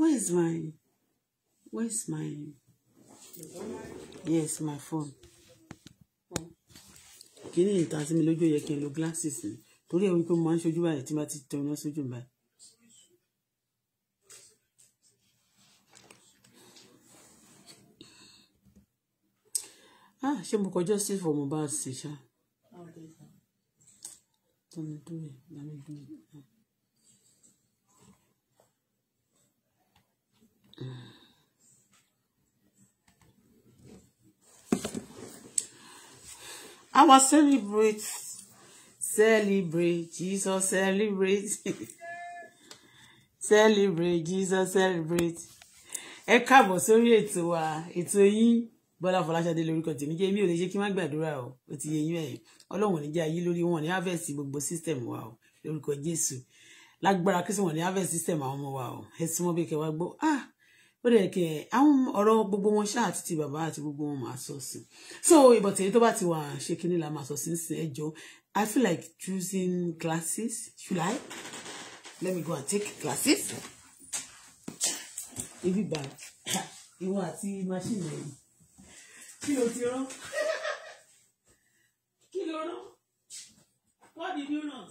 where is my where is my yes my phone Can you? sí mi lójú yẹ kí n glasses ni torí ẹ wípé mo máa ń ṣojú báyìí tí bá ti tẹ ah she mo kọjọ sí for Mohbad sí ṣá. Let me do it. Let me do it. Our celebrate, celebrate, Jesus celebrate, celebrate, Jesus celebrate. Ẹ káàbọ̀ sórí ètò wa, ètò yín Bọ́lá Fọláṣadé lórúkọ tèmi jẹ́ mi ò lè ṣe kí n má gbàdúrà o, ó ti yẹ yín ẹ̀yìn. Ọlọ́run ò ní jẹ́ ayé lórí wọn ní harvest gbogbo system wa o, lórúkọ Jésù. Lágbára kí sọ wọn ní harvest system àwọn ọmọ wa o, ẹ súnmọ́ bí kẹwàá gbọ́. Ah! ó dẹ̀ kẹ́ àwọn ọ̀rọ̀ gbogbo wọn ṣáà àti ti bàbá àti gbogbo wọn máa sọ sí so ìbọn tèyí tó bá ti wà ṣe kínní la máa sọ sí sí ẹjọ́ I feel like choosing glasses should I let me go and take glasses ibi bá ìwọ àti machine rẹ kí ló ti rán kí ló rán what did you run?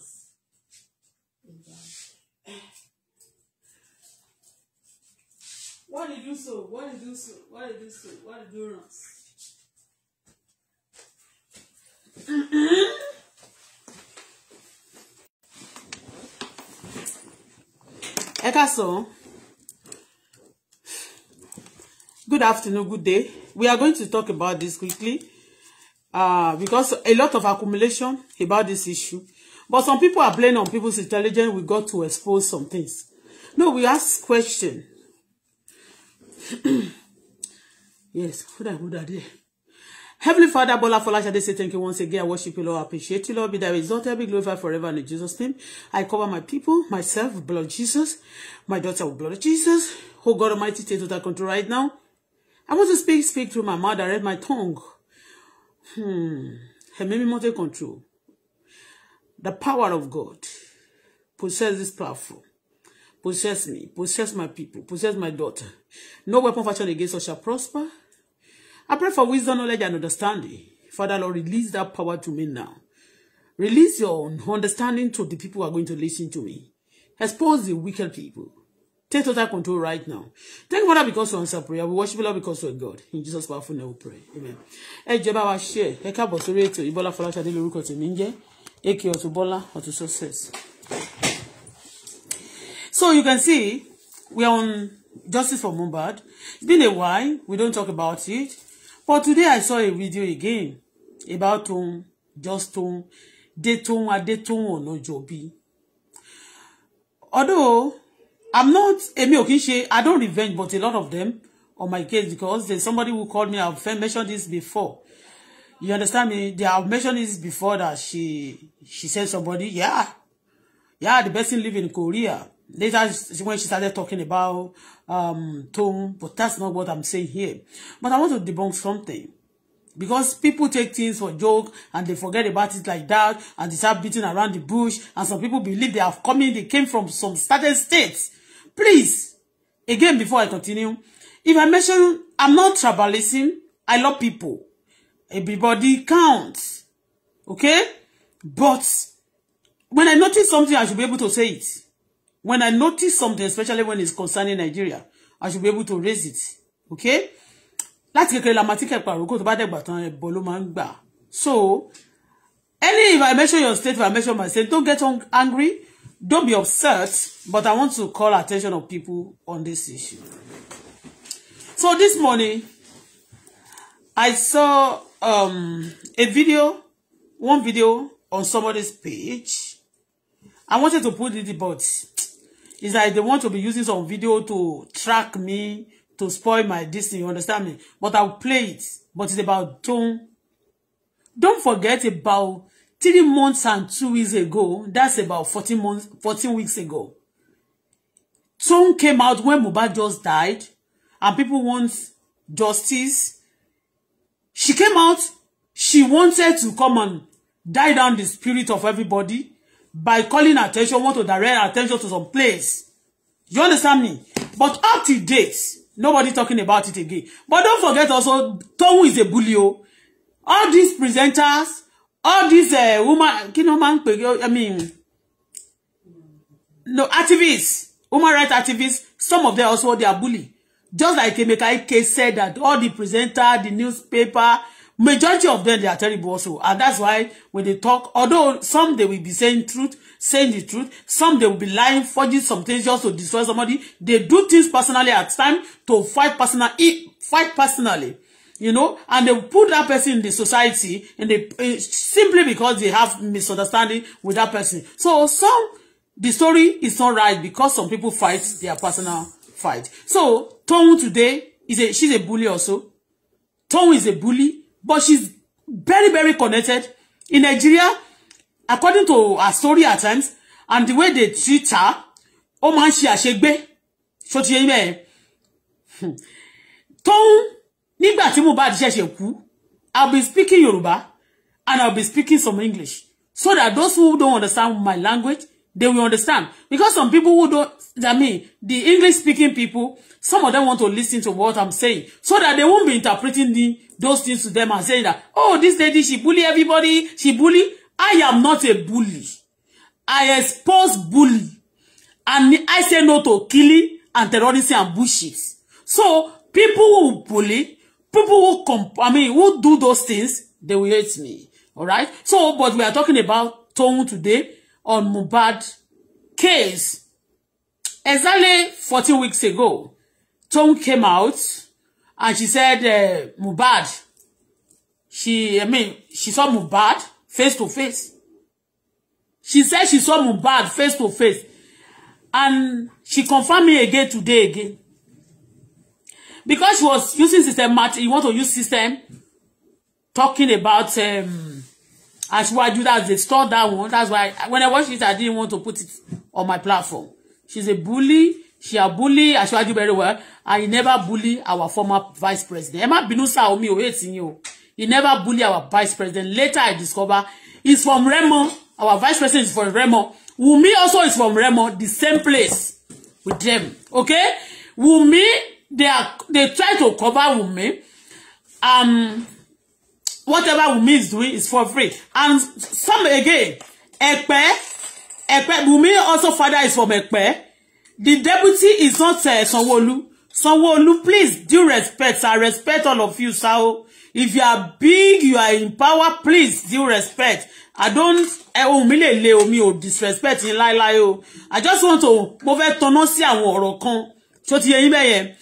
Why did you so? Why did you so? Why did you so? Why did you run? Mm-hmm. Ẹ káàsán. Good afternoon, good day. We are going to talk about this quickly uh, because a lot of accumulation about this issue. But some people are blaming on people's intelligence. We got to expose some things. No, we ask question. yes, for that, for that, yeah. Heavenly Father, Bola Folashade, say thank you once again. I worship you, Lord. I appreciate you, Lord. Be thou exalted, be glorified forever in Jesus' name. I cover my people, myself, with blood of Jesus, my daughter with blood of Jesus. Oh God Almighty, take total control right now. I want to speak, speak through my mouth, direct my tongue. Hmm. He Ẹ̀mí Mímọ́ take control. The power of God possesses this platform. Possess me. Possess my people. Possess my daughter. No weapon fashioned against us shall prosper. I pray for wisdom, knowledge, and understanding. Father, Lord, release that power to me now. Release your understanding to the people who are going to listen to me. Expose the wicked people. Take total control right now. Thank you, Father, because you answer prayer. We worship you, Lord, because you are God. In Jesus' powerful name we pray. Amen. Ẹ jẹ́ wa share. Ẹ káàbọ̀ sórí ètò Ìbọ́lá Fọláṣadé lórúkọ tèmi ń to bola Ọ̀túnbọ́lá to Success. So you can see we are on Justice for Mohbad. It's been a while. We don't talk about it. But today I saw a video again about Toun, just Toun, de Toun Adetoun Onajobi. Although I'm not Emi Okinshe, I don't revenge, but a lot of them on my case because there's somebody who called me, I've mentioned this before. You understand me? They have mentioned this before that she she sent somebody, yeah, yeah, the best thing live in Korea. Later, when she started talking about um, tone, but that's not what I'm saying here. But I want to debunk something. Because people take things for joke and they forget about it like that and they start beating around the bush and some people believe they have coming, they came from some certain states. Please, again, before I continue, if I mention I'm not tribalism, I love people. Everybody counts. Okay? But when I notice something, I should be able to say it. When I notice something, especially when it's concerning Nigeria, I should be able to raise it. Okay? Láti kékeré la máa ti kẹ̀pà àròkò tó bá dẹ̀gbà tán ẹ̀bọ̀ ló máa ń gbà. So, any if I mention your state, if I mention my state, don't get angry, don't be upset, but I want to call attention of people on this issue. So this morning, I saw um, a video, one video on somebody's page. I wanted to put it, but It's like they want to be using some video to track me, to spoil my destiny, you understand me? But I'll play it. But it's about tone. Don't forget about three months and two weeks ago. That's about 14 months, 14 weeks ago. Tone came out when Mohbad just died and people want justice. She came out. She wanted to come and die down the spirit of everybody by calling attention, want to direct attention to some place. You understand me? But up to date, nobody talking about it again. But don't forget also, Tomu is a bully. All these presenters, all these uh, woman, kí ni I mean, no, activists, human rights activists, some of them also, they are bully. Just like Emeka Ike said that all the presenter, the newspaper, Majority of them, they are terrible also. And that's why when they talk, although some they will be saying truth, saying the truth, some they will be lying, forging some things just to destroy somebody. They do things personally at time to fight personal, e, fight personally. You know, and they put that person in the society and they uh, eh, simply because they have misunderstanding with that person. So some the story is not right because some people fight their personal fight. So Tohun today is a she's a bully also. Tohun is a bully but she's very, very connected in Nigeria. According to her story at times, and the way they treat her, ó máa ń ṣe àṣegbé. Ṣó ti yé bẹ́ẹ̀. Hmm. Tóun nígbà tí Mohbad ṣẹ̀ṣẹ̀ kú, I'll be speaking Yoruba and I'll be speaking some English so that those who don't understand my language they will understand. Because some people who don't, I mean, the English speaking people, some of them want to listen to what I'm saying so that they won't be interpreting the, those things to them and saying that, oh, this lady, she bully everybody, she bully. I am not a bully. I expose bully. And I say no to killing and terrorism and bullshit. So people who bully, people who, comp I mean, who do those things, they will hate me. All right. So, but we are talking about tone today on Mubad case exactly 14 weeks ago, Tom came out and she said uh, Mohbad, she, I mean, she saw Mubad face to face. She said she saw Mubad face to face. And she confirmed me again today again. Because she was using system, you want to use system, talking about um, Ashwaju, that's they store that one. That's why when I watched it, I didn't want to put it on my platform. She's a bully. She a bully Ashwaju very well. I never bully our former vice president. Emma Binusa bínú sá omi ò hate He never bully our vice president. Later I discover he's from Remo. Our vice president is from Remo. Wunmi also is from Remo, the same place with them. Okay? Wunmi, they are they try to cover Wunmi. Um Whatever Wunmi is doing is for free. And some again, Ekpe, Ekpe, Wunmi also father is from Ekpe. The deputy is not uh, eh, Sanwo-Olu. Sanwo-Olu, please, due respect. I respect all of you, Sao. If you are big, you are in power, please, due respect. I don't eh, ohun mi lè le omi ò disrespect yín láíláí o. I just want to mo to tọ́nà sí àwọn ọ̀rọ̀ kan. Ṣó ti yé yín bẹ́yẹn?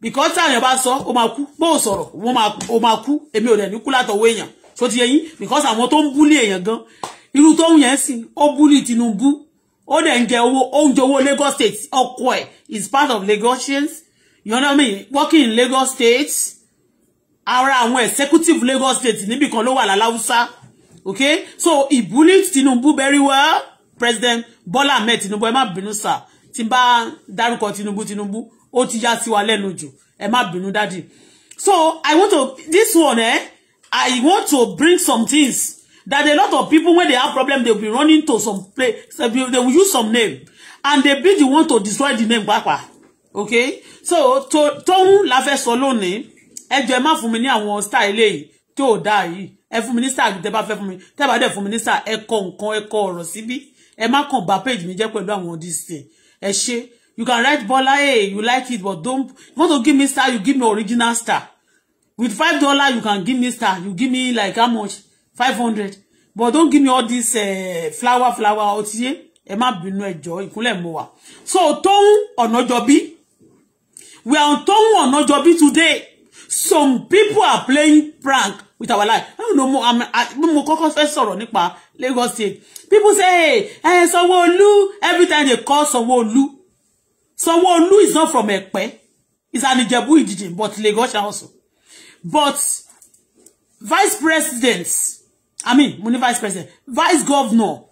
because tí àyàn bá sọ ó máa kú bó sọ̀rọ̀ ó máa kú èmi ò dẹ̀ ní kú látọwọ́ èèyàn tó ti yé because àwọn tó ń búlì èèyàn gan irú tó ń yẹn sì ó búlì Tinubu ó dẹ̀ ń jẹ owó oúnjẹ owó Lagos State ọkọ ẹ̀ is part of Lagosians you know what I mean working in Lagos State ara àwọn executive Lagos State níbì kan ló wà láláwùsá okay so he bullied Tinubu very well President Bola Ahmed Tinubu ẹ má bínú sir tí n bá Tinubu Tinubu O ti yá sí wa lẹ́nu jù ẹ má bínú daddy so i want to this one eh i want to bring some things that a lot of people when they have problem they will be running to some place they will use some name and they be the one to destroy the name papa okay so to tohun la fẹ́ sọ lónìí ẹ jọ̀ọ́ ẹ má fún mi ní àwọn star eléyìí tí ò dáa yìí ẹ fún mi ní star tẹ́ bá fẹ́ fún mi tẹ́ bá dẹ̀ fún mi ní star ẹ kọ nǹkan ẹ kọ ọ̀rọ̀ síbí ẹ má page mi jẹ́ pẹ̀lú àwọn dis thing ẹ ṣé You can write Bola, hey, you like it, but don't. you want to give me star, you give me original star. With five dollar, you can give me star. You give me like how much? Five hundred. But don't give me all this uh, flower, flower, otiye. Ẹ má bínú ẹjọ́, ìkúnlẹ̀ mo wà. So Toun Onajobi, we are on Toun Onajobi today. Some people are playing prank with our life. I don't know mo am mo kọ́kọ́ fẹ́ Lagos State. People say, hey, hey, eh, someone olú every time they call someone olú Sanwo-Olu is not from Ekpe. He's an Ijebu Idijin, but Lagosian also. But vice president, I mean, Muni vice president, vice governor,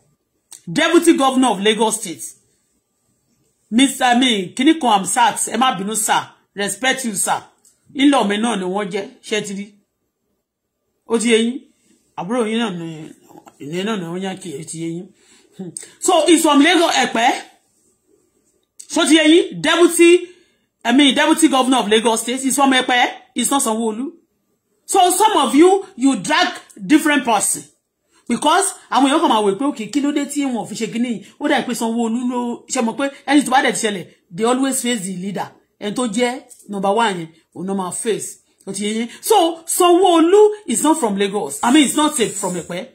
deputy governor of Lagos State, Mr. I mean, Kiniko Amsat, ẹ má bínú sir, respect you sir. Ìlọ mi náà ni know, jẹ́, ṣé ti rí. Ó ti yé know, àbúrò yín náà ni, ìyẹn náà ni wọ́n yá kí ẹ ti yé yín. Hmm. So, it's from Lagos Epe so ti eyin deputy i mean deputy governor of Lagos State is from Epe is not Sanwo-Olu so some of you you drag different person because àwọn èèyàn kan máa wò pé òkè kí ló dé tí wọn ò fi ṣe kíní yìí ó dà pé Sanwó-Olú ló ṣe mọ̀ pé ẹni tó bá dẹ̀ ti ṣẹlẹ̀ they always face the leader ẹni tó jẹ́ number one yẹn òun náà máa face ó ti yẹn so Sanwó-Olú is not from Lagos I mean it's not safe from Ẹ̀pẹ́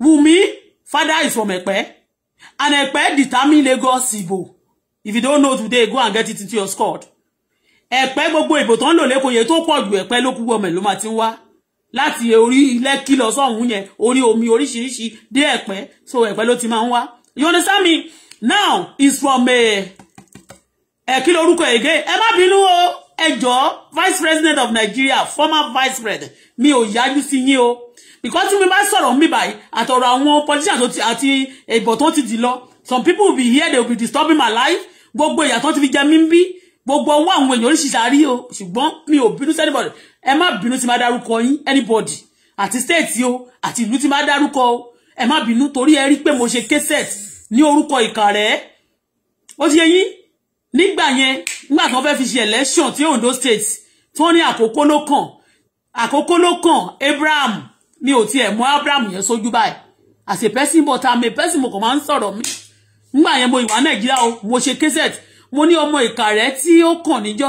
Wumi father is from Ẹ̀pẹ́ and Ẹ̀pẹ́ determine Lagos Igbo if you don't know today go and get it into your squad ẹ̀pẹ́ gbogbo ìbò tó ń lò lẹ́kọ̀ọ́ yẹn tó pọ̀ jù ẹ̀pẹ́ ló kú ọmọ ló máa ti ń wá láti orí lẹ́kì lọ sọ́hún yẹn orí omi oríṣiríṣi dé ẹ̀pẹ́ so ẹ̀pẹ́ ló ti máa ń wá you understand me now is from eh, ẹ̀kí lórúkọ ègé ẹ má bínú o ẹjọ́ vice president of Nigeria former vice president mi ò yájú sí yín o because mi bá sọ̀rọ̀ mi báyìí àtọ̀rọ̀ àwọn politicians àti ìbò tó ti dì lọ some people be here they will be disturbing my life gbogbo ìyà tó ti fi jẹ mí ń bí gbogbo ọwọ́ àwọn èèyàn oríṣiríṣi àárí o ṣùgbọ́n mi ò bínú sí anybody ẹ má bínú tí máa dárúkọ yín anybody àti state o àti ìlú tí máa dárúkọ o ẹ má bínú torí ẹ rí pé mo ṣe kẹsẹt ní orúkọ ìkà rẹ ó ti yẹ yín nígbà yẹn nígbà tí wọ́n fẹ́ fi ṣe election tí Ondo state tí wọ́n ní àkókò ló kàn àkókò ló kàn Abraham mi ò tiẹ̀ mọ Abraham yẹn sójú báyìí as a person but I'm a person mo kàn máa ń sọ̀rọ̀ mi nígbà yẹn mo ìwà nàìjíríà o mo ṣe kẹsẹt mo ní ọmọ ìka rẹ tí ó kàn níjọ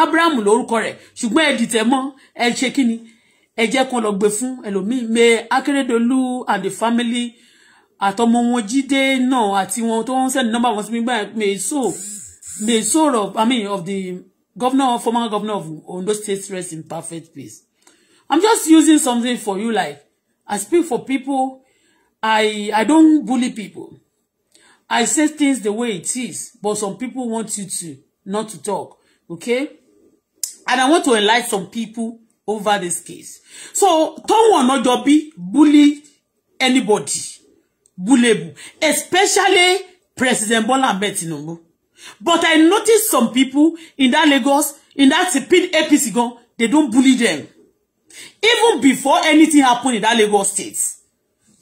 abraham lórúkọ rẹ ṣùgbọ́n ẹ dìtẹ̀ mọ́ ẹ ṣe kíni ẹ jẹ́ kó lọ gbé fún ẹlòmíín mẹ and the family àtọmọ wọn jíde náà àti wọn tó ń sẹ́ni nọ́mbà wọn sí mi gbà so may so of i mean of the governor former governor of Ondo State rest in perfect peace i'm just using something for you like i speak for people i i don't bully people I say things the way it is, but some people want you to not to talk. Okay? And I want to enlighten some people over this case. So, don't want Tonwa Nojobi bully anybody. Bullebu. Especially President Bola Ahmed Tinubu. But I noticed some people in that Lagos, in that APC, they don't bully them. Even before anything happened in that Lagos state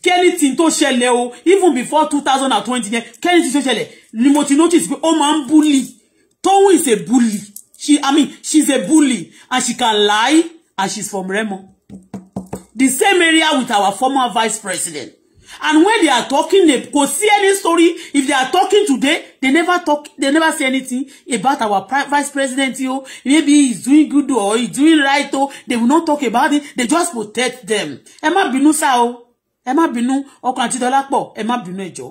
kí anything tó ṣẹlẹ̀ o even before two thousand and twenty yẹn kí anything tó ṣẹlẹ̀ ni mo ti notice pé ó máa ń bully Toyin is a bully she i mean she's a bully and she can lie and she's from Remo the same area with our former vice president and when they are talking they go see any story if they are talking today they never talk they never say anything about our vice president oh maybe he's doing good or he's doing right oh they will not talk about it they just protect them Emma má bínú o ẹ má bínú ọkàn àti dọ́là pọ̀ ẹ má bínú ẹjọ́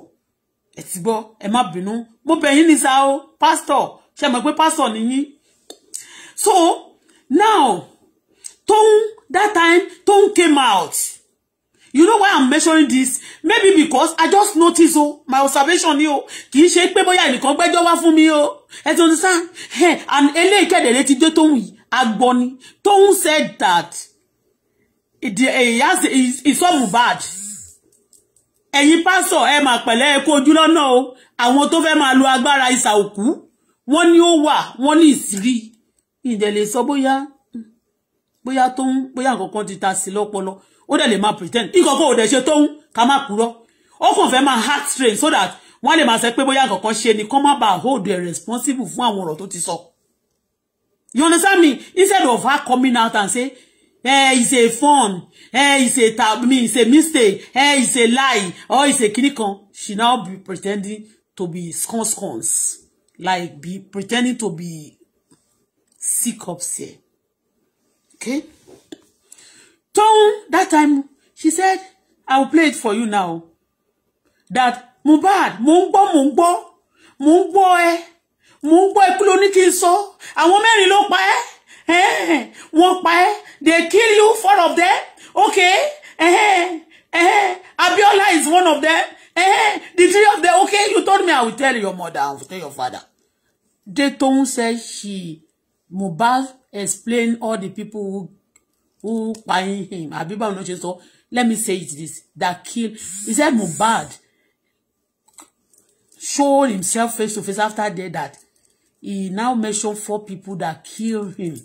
ẹ ti gbọ́ ẹ má bínú mo bẹ̀ yín ní sa o pásítọ̀ ṣe mọ̀ pé pásítọ̀ ni so now Toun that time Toun came out you know why i'm measuring this maybe because i just notice o my observation ni o kì í ṣe pé bóyá ẹnìkan gbẹ́jọ́ wá fún mi o ẹ ti understand and eléyìí kẹdẹrẹ ti dé Toun yìí agbọni Toun said that he has it's all bad ẹ̀yin pásọ̀ ẹ máa pẹ̀lẹ́ ẹ kó ojú lọ́nà o àwọn tó fẹ́ máa lo agbára ìsà òkú wọ́n ní ó wà wọ́n ní ìsírí ìdẹ̀lẹ̀ sọ bóyá bóyá tó ń bóyá nǹkan ti ta sí lọ́pọlọ ó dẹ̀ lè máa pretend nǹkan kó o dẹ̀ ṣe tó ń ká má purọ́ ó kàn fẹ́ heart strain so that wọ́n lè máa sọ pé bóyá nǹkan ṣe ni kán má bàa hold the responsible fún àwọn ọ̀rọ̀ tó ti sọ you understand me instead of her coming out and say eh, it's a fun eh, it's a tab Me, it's a mistake eh, it's a lie or it's a kini kan she now be pretending to be scon scons like be pretending to be sick upset okay So that time she said I will play it for you now that mubad mungbo mungbo mungbo eh mungbo eh mo ń I ẹ mo ń gbọ́ ẹ kí ló ní They kill you, four of them. Okay. Eh, eh, Abiola is one of them. Eh, the three of them. Okay, you told me I will tell your mother, I will tell your father. Dayton said she, Mohbad explained all the people who who buying him. Abiba no so let me say it this that kill. He said Mohbad showed himself face to face after that that he now mentioned four people that killed him.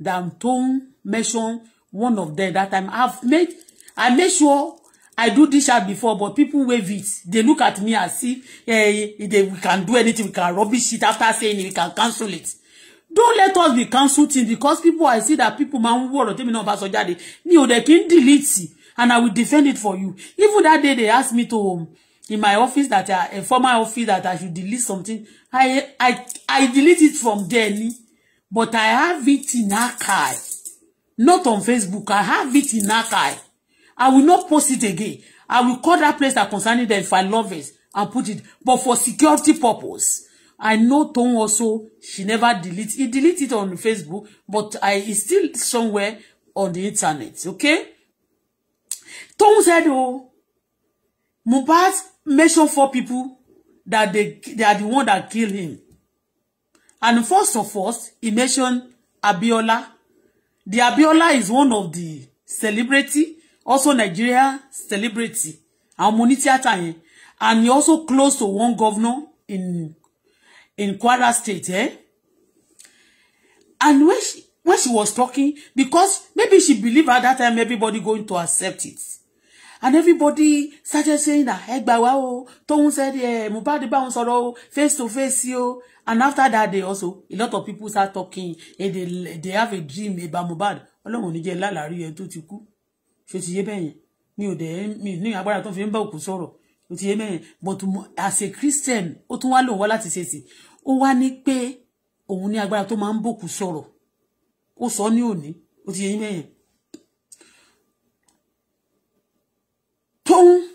That Tom mention one of them that time. I've made, I made sure I do this shot before, but people wave it. They look at me as see. Eh, hey, they, we can do anything, we can rubbish it after saying it, we can cancel it. Don't let us be cancelled in because people, I see that people, Man, ń Tell me náà bá sọ jáde, they can delete it, and I will defend it for you. Even that day they asked me to um, in my office that I, a eh, former office that I should delete something. I I I delete it from there, but I have it in archive. Not on Facebook. I have it in archive. I will not post it again. I will call that place that concerning them if I love it and put it. But for security purpose, I know Tom also, she never deletes. He deleted it on Facebook, but I is still somewhere on the internet, okay? Tom said, oh, Mohbad mentioned four people that they, they are the one that killed him. And first of all, he mentioned Abiola, The Abiola is one of the celebrity, also Nigeria celebrity, àwọn ọmọ onítíátà yẹn. And he also close to one governor in in Kwara State, eh? And when she, when she was talking, because maybe she believe at that time everybody going to accept it. And everybody started saying that, Ẹ gbà wá o, Tohun said, eh, Mohbad bá wọn sọ̀rọ̀ face to face o, and after that day also a lot of people start talking and eh, they they have a dream about Mohbad ọlọ́run ò ní jẹ́ lálàárí ẹ tó ti kú ṣe ti yé bẹ́yẹn mi ò dẹ̀ mi ní agbára tó fi ń bá òkú sọ̀rọ̀ ó ti yé bẹ́yẹn but as a Christian ó tún wá lòun wá láti ṣe sí ó wá ní pé òun ní agbára tó máa ń bòkú sọ̀rọ̀ ó sọ ní òní ó ti yé bẹ́yẹn tóun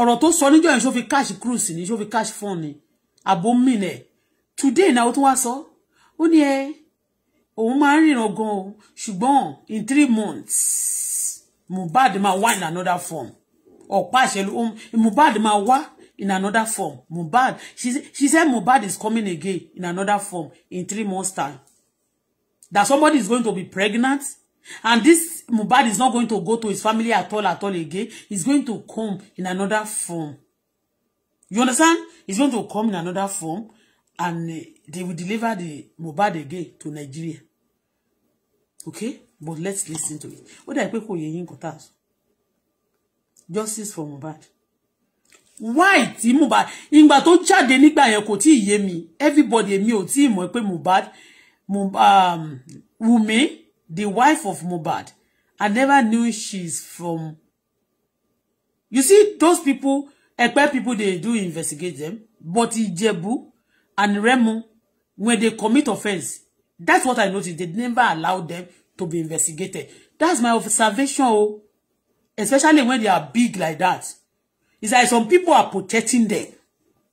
ọ̀rọ̀ tó sọ níjọ́ yẹn ṣó fi cash cruise ni ṣó fi cash fund ni àbò today náà ó tún wá sọ ó ní ẹ òun máa ń ríran gan o ṣùgbọ́n in three months Mohbad máa wá in another form ọ̀pá àṣẹ Mohbad máa wá in another form Mohbad she, she said Mohbad is coming again in another form in three months time that somebody is going to be pregnant and this Mubad is not going to go to his family at all at all again. He's going to come in another form. You understand? He's going to come in another form and uh, they will deliver the Mubad again to Nigeria. Okay? But let's listen to it. What dà pé kò yẹ yín Justice for Mubad. Why tí Mohbad ìgbà tó jáde nígbà yẹn kò tí Everybody èmi ò tí Mubad, Mubad pé um, Wumi the wife of Mubad. I never knew she's from. You see, those people, Epe people, they do investigate them. But Ijebu and Remo, when they commit offense, that's what I noticed. They never allow them to be investigated. That's my observation, oh. especially when they are big like that. It's like some people are protecting them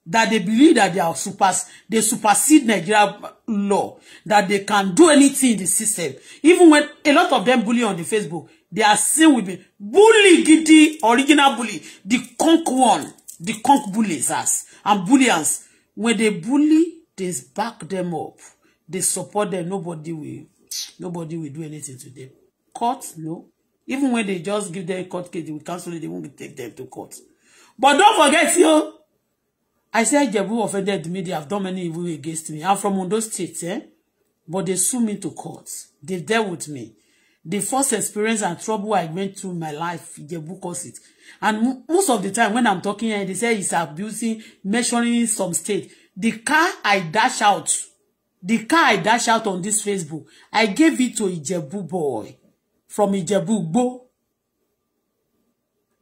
that they believe that they are super they supersede Nigeria law that they can do anything in the system even when a lot of them bully on the Facebook they are seen with me bully gidi original bully the conk one the conk bullies us and bullions when they bully they back them up they support them nobody will nobody will do anything to them court no even when they just give them a court case they will cancel it they won't take them to court but don't forget you. I said Jebu offended me. They have done many evil against me. I'm from Ondo State, eh? But they sue me to court. They dealt with me. The first experience and trouble I went through in my life, Jebu caused it. And most of the time when I'm talking here, they say it's abusing, mentioning some state. The car I dash out, the car I dash out on this Facebook, I gave it to Ijebu boy from Ijebu boy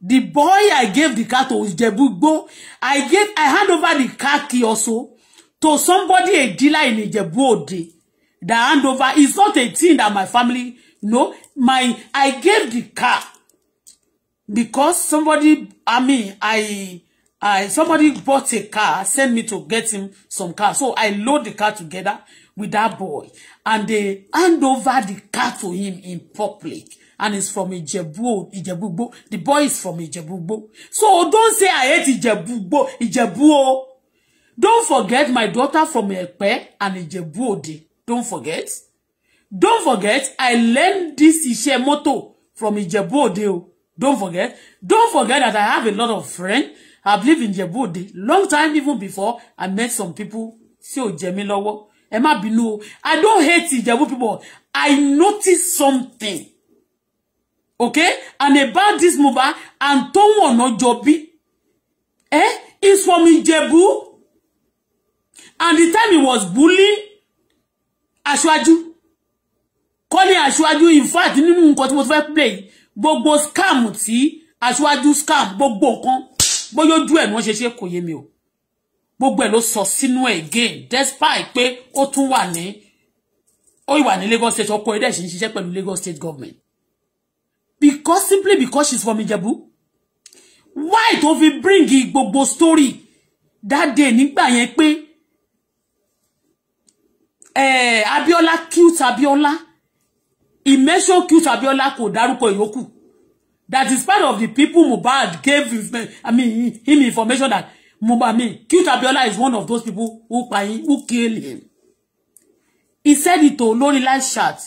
the boy I gave the car to Ijebugbo, I gave I hand over the car key also to somebody a dealer in Ijebu The handover is not a thing that my family know. my I gave the car because somebody I mean I I somebody bought a car sent me to get him some car so I load the car together with that boy and they hand over the car to him in public and he's from Ijebu, Ijebugbo. The boy is from Ijebugbo. So don't say I hate Ijebugbo, Ijebu. Don't forget my daughter from Epe and Ijebu Ode. Don't forget. Don't forget, I learned this Ishe motto from Ijebu Ode. Don't forget. Don't forget that I have a lot of friends. I lived in Ijebu Ode. Long time even before, I met some people. See Ojemi Lowo. Ẹ má I don't hate Ijebu people. I noticed something. Okay? And about this Mohbad and Toun jobi, eh, is from Ijebu. And the time he was bullying Aswaju calling Aswaju. in fact, nínú nǹkan tí mo fẹ́ play, gbogbo scam tí Aṣíwájú scam, gbogbo nǹkan, bóyá ojú ẹ̀ ni wọ́n ṣe ṣe kò yé mi o. Gbogbo ẹ̀ ló sọ sínú again, despite pé ó tún wà ní, ó wà ní Lagos State, ọkọ ẹ̀ dẹ̀ ṣì ń ṣiṣẹ́ Lagos State government because simply because she's from Ijebu why don't we bring gbogbo story that day nígbà yẹn pé eh Abiola cute Abiola imesho cute Abiola kò dárúkọ yoku. that is part of the people Mubad gave I mean him information that Mohbad mean cute Abiola is one of those people who payin who kill him he said it to lórí live chat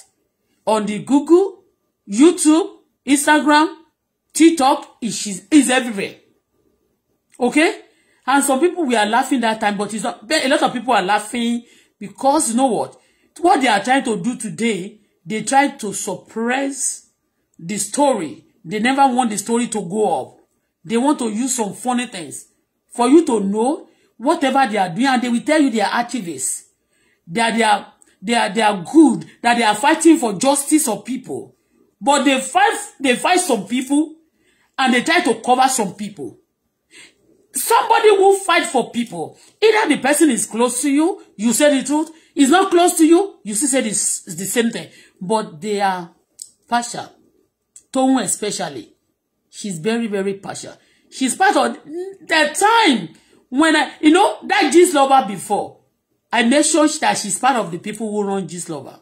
on the Google YouTube Instagram, TikTok, is is everywhere. Okay? And some people we are laughing that time, but it's not, a lot of people are laughing because you know what? What they are trying to do today, they try to suppress the story. They never want the story to go up. They want to use some funny things for you to know whatever they are doing, and they will tell you they are activists. They are, they are, they are, they are good, that they are fighting for justice of people. But they fight, they fight some people and they try to cover some people. Somebody will fight for people. Either the person is close to you, you say the truth. Is not close to you, you still say this, the same thing. But they are partial. Toun especially. She's very, very partial. She's part of the time when I, you know, that Jesus Lover before. I make sure that she's part of the people who run Jesus Lover.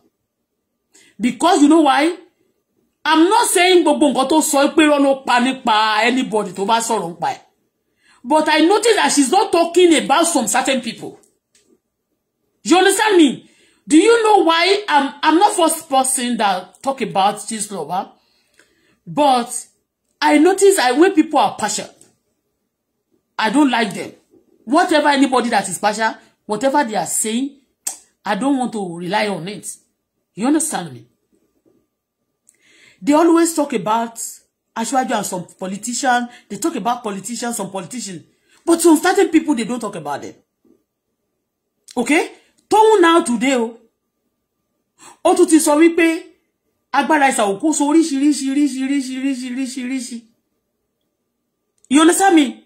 Because you know why? i'm not saying gbogbo nǹkan tó sọ pé rọ́ ló pa nípa anybody tó bá sọ̀rọ̀ nípa ẹ̀ but i notice that she's not talking about some certain people you understand me do you know why i'm i'm not first person that talk about this lover but i notice that when people are partial i don't like them whatever anybody that is partial whatever they are saying i don't want to rely on it you understand me They always talk about Ashwaju and some politician. They talk about politicians, some politicians. But some certain people, they don't talk about it. Okay? Tóun now today Oh, to pay. o. Ó tún ti sọ wípé agbára ìṣàwòkóso oríṣiríṣi oríṣiríṣi oríṣiríṣi oríṣi. You understand me?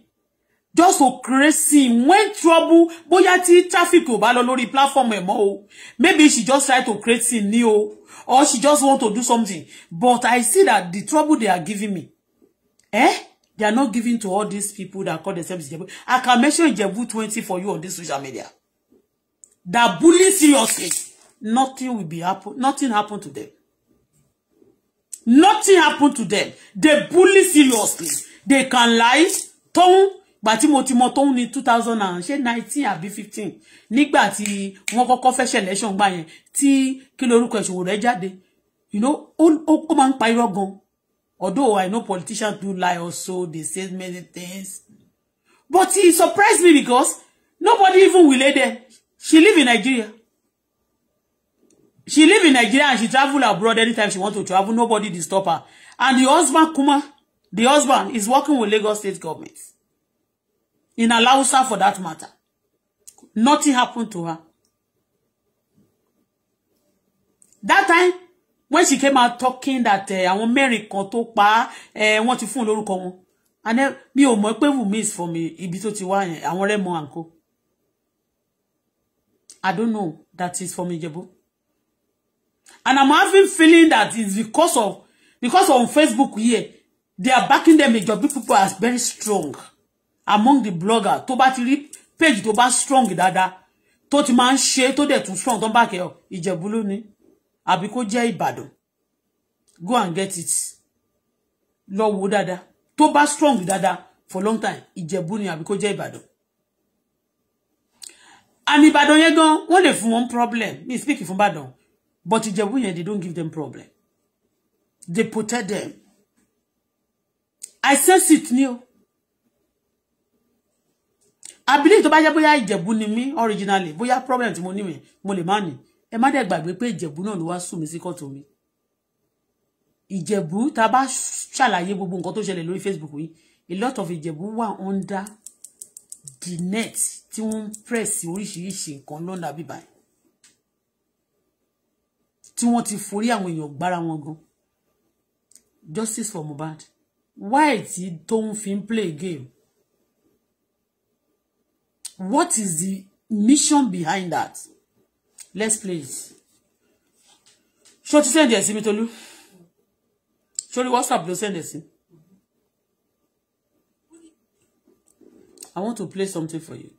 Just so crazy. when trouble bóyá tí traffic ò bá lọ lórí platform ẹ̀ mọ́ Maybe she just try to create scene ní o or she just want to do something. But I see that the trouble they are giving me, eh? They are not giving to all these people that call themselves Ijebu. I can mention Ijebu 20 for you on this social media. That bully seriously, nothing will be happen. Nothing happened to them. Nothing happened to them. They bully seriously. They can lie, tongue, gbà tí mo ti mọ tóun ní two thousand and ṣé nineteen àbí fifteen nígbà tí wọ́n kọ́kọ́ fẹ́ ṣẹlẹ́ṣọ̀n gbà yẹn tí kí lorúkọ ìṣòwò rẹ̀ jáde you know ó máa ń pa irọ́ gan although I know politicians do lie also they say many things but he surprised me because nobody even will lay there she live in Nigeria she live in Nigeria and she travel abroad anytime she want to travel nobody disturb her and the husband Kuma the husband is working with Lagos state government in Alausa for that matter. Nothing happened to her. That time, when she came out talking that eh, I want kan tó pa eh, wọ́n ti fún lórúkọ wọn and then me, ò mọ̀ pé Wunmi for me ibi tó ti wá yẹn àwọn rẹ̀ mọ àǹkó I don't know that is from Ijebu and I'm having feeling that it's because of because on Facebook here they are backing them Ijebu people are very strong among the blogger tó bá ti rí page tó bá strong dada. tó ti máa ń ṣe tó dẹ̀ strong tó ń bá kẹ́ ọ ìjẹ̀bú ló ní àbí kó go and get it lọ wo dáadáa tó bá strong dada for long time ìjẹ̀bú ni àbí kó jẹ́ ìbàdàn and ìbàdàn yẹn gan wọ́n lè fún wọn problem me speak fún ìbàdàn but ìjẹ̀bú yẹn they don't give them problem they protect them i sense it ni I believe tó bá jẹ́ bóyá Ìjẹ̀bú ni mí originally bóyá problem tí mo ní mi mo lè má ní ẹ má dẹ̀ gbàgbé pé Ìjẹ̀bú náà ló wá sùn mí sí kọ́tò mi Ìjẹ̀bú tá a bá ṣàlàyé gbogbo nǹkan tó ṣẹlẹ̀ lórí Facebook yìí a lot of Ìjẹ̀bú wà under the net tí wọ́n ń press oríṣiríṣi nǹkan lọ́nà bíbá tí wọ́n ti forí àwọn èèyàn gbára wọn gan justice for Mohbad why tí tó ń fi play game What is the mission behind that? Let's play it. Shorty send sẹ́ndì ẹ̀ sí mi, Tolú? Sórí WhatsApp ló sẹ́ndì ẹ̀ sí. I want to play something for you.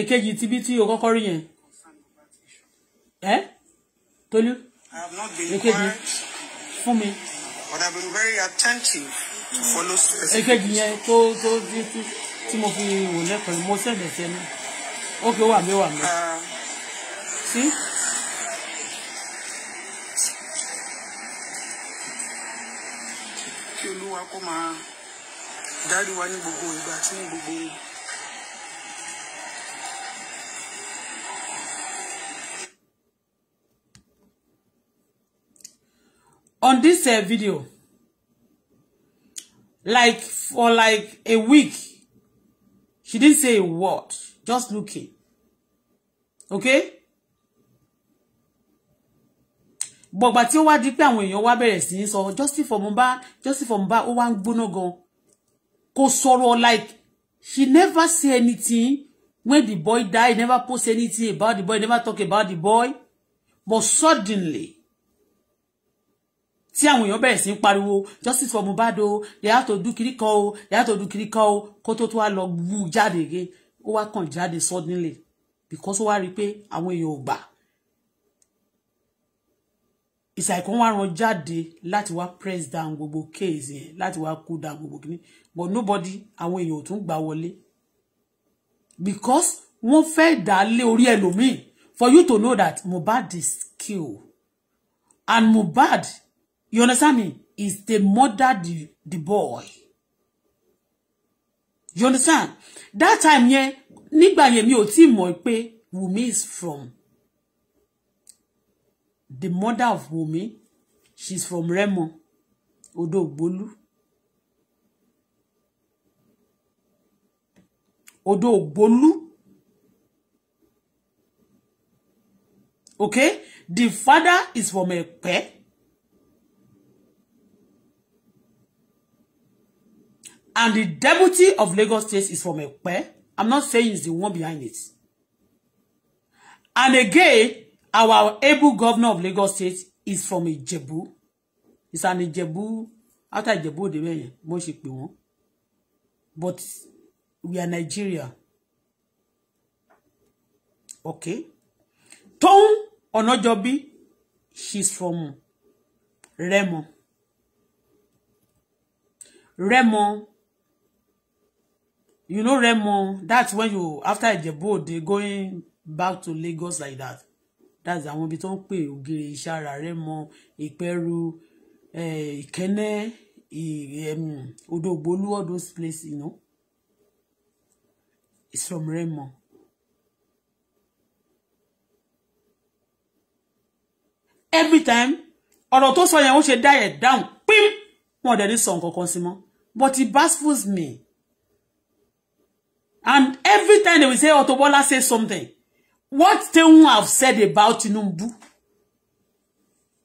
èkejì tibí tí o kọ́kọ́ rí yẹn Have not been quiet for me, But I've been very attentive to follow specific. èkejì yẹn tó tó tí tí tí mo fi wò lẹ́kọ̀ọ́ mo sẹ̀dẹ̀ sẹ́nu ó fi wà mí wà mí. Uh, sí. kí Olúwa kó máa dárí wa ní gbogbo ìgbà àti ní gbogbo. on this uh, video like for like a week she didn't say a word just looking okay gbọ̀gbà tí ó wá di pé àwọn èèyàn wá bẹ̀rẹ̀ sí í sọ justice for Mohbad justice for Mohbad ó wá ń gbóná gan kò sọ̀rọ̀ like she never say anything when the boy die never post anything about the boy never talk about the boy but suddenly tí àwọn èèyàn bẹ̀rẹ̀ sí ń pariwo justice for Mohbad o they have to do kiri kan o they have to do kiri kan o kó tó tó wá lọ wú jáde gé ó wá kàn jáde suddenly because ó wá rí i pé àwọn èèyàn ò gbà ìsàìkan wá ran jáde láti wá press down gbogbo case yẹn láti wá cool down gbogbo kìíní but nobody àwọn èèyàn ò tún gbà wọlé because wọ́n fẹ́ dá lé orí ẹlòmíì for you to know that Mohbad is killed and Mohbad You understand me? Is the mother the, the boy. You understand? That time yeah, nígbà yẹn mi ò Wumi is from the mother of Wumi. She's from Remo, Odo Bolu, Odo Bolu. Okay? The father is from Epe. And the deputy of Lagos State is from Ekpe. I'm not saying he's the one behind it. And again, our able governor of Lagos State is from Ijebu. It's an Ijebu. After Ijebu, they were mo one. But we are Nigeria. Okay. Tom Onojobi, she's from Remo. Remo you know Remo that's when you after Ijebu they going back to Lagos like that that's àwọn ibi tó ń pè ògiri ìṣara Remo Ìpẹ́rù Ìkẹ́nẹ́ eh, Odogbolu all those places you know it's from Remo. every time ọ̀rọ̀ tó sọ yẹn ó ṣe dá ẹ̀ dáhùn pín wọn ò dẹ̀ ní sọ nǹkan kan sí mọ́ but it baffles me. And every time they will say Otobola Bola say something, what Tehun have said about Tinubu,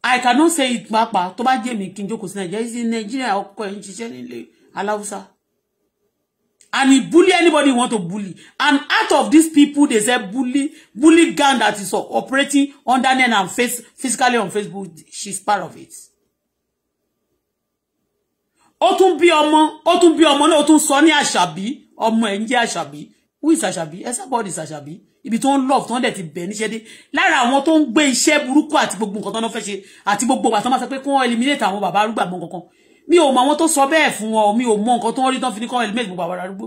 I cannot say it papa. Tó bá jẹ́ mi kí n jókòó sí Nigeria, is in Nigeria ọkọ ẹ̀ ń ṣiṣẹ́ nílé Aláùsá. And he bully anybody want to bully. And out of these people, they say bully, bully gang that is operating under and face physically on Facebook, she's part of it ó tún bí ọmọ ó tún bí ọmọ náà ó tún sọ ní àṣàbí ọmọ ẹ̀ ń jẹ́ àṣàbí who is àṣàbí everybody is àṣàbí ibi tó ń love tó ń dẹ̀ ti bẹ̀ níṣẹ́ dé lára àwọn tó ń gbé iṣẹ́ burúkú àti gbogbo nǹkan tó ń fẹ́ ṣe àti gbogbo àti wọn máa sọ pé kí wọ́n eliminate àwọn bàbá arúgbó àgbọn kankan mi ò mọ àwọn tó sọ bẹ́ẹ̀ fún wọn mi ò mọ nǹkan tó ń rí tán fi ní kí eliminate gbogbo àwọn arúgbó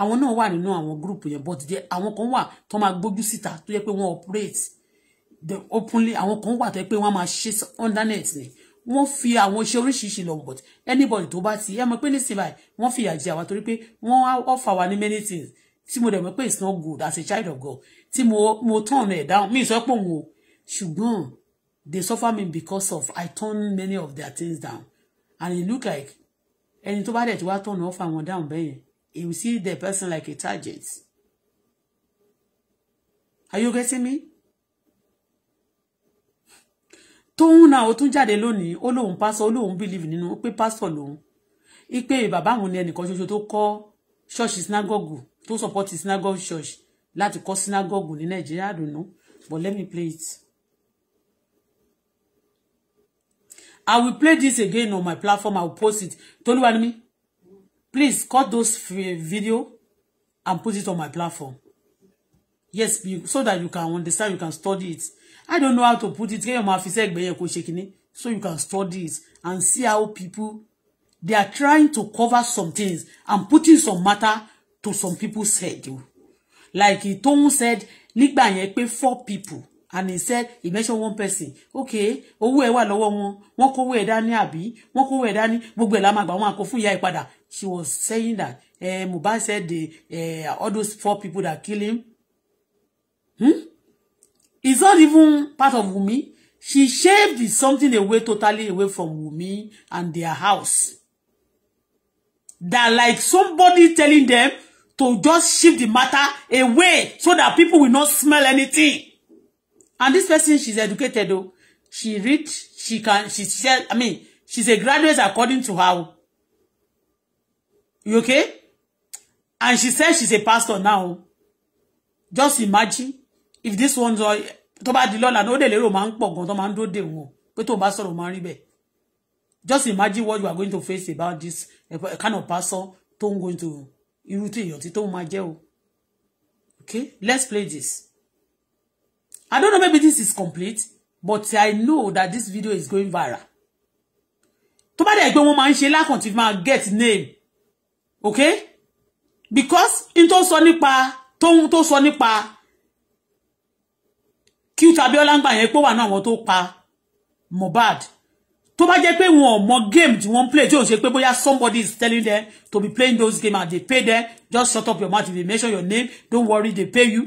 àwọn náà wà nínú àwọn group yẹn but jẹ àwọn kan wà tó máa gbójú síta tó yẹ pé wọ́n operate openly àwọn kan wà tó yẹ pé wọ́n máa ṣe undernet ni wọ́n fi àwọn iṣẹ́ oríṣiríṣi lọ but anybody to bá ti ẹ mọ̀ pé nísìnyí báyìí wọ́n fi ìyà jẹ àwa torí pé wọ́n offer wa ní many things tí mo dẹ̀ mọ̀ pé it's not good as a child of God tí mo mo turn ẹ̀ down mi sọ pé òun o they suffer me because of I turn many of their things down and it look like ẹni tó bá dẹ̀ tí wá turn off àwọn down bẹ́yẹn he will see the person like a target are you getting me tóun náà ó tún jáde lónìí ó lóun pásọ ó lóun bílíìfù nínú ó pé pásọ lòun ipe bàbá àwọn ni ẹnìkan ṣoṣo tó kọ́ ṣọ́ọ̀ṣì sinagogu tó sọpọ́tì sinagogu church láti kọ́ sinagogu ní nàìjíríà dùnú but let me play it. I will play this again on my platform. I will post it. Toluwanimi, please cut those video and put it on my platform. Yes, so that you can understand, you can study it. I don't know how to put it kéèyàn máa fi sẹ́gbẹ̀ẹ́ yẹn kó ṣe so you can study it and see how people they are trying to cover some things and putting some matter to some people's head like Tohun said nígbà yẹn pé four people and he said he mentioned one person okay owó ẹ wà lọ́wọ́ wọn wọ́n kówó ẹ dání àbí wọ́n kówó ẹ dání gbogbo ẹ la máa gbà she was saying that eh, Mubai said the eh, all those four people that kill him. Hmm? It's not even part of Wumi. She shaved something away totally away from Wumi and their house. That like somebody telling them to just shift the matter away so that people will not smell anything. And this person, she's educated though. She read, she can, she said, I mean, she's a graduate according to how. You okay? And she says she's a pastor now. Just imagine if this one sọ tó bá di lọ́la ó dẹ̀ lérò máa ń pọ̀ gan tó máa ń dóde wò pé tó bá sọ̀rọ̀ máa ń rí just imagine what you are going to face about this eh, kind of person tó going to irú tí èèyàn tí tó máa o okay let's play this I don't know maybe this is complete but I know that this video is going viral tó bá dẹ̀ gbé wọn máa ń ṣe lákàn tí máa get name okay because into tó sọ nípa tóun tó sọ Cute Abiola ń gbà yẹn pé wà náà àwọn tó pa Mohbad tó bá jẹ́ pé wọn ò mọ game tí wọ́n ń play tí ò ń ṣe pé bóyá somebody is telling them to be playing those games and they pay them just shut up your mouth if they mention your name don't worry they pay you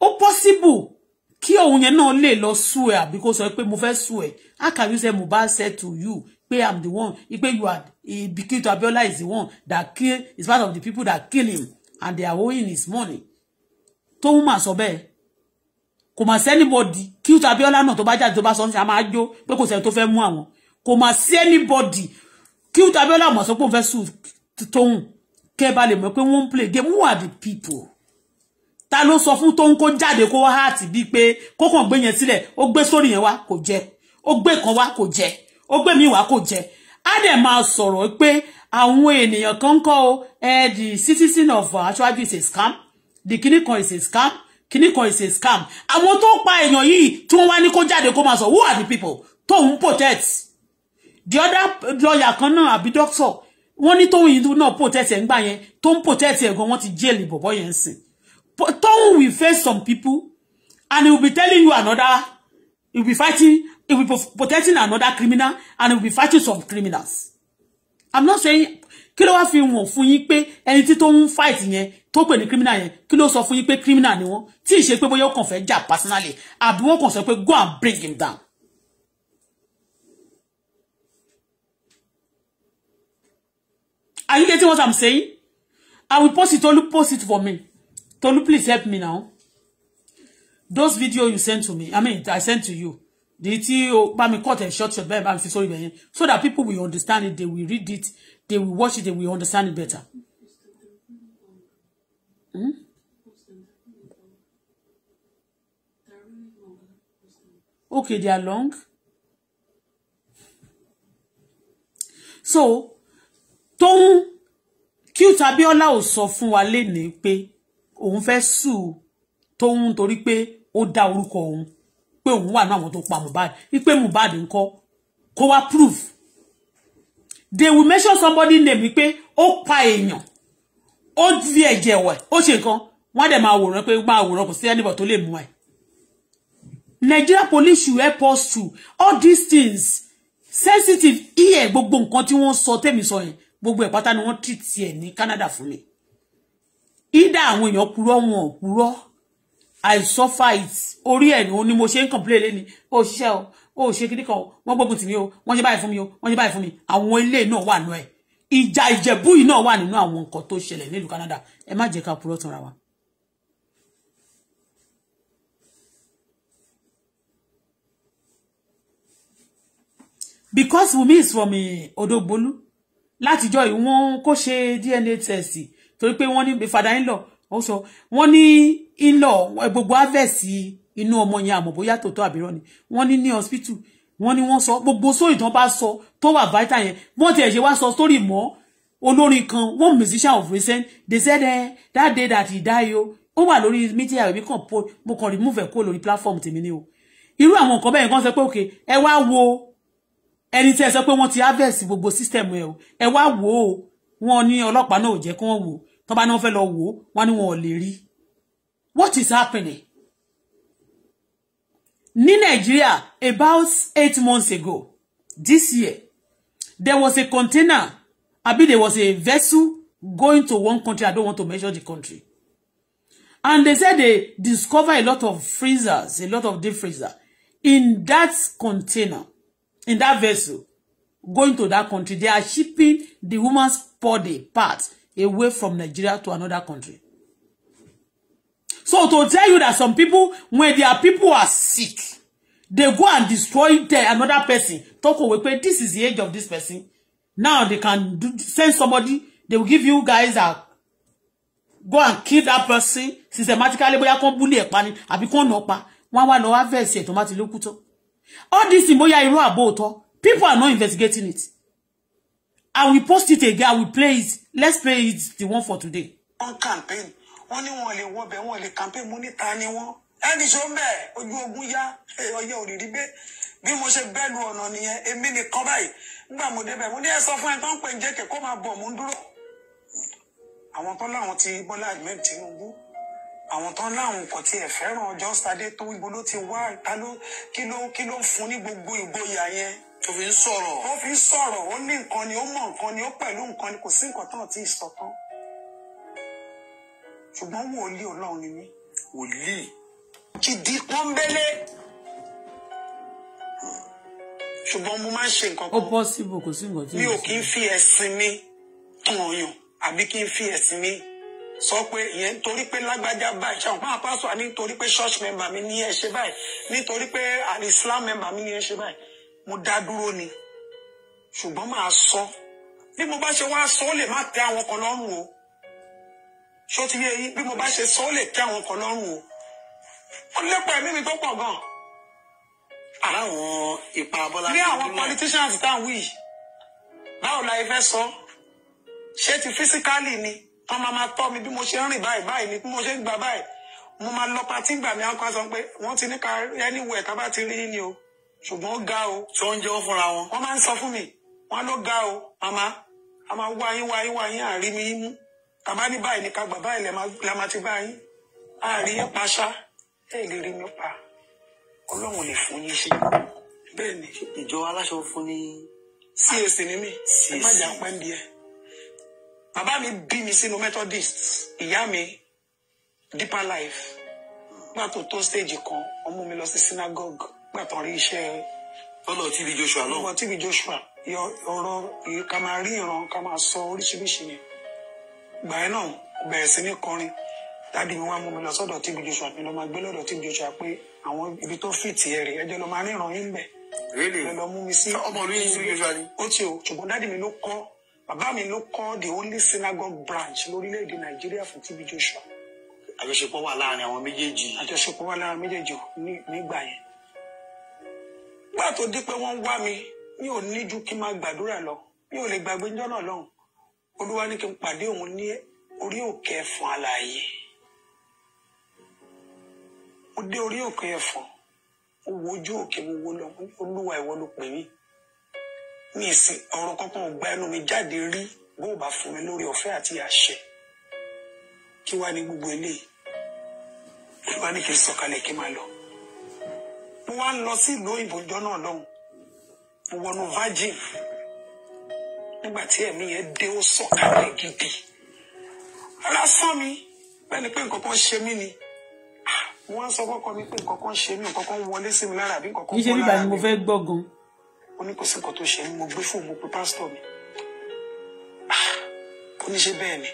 ó possible kí òun yẹn náà lè lọ sú ẹ àbí kó sọ pé mo fẹ́ sú ẹ how can you say Mohbad said to you pé i'm the one pé you are Cute Abiola is the one that kill is part of the people that kill him and they are owing his money tóun mà sọ bẹ́ẹ̀ Ko mà anybody? kí ó tàbí ọlá náà tó bá jáde tó bá sọ ní àmà jó pé kò sẹ́ni tó fẹ́ mú àwọn kò mà sẹ́nibọ́dì kí ó tàbí ọlá mọ̀ sọ pé òun fẹ́ sùn tóun kẹ́ bá lè mọ̀ pé play game who are the people ta ló sọ fún tóun ko jáde kó wá háàtì bíi ko kó kàn gbé yẹn sílẹ̀ ó gbé sórí yẹn wá kò jẹ ó gbé kan wá kò jẹ ó gbé mi wá kò jẹ á dẹ̀ máa sọ̀rọ̀ pé àwọn ènìyàn kan ń kọ́ eh, the citizen of Aṣọ́ájú is a scam the kìnnìkan is a scam kíní kan is a scam àwọn tó pa èèyàn yìí tí wọ́n wá ní kó jáde kó máa sọ who are the people tó ń protect the other lawyer kan náà àbí doctor wọ́n ní tóun do na protect ẹ̀ ń gbà yẹn tó ń protect ẹ̀ gan wọ́n ti jail bọ̀bọ̀ yẹn sìn tóun will face some people and he will be telling you another he will be fighting he will be protecting another criminal and he will be fighting some criminals i'm not saying kí ló wá fi wọ̀n fún yín pé ẹni tí tó ń fight yẹn tó pè ní criminal yẹn kí ló sọ fún yín pé criminal ni wọ́n tí ì ṣe pé bóyá ó kàn fẹ́ jà personally àbí wọ́n kàn sọ pé go and break him down. Are you getting what I'm saying? I will post it. Tolu, post it for me. Tolu, please help me now. Those video you sent to me, I mean, I sent to you. The TO, bá mi cut and short short, bá mi fi sórí bẹ́ẹ̀ yẹn. So that people will understand it, they will read it, they will watch it, they will understand it better. Okay, they are long. So, Tóun Cute Abiola ò sọ fún wa lénìí pé òun fẹ́ sùn Tóun torí pé ó dá orúkọ òun pé òun wà náà àwọn tó pa Mohbad wípé Mohbad ń kọ́ kó wá proof. They will mention somebody name wípé ó pa èèyàn ó di ẹ̀jẹ̀ wẹ̀ ó ṣe nǹkan wọ́n dẹ̀ máa wòran pé máa wòran kò sí anybody tó lè mú ẹ̀. Nigeria police should help us to all these things sensitive ear gbogbo nǹkan tí wọ́n sọ tèmi so. yẹn gbogbo ẹ̀ pátá ni wọ́n treat ẹ̀ ní Canada fún mi. ìdá àwọn èèyàn purọ́ wọn ò I suffer it orí ẹ̀ ni mo ṣe ń complain lẹ́ni òṣìṣẹ́ o òṣìṣẹ́ kìnnìkan wọ́n gbógun tì mí o wọ́n ṣe báyìí fún mi o wọ́n ṣe báyìí fún mi àwọn ilé náà wà nù ẹ̀ ìjà ìjẹ̀bú yìí náà wà nínú àwọn nǹkan tó ṣẹlẹ̀ nílùú Canada ẹ má jẹ́ ká purọ́ tanra wa. because Wumi is from eh, Odogbolu látijọ́ yìí wọ́n kò ṣe DNA test torí pé wọ́n ní eh, father in law ó sọ wọ́n ní in law eh, gbogbo harvest inú ọmọ yẹn àmọ́ bóyá tòótọ́ àbírọ́ ni wọ́n ní ní hospital wọ́n ní wọ́n sọ gbogbo sórí tán bá sọ tó wà vital yẹn wọ́n tiẹ̀ ṣe wá sọ sórí mọ́ olórin kan one musician of recent they said eh, that day that he die o oh, ó wà lórí media ìbí kan po mo kàn remove ẹ̀ kúrò lórí platform tèmi ni o irú àwọn nǹkan bẹ́ẹ̀ kan sọ pé òkè ẹ wá wo ẹni tí ẹ sọ pé wọ́n ti harvest gbogbo system ẹ o ẹ wá wò ó wọ́n ní ọlọ́pàá náà ò jẹ́ kí wọ́n wò tó bá ní lọ wò ó wọ́n wọn ò lè rí what is happening ní Nigeria about eight months ago this year there was a container abi there was a vessel going to one country I don't want to mention the country and they said they discover a lot of freezers a lot of deep freezer in that container in that vessel going to that country they are shipping the woman's body part away from Nigeria to another country So to tell you that some people, when their people are sick, they go and destroy the, another person. Talk away, pé this is the age of this person. Now they can do, send somebody, they will give you guys a go and kill that person systematically bóyá kon bully ẹ̀ pa ni àbí kon no pa wọ́n wá lọ wá verse ẹ̀ tó all this bóyá irú abo to people are not investigating it and we post it again we play it let's play it the one for today campaign wọ́n ní wọ́n lè wọbẹ̀ wọ́n lè campaign mú níta ni wọ́n ẹni tó ń bẹ̀ ojú ogun yá ọyẹ òrìrí gbé bí mo ṣe bẹ́ẹ̀lu ọ̀nà nìyẹn èmi nìkan báyìí nígbà mo débẹ̀ mo ní ẹ sọ fún ẹ tó ń pè ń jẹ́kẹ̀ kó máa bọ̀ mú dúró. àwọn tó láwọn ti Bọ́lá Ahmed Tinubu àwọn tó láwọn kò tiẹ̀ fẹ́ràn Just Adétọ́wú ibo ló ti wá ta ló kí ló kí ló fún ní gbogbo ìgboyà yẹn. tó fi ń sọ̀rọ̀. ó fi ń sọ̀rọ̀ ó ní nǹkan ni ó mọ nǹkan ni ó pẹ̀lú nǹkan ni kò sí nǹkan tán ti sọ tán ṣùgbọ́n wòlíì ọlọ́run ni mí. wòlíì. jìdí pọ́nbélé. ṣùgbọ́n mo máa ń ṣe nǹkan kan. ó bọ́ síbò kò sí nǹkan tí mi ò kí ń fi ẹ̀sìn mi tàn yàn àbí kí n fi ẹ̀sìn mi sọ pé ìyẹn nítorí pé lágbájá báyìí ṣàwọn máa pásọ àní nítorí pé church member mi ní ẹ ṣe báyìí nítorí pé àní Islam member mi ní ẹ ṣe báyìí mo dá dúró ni ṣùgbọ́n máa sọ bí mo bá ṣe wá sọ ó lè má tẹ́ àwọn kan lọ́rùn o ṣó ti yé yín bí mo bá ṣe sọ ó lè tẹ àwọn kan lọ́rùn o ó lépa ẹ̀mí mi tó pọ̀ gan. aláwọn ipa Bọ́lá ní àwọn politicians tá wí báwo la ẹ fẹ́ sọ ṣé ti physically ni wọn máa máa tọ́ mi bí mo ṣe ń rìn báyìí báyìí ni bí mo ṣe ń gbà báyìí mo máa lọ patí gbà mí àwọn kan sọ pé wọ́n ti ní ká ẹni wẹ̀ ká bá ti rí ni o ṣùgbọ́n ó ga o. tó ń jẹ́ ó fúnra wọn. wọ́n máa ń sọ fún mi wọ́n ló ga o màmá a máa wá yín wá yín wá yín àrí mi mú tàbá ní báyìí ní ká gbà báyìí la máa ti bá yín àárín yẹn paṣá ẹ lè rí mi pa ọlọ́run lè fún yín ṣe bẹ́ẹ̀ ni ìjọ aláṣọ fún ní. cac ni mí ẹ má jà pẹ́ ń bí ẹ bàbá mi bí mi sínú methodist ìyá mi deeper life gbà tó tó stage kan ọmú mi lọ sí synagogue gbà tó rí iṣẹ́. ọlọ TB Joshua náà. ọlọ TB Joshua ọ̀rọ̀ ká máa rí ìran ká máa sọ oríṣiríṣi yẹn gbà náà bẹ̀rẹ̀ sí ní kọrin dáàdi mi wá mú mi lọ sọ́dọ̀ TB Joshua mi lọ gbé lọ́dọ̀ TB Joshua pé àwọn ibi tó fìtì ẹ̀ rè ẹjọ́ lọ máa ríran yín bẹ̀. ẹ lọ mú mi sí ọmọ mi yín TB ó ti o ṣùgbọ́n dáàdi mi ló kọ́ bàbá mi ló kọ́ the only synagogue branch lórílẹ̀‐èdè Nàìjíríà fún TB Joshua. àjọṣepọ̀ wà láàrin àwọn méjèèjì. àjọṣepọ̀ wà láàrin méjèèjì nígbà yẹn. gbà tó dé wọ́n wá mi mi ò níjú kí n máa gbàdúrà lọ mi ò lè gbàgbé ńjọ́ náà lọ́hùn olúwa ní kí n pàdé òun ní orí òkè ẹfọn alààyè mo dé orí òkè ẹfọn mo wo ojú òkè mo wo lọ olúwa ìwọ ló pè mí ní ìsìn ọ̀rọ̀ kankan ò gba ẹnu mi jáde rí bó o bá fún mi lórí ọ̀fẹ́ àti àṣẹ kí wàá ní gbogbo eléyìí olúwa ní kí n sọ̀kalẹ̀ kí n máa lọ mo wá ń lọ sí ìlú òyìnbó jọ náà lọ́hùn mo wọnú virgin nígbà tí ẹ̀mí yẹn dé ó sọ̀kalẹ̀ gidi lásán mi bẹ́ẹ̀ ni pé nǹkan kan ṣe mí ni wọ́n sọ kọ́kọ́ mi pé nǹkan kan ṣe mí nǹkan kan wọlé sí mi lára àbí nǹkan kan wọlé lára mi. níṣẹ́ nígbà mo fẹ́ gbọ́ ó ní kò sí nǹkan tó ṣe mí mo gbé fún mo pe pásítọ̀ mi ó ní ṣe bẹ́ẹ̀ ni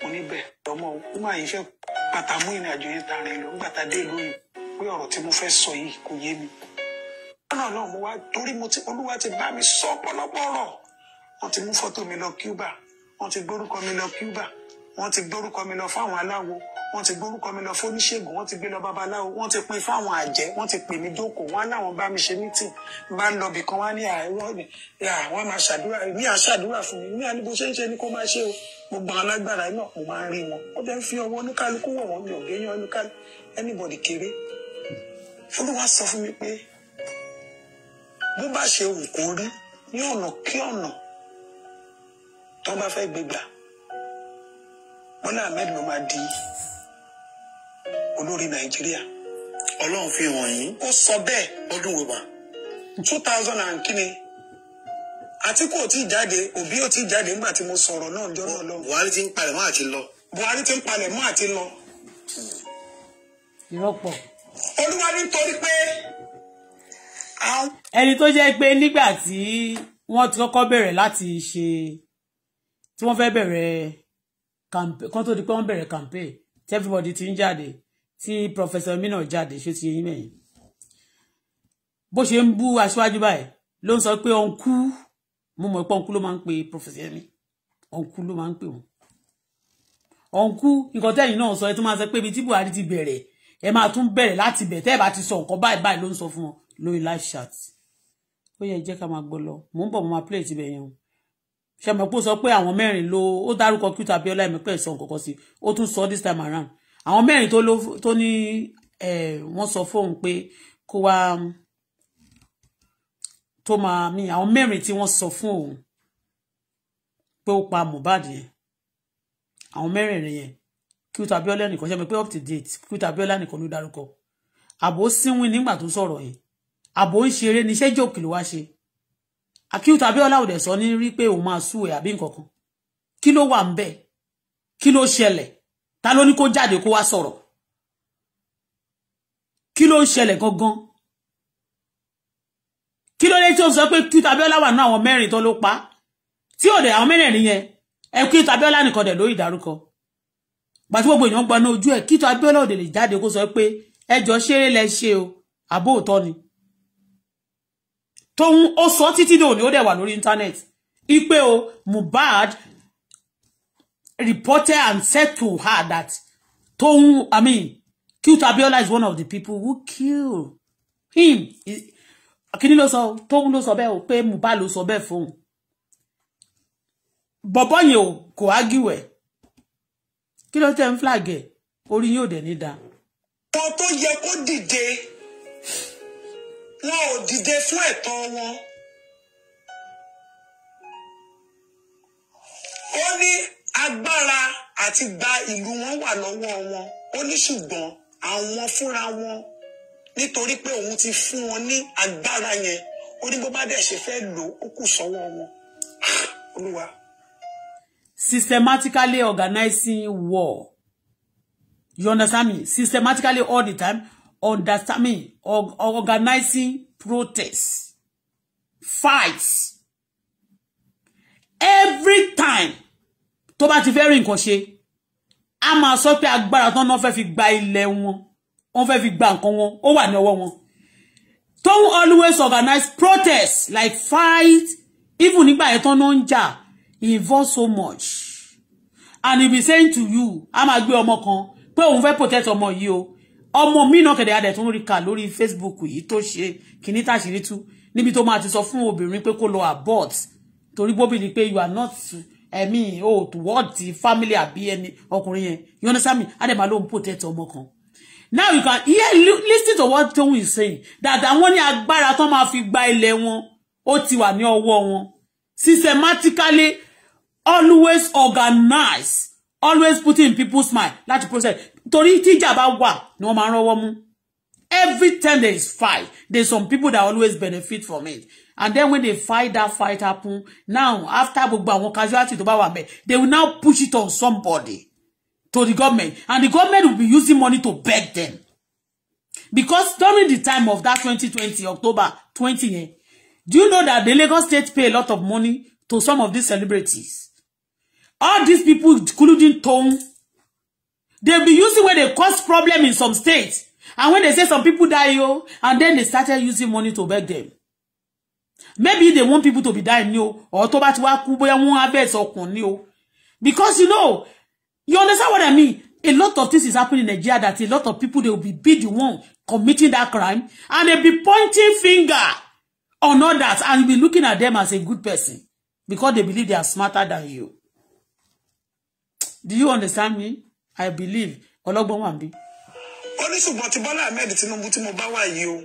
mo ní bẹ́ẹ̀ ọmọ ó máa yìí fẹ́ bàtà mú ìrìn àjò yẹn tààrin lọ nígbà tá a dé ìlú yìí pé ọ̀rọ̀ tí mo fẹ́ sọ yìí kò yé mi. lọ́nà náà mo wá torí mo ti olúwa ti bá mi sọ ọ̀pọ̀lọpọ̀ ọ̀rọ̀ wọ́n ti mú fọ́tò mi lọ Cuba wọ́n ti gbórúkọ mi lọ Cuba wọ́n ti gbórúkọ mi lọ fáwọn aláwo wọ́n ti gbórúkọ mi lọ fóníṣègùn wọ́n ti gbé lọ babaláwo wọ́n ti pín fáwọn àjẹ́ wọ́n ti pè mí jókòó wọ́n láwọn bá mi ṣe mítìn bá ń lọ bìkan wá ní àwọn máa ṣàdúrà ní àṣàdúrà fún mi ní àníbo ṣe ń ṣe ni kó máa ṣe o gbogbo àwọn alágbára náà mo máa ń rí wọn ó dẹ̀ ń fi ọwọ́ oníkálukú wọ̀ wọ́n mi ò géyàn oníkálukú anybody kéré olúwa sọ fún mi pé bó bá ṣe wù kó rí ní ọ̀nà kí ọ̀nà tó bá fẹ́ gbégbà Bọ́lá Ahmed ló máa di olórí Nàìjíríà. Ọlọ́run fi hàn yín. Ó sọ bẹ́ẹ̀ lọ́dún wíwá two thousand and kini. Àtíkù ò tí jáde Òbí ò tí jáde nígbà tí mo sọ̀rọ̀ náà jọ́ náà lọ. Buhari ti ń palẹ̀ mọ́ àti lọ. Buhari ti ń palẹ̀ mọ́ àti lọ. Ìrọ́pọ̀. Olúwa nítorí pé. Ẹni tó jẹ́ pé nígbà tí wọ́n ti kọ́kọ́ bẹ̀rẹ̀ láti ṣe tí wọ́n fẹ́ bẹ̀rẹ̀ campaign kán tó di pé wọ́n bẹ̀rẹ̀ campaign tí everybody ti ń jáde tí professor Emina jáde ṣé ti yẹn mẹ́yìn bó ṣe ń bú aṣáájú báyìí ló ń sọ pé ọ̀nkú mo mọ̀ pé ọ̀nkú ló máa ń pe professor Emi ọ̀nkú ló máa ń pè wọ́n ọ̀nkú nǹkan tẹ́yìn náà sọ ẹ tó máa sọ pé ibi tí Buhari ti bẹ̀rẹ̀ ẹ máa tún bẹ̀rẹ̀ láti bẹ̀ tẹ́ ẹ bá ti sọ nǹkan báyìí báyìí ló ń sọ fún wọn lórí live chat ó yẹ jẹ́ ká máa gbọ́ lọ mò ń bọ̀ mo máa play ti bẹ̀ yẹn o ṣe mọ̀ pé ó sọ pé àwọn mẹ́rin ló ó dárúkọ Cute Abiola ẹ̀mẹ́pẹ́ sọ nǹkan sí ó tún sọ this time around àwọn mẹ́rin tó ló tó ní wọ́n sọ fóun pé kó wá tó máa mi àwọn mẹ́rin tí wọ́n sọ fún òun pé ó pa Mohbad yẹn àwọn mẹ́rẹ̀ẹ̀rin yẹn Cute Abiola nìkan ṣe mọ̀ pé up to date Cute Abiola nìkan ló dárúkọ àbò sínwìn nígbà tó sọ̀rọ̀ yẹn àbò ń ṣeré níṣẹ́ jòkè ló wá ṣe Akiu Abiola ò dẹ̀ sọ ní rí pé òun máa sú ẹ̀ àbí nǹkan kan kí ló wà ń bẹ̀ kí ló ṣẹlẹ̀ ta ló ní kó jáde kó wá sọ̀rọ̀ kí ló ń ṣẹlẹ̀ gangan kí ló lè tí ó sọ pé Akiu Abiola wà ní àwọn mẹ́rin tó ló pa tí ò dẹ̀ àwọn mẹ́rin yẹn ẹ Akiu Abiola nìkan dẹ̀ lórí ìdárúkọ gbàtí gbogbo èèyàn gbaná ojú ẹ Akiu Abiola ò dẹ̀ lè jáde kó sọ pé ẹjọ́ ṣeré lẹ ṣe o àbóòtọ́ ni tóun ó sọ títí dòní ó dẹ̀ wà lórí internet ipe o Mohbad reported and said to her that tóun i mean Cute Abiola is one of the people who kill him kí ni ló sọ tóun ló sọ bẹ́ẹ̀ o pé Mohbad ló sọ bẹ́ẹ̀ fóun bọ̀bọ̀ yẹn o kò ágìwẹ̀ kí ló tẹ́ ń flag ẹ̀ orí yóò dẹ̀ ní da. wọn tó yẹ kó dìde wọn ò dìde fún ẹ̀tọ́ wọn. ó ní agbára àti gba ìlú wọn wà lọ́wọ́ wọn ó ní ṣùgbọ́n àwọn fúnra wọn nítorí pé òun ti fún wọn ní agbára yẹn ó ní bó bá dẹ̀ ṣe fẹ́ lò ó kù sọ́wọ́ wọn. systematically organizing war you understand me systematically all the time understanding or, or organizing protests, fights. Every time tó bá ti fẹ́ rí nǹkan ṣe, a máa sọ pé agbára tán náà fẹ́ fi gba ilẹ̀ wọn, wọ́n fẹ́ fi gba nǹkan wọn, ó wà ní ọwọ́ wọn. Tóun always organize protests like fight, even nígbà yẹn tán náà ń jà, involve so much. And he be saying to you, a máa gbé ọmọ kan pé òun fẹ́ protect ọmọ yìí o ọmọ mi náà kẹ̀dẹ̀ adẹ̀ tó ń rí kà lórí Facebook yìí tó ṣe kìíní tàṣírí tú níbi tó máa ti sọ fún obìnrin pé kó lọ abort torí bóbìnrin pé you are not ẹ̀mí o toward family àbí ẹni ọkùnrin yẹn you understand me adẹ̀ máa ló ń protect ọmọ kan now you can hear listen to what Tohun is saying that àwọn ní agbára tó máa fi gba ilẹ̀ wọn ó ti wà ní ọwọ́ wọn systematically always organize always putting people's mind láti process torí tíjà bá wà ni wọ́n máa ń rọ́wọ́ mú every time there is fight there is some people that always benefit from it and then when they fight that fight happen now after gbogbo àwọn casualty tó bá wà bẹ́ẹ̀ they will now push it on somebody to the government and the government will be using money to beg them because during the time of that 2020 October 20 yen do you know that the Lagos state pay a lot of money to some of these celebrities all these people including Toun They be using where they cause problem in some states. And when they say some people die, yo, and then they started using money to beg them. Maybe they want people to be dying, yo, or tó bá ti wá kú bóyá wọ́n abẹ́ sọkùn ni o. Because you know, you understand what I mean? A lot of things is happening in Nigeria that a lot of people, they will be, be the one committing that crime. And they'll be pointing finger on others and be looking at them as a good person because they believe they are smarter than you. Do you understand me? i believe ọlọ́gbọ́n wà bí. ó ní ṣùgbọ́n tí Bọ́lá Ahmed Tinubu tí mo bá wà yìí o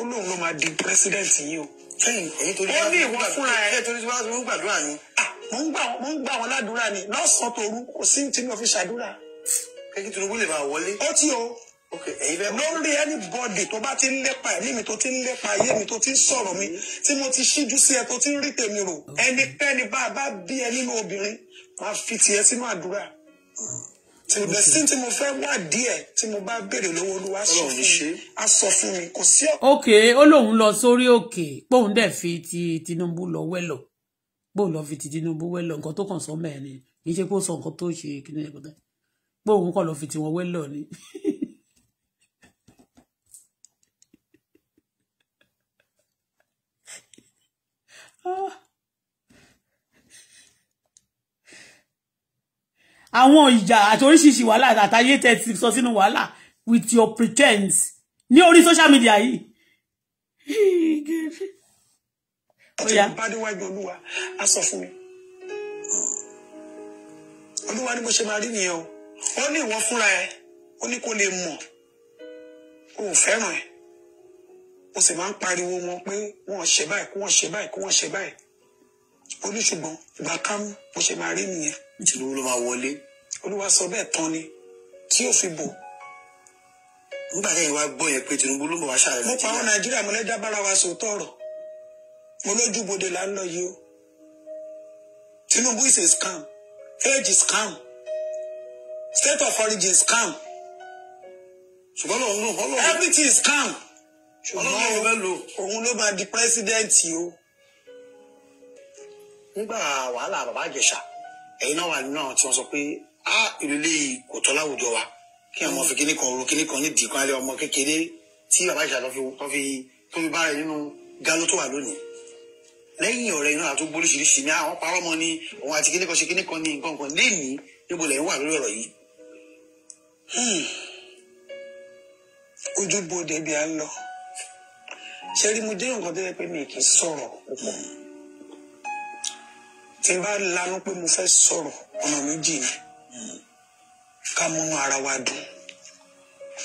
ó lóun ló máa di president yìí o. ó ní ìwọ fúnra ẹ torí tí wọ́n ti ń gbàdúrà ni. Ah, mo ń gbà wọn ládùúrà ni lọ́sàn-án tòru kò sí tí mi ò fi ṣàdúrà. kẹ́kí Tinubu lè máa wọlé. ó ti o lórí anybody tó bá ti ń lépa ẹ̀mí mi tó ti ń lépa ayé mi tó ti ń sọ̀rọ̀ mi tí mo ti ṣíjú sí ẹ tó ti ń rí tèmi rò ẹnikẹ́ni bá a bá bí ẹ nínú obìnrin máa fi tiẹ̀ sínú àdúrà mm tí bẹ sí tí mo fẹ́ wá díẹ̀ tí mo bá béèrè lọ́wọ́ olúwa sọ fún mi a sọ fún mi kò sí. òkè ó lóun lọ sórí òkè póun dẹ̀ fi ti Tinubu lọ wẹ́lọ̀ póun lọ fi ti Tinubu wẹ́lọ̀ nǹkan tó kàn sọ mẹ́rin ni kì í ṣe pé ó sọ nǹkan tó ṣe kíni ẹ̀kọ́ tẹ́ póun kọ́ lọ fi tiwọn wẹ́lọ̀ ni. ah. àwọn ìjà àti oríṣiríṣi wàhálà àtàyè tẹ́ ti sọ sínú wàhálà with your pretense ní orí social media yìí. ọtí bá níwájú olúwa á sọ fún mi olúwa ni mo ṣe máa rí nìyẹn o ó ní ìwọ fúnra ẹ ó ní kó lè mọ̀ o ò fẹ́ràn ẹ o sì máa ń pariwo wọn pé wọn ò ṣe báyìí kí wọn ṣe báyìí kí wọn ṣe báyìí ó ní ṣùgbọ́n ìgbà kámú bó ṣe máa rí nìyẹn. nítorí ló máa wọlé. olúwa sọ bẹ́ẹ̀ tán ni tí ó fi bò. nígbà tẹ́yìn wá gbọ́ yẹn pé Tinubu ló mọ̀ wá ṣàlàyé. mo pa àwọn Nàìjíríà mo lẹ́dá bára wa sòótọ́ ọ̀rọ̀ mo lójú bodè là ń lọ yìí o Tinubu is a scam age is scam state of origin is scam. ṣùgbọ́n lọ́wọ́ lọ́wọ́ everything is scam. ṣùgbọ́n òun ló máa di pírẹ́sídẹ̀ǹtì o nígbà wàhálà bàbá àjẹsà ẹ̀yin náà wà nínú àwọn tí wọ́n sọ pé á ìrìlẹ kò tọ́ láwùjọ wa kí ọmọ fi kíní kan ru kíní kan ní dìkan alẹ ọmọ kékeré tí bàbá àjẹsà lọ fi tó fi tó fi bára nínú galo tó wà lónìí lẹ́yìn ọ̀rẹ́ iná àti gbóríṣiríṣi ní àwọn parọ́ mọ́ ni òun àti kíní kan ṣe kíní kan ní nǹkan kan léèní níbo lẹ́yìn wà lórí ọ̀rọ̀ yìí. Hmm. ojúbọ dẹbi à ń lọ ṣe rí mo dé nǹkan tó yẹ pé mi kì í sọ̀rọ̀ púpọ̀ tí n bá lanu pé mo fẹ́ sọ̀rọ̀ ọ̀nà méjì ni ká múnú ara wa dùn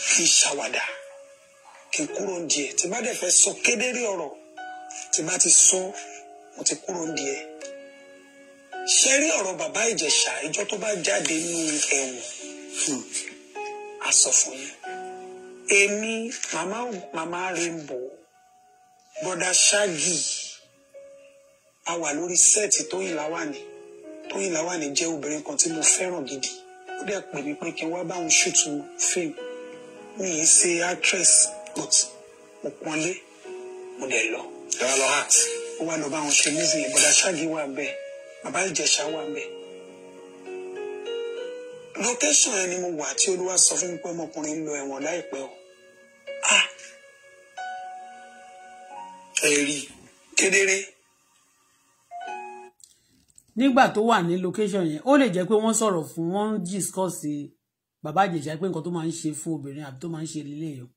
kí ṣàwàdà kí n kúrò díẹ̀ tí bá dẹ̀ fẹ́ sọ kedere ọ̀rọ̀ tí bá ti sọ mo ti kúrò díẹ̀ ṣe rí ọ̀rọ̀ bàbá ìjẹ̀ṣà ìjọ tó bá jáde nínú ẹ̀wọ̀n hmm, a sọ fún yín èmi màmá Rainbow bọ́dà ṣáàgì yìí a wà lórí sẹ́ẹ̀tì Tóyìn Láwàní Tóyìn Láwàní jẹ́ obìnrin kan tí mo fẹ́ràn gidi ó dẹ̀ pè mí pé kí n wá bá òun ṣùtù fíìmù mi yìí ṣe actress but mo pọ́nlé mo dẹ̀ lọ. ìjọba lọ act. ó wá lọ bá wọn ṣe music ìbọ̀dà ṣáàgì wà bẹ́ẹ̀ bàbá ìjẹ̀ṣà wà bẹ́ẹ̀. location ẹni mo wà tí olúwa sọ fún mi pé ọmọkùnrin lọ ẹ̀wọ̀n láìpẹ́ o. Ah! ẹ rí kedere nígbà tó wà ní location yẹn ó lè jẹ́ pé wọ́n sọ̀rọ̀ fún wọ́n ń discuss bàbá àjèjì pé nǹkan tó máa ń ṣe fún obìnrin àbí tó máa ń ṣe lílé yẹn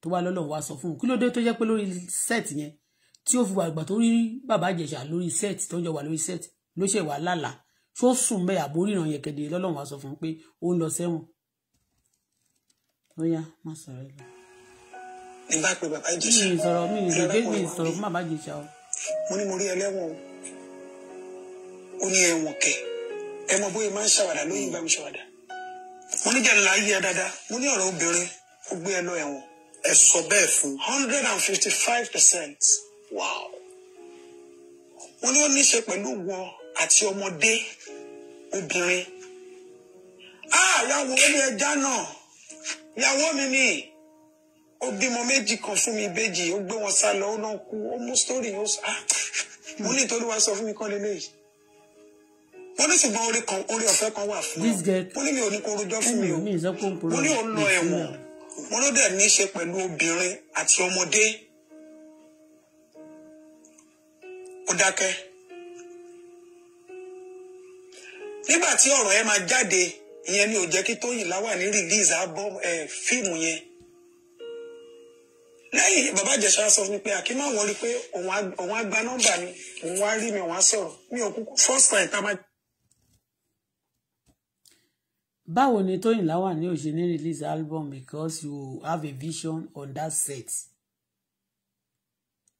tó wá lọ́lọ́run wá sọ fún un kí ló dé tó jẹ́ pé lórí set yẹn tí ó fi wà ìgbà tó rí bàbá àjèjì lórí set tó ń jọ wà lórí set ló ṣe wà lálàá tó sùn bẹ́ẹ̀ àbóríran yẹn kẹ́dẹ̀ lọ́lọ́run wá sọ fún un pé ó ń lọ sẹ́wọ̀n. lóyá má sọ̀rọ̀ ẹ̀ lọ. ní bá bàbá àjèjì. mi ì sọ̀rọ̀ mi ì sọ̀rọ̀ o. mo ní mo ó ní ẹ̀wọ̀n kẹ ẹ mọ bóyá máa ń ṣàwàdà lóyìn bá mi ṣàwàdà mo ní jẹun láàyè ẹ dáadáa mo ní ọ̀rọ̀ obìnrin ó gbé ẹ lọ ẹ̀wọ̀n. ẹ sọ bẹ́ẹ̀ fún. hundred and fifty five percent. wow. mo ní ó ní í ṣe pẹ̀lú wọ àti ọmọdé obìnrin. ah yàwó mi ẹja náà yàwó mi ni ó bímọ méjì kan fún mi ìbejì ó gbé wọn sá lọ ó náà kú ó mú sítórì ó sá mo ní ìtọ́lúwa sọ fún mi kán lélẹ́yìí wọ́n ní orí kan orí ọ̀fẹ́ kan wà fún ọ wọ́n ní mi ò ní kó rojọ́ fún mi o wọ́n ní òun lọ ẹ̀wọ̀n wọ́n ló dẹ̀ ní í ṣe pẹ̀lú obìnrin àti ọmọdé ó dákẹ́ nígbà tí ọ̀rọ̀ yẹn máa jáde ìyẹn ni ò jẹ́ kí Tóyìn láwà ní release album fíìmù yẹn lẹ́yìn bàbá Ìjẹ̀ṣà sọ fún mi pé àkímọ àwọn rí pé òun á gba nọ́mbà mi òun á rí mi òun á sọ̀rọ̀ mi ò kúkú first time tá a máa báwo ni Tóyìn Láwàní ò ṣe ní release album because you have a vision on that set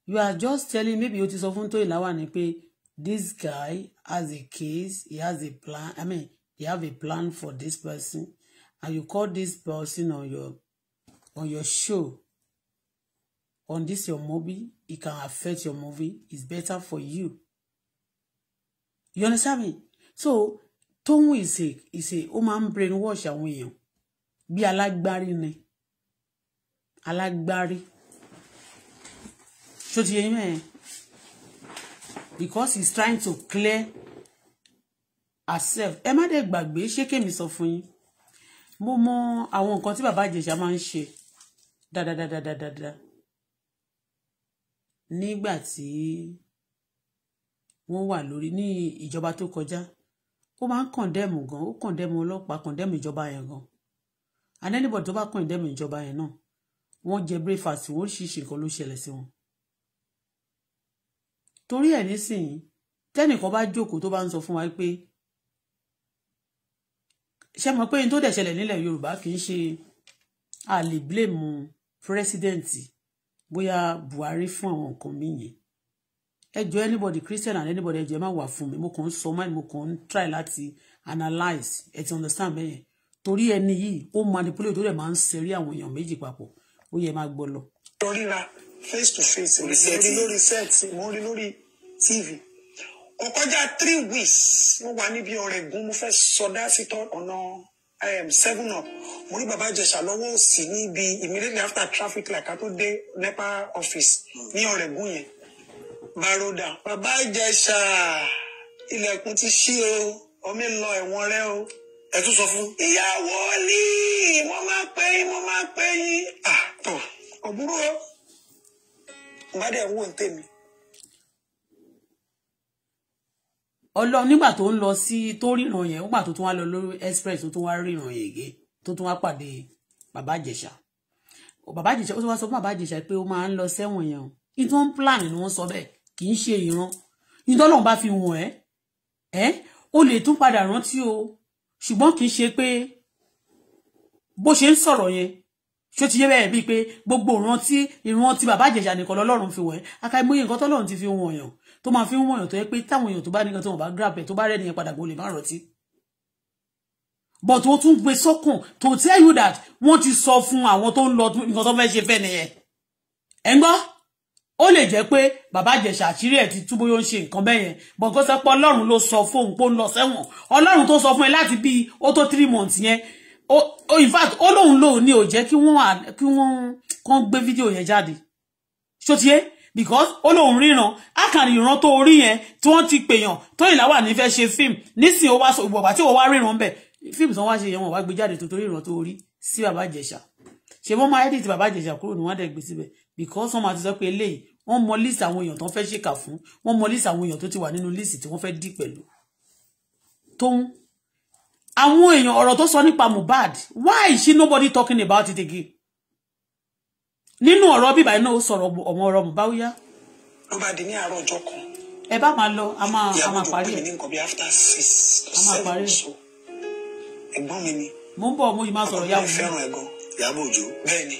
you are just telling maybe o ti sọ fún Tóyìn Láwàní pé this guy has a case he has a plan i mean he have a plan for this person and you call this person on your on your show on this your movie it can affect your movie it's better for you you understand me so tóun ìsè ìsè ó máa ń brainwash àwọn èèyàn bí alágbárí ni alágbárí ṣó ti yẹ yín mẹ́rin because he's trying to clear herself ẹ má dẹ̀ gbàgbé ṣé kèmí sọ fún yín mo mọ àwọn nǹkan tí bàbá ìjẹ̀ṣà máa ń ṣe dáadáadáadáa nígbà tí wọ́n wà lórí ní ìjọba tó kọjá ó máa ń kọ̀ndẹ́mù gan ó kọ̀ndẹ́mù ọlọ́pàá kọ̀ndẹ́mù ìjọba yẹn gan and anybody tó bá kọ̀ndẹ́mù ìjọba yẹn náà wọ́n jẹ breakfast wọ́n oríṣiríṣi nǹkan ló ṣẹlẹ̀ sí wọn. torí ẹ̀ nísìnyí tẹ́nìkan bá jókòó tó bá ń sọ fún wa pé ṣé mo pé ní tó dẹ̀ ṣẹlẹ̀ nílẹ̀ Yorùbá kì í ṣe a lè blame pírẹ́sídẹ̀ǹtì bóyá Buhari fún àwọn nǹkan míì yẹn ẹ anybody christian and anybody ẹ jọ ẹ má wà fún mi mo kàn ń sọ mọ́ ẹ mo kàn ń try láti analyse ẹ ti understand bẹ́ẹ̀ yẹn torí ẹni yìí ó manipulate tó dẹ̀ máa ń ṣeré àwọn èèyàn méjì papọ̀ ó yẹ máa gbọ́ lọ. torí ra face to face mo rí lórí set mo rí lórí tv kò kọjá three weeks mo wà níbi Ọ̀rẹ́gun mo fẹ́ sọdá sítọ́ ọ̀nà um, seven up mo rí bàbá Ìjẹ̀ṣà lọ́wọ́ òsì níbi immediately after traffic light ká tó nepa office ní Ọ̀rẹ́gun yẹn baroda bàbá ìjẹsà ilẹ̀kùn ti ṣí o omi lọ ẹ̀wọ̀n rẹ o ẹ tún sọ fún. ìyàwó ni mo máa pè yín mo máa pè yín àtọ òbúrò ìbádẹ wò ń tèmi. ọlọ́run nígbà tó ń lọ sí tó ríran yẹn nígbà tó tún wá lọ lórí express tó tún wá ríran yẹn gé tó tún wá pàdé bàbá ìjẹsà bàbá ìjẹsà ó tún wá sọ fún bàbá ìjẹsà pé ó máa ń lọ sẹ́wọ̀n yẹn o ìtàn plan ni wọ́n sọ bẹ́ẹ̀ kì í ṣe ìran ìdọ́lọ́run bá fi wọ̀n ẹ́ ẹ́ o lè tún padà rántí o ṣùgbọ́n kì í ṣe pé bó ṣe ń sọ̀rọ̀ yẹn ṣó ti yé bẹ́ẹ̀ bíi pé gbogbo ìran tí ìran tí bàbá Ìjẹ̀ṣà nìkan lọ́lọ́run fi wọ̀n ẹ́ akáìmọye nǹkan tọ́lọ́run ti fi wọ̀n yàn tó máa fi ń wọ̀n yàn tó yẹ pé táwọn èèyàn tó bá nìkan tó wọ́n bá grab ẹ̀ tó bá rẹ̀ nìyẹn padà gbọ́ lè má rántí but ó tún gbé sọ́kàn to tell you that wọ́n ti sọ fún àwọn tó ń lọ nǹkan tó fẹ́ ṣe fẹ́ nìyẹn ẹ̀ ń gbọ́ ó lè jẹ́ pé bàbá Ìjẹ̀ṣà àṣírí ẹ̀ ti túbọ̀ yóò ń ṣe nǹkan bẹ́ẹ̀ yẹn bọ̀ǹkan sọ pé ọlọ́run ló sọ fóun pé ó ń lọ sẹ́wọ̀n ọlọ́run tó sọ fún ẹ láti bíi ó tó three months yẹn ó in fact ó lóun lòun ni ò jẹ́ kí wọ́n kí wọ́n kàn gbé fídíò yẹn jáde ṣó ti yé because ó lóun ríran ákàrí ìran tó orí yẹn tí wọ́n ti pèèyàn Tóyìn Láwà ní fẹ́ ṣe fíìmù nísìnyí ó wá sọ ìgbọ̀gbà tí ó wá ríran bẹ̀ fíìmù tí wọ́n wá ṣe yẹn wọ́n wá gbé jáde tó torí ìran tó orí sí bàbá Ìjẹ̀ṣà ṣe wọ́n máa edit bàbá Ìjẹ̀ṣà kúrò ní wọ́n dẹ̀ gbé síbẹ̀ because wọ́n máa ti sọ pé eléyìí wọ́n mọ list àwọn èèyàn tó ń fẹ́ ṣèkà fún wọ́n mọ list àwọn èèyàn tó ti wà nínú list tí wọ́n fẹ́ dì pẹ̀lú tóun àwọn èèyàn ọ̀rọ̀ tó sọ nípa Mohbad why is she nobody talking about it again nínú ọ̀rọ̀ bíbá iná ó sọ̀rọ̀ ọmọ ọ̀rọ̀ Mohbad wíyá. ló bá di ní àárọ̀ ọjọ́ kan. ẹ bá máa lọ a máa a máa parí ẹ. ìyàwó mi ní nǹkan bíi after six to seven so ẹ̀gbọ́n mi ni. mo ń bọ̀ mo yìí máa sọ̀rọ̀ yàwó mi. ọkọ mi fẹ́ràn ẹ̀gọ́ Ìyábọ̀ Òjó bẹ́ẹ̀ ni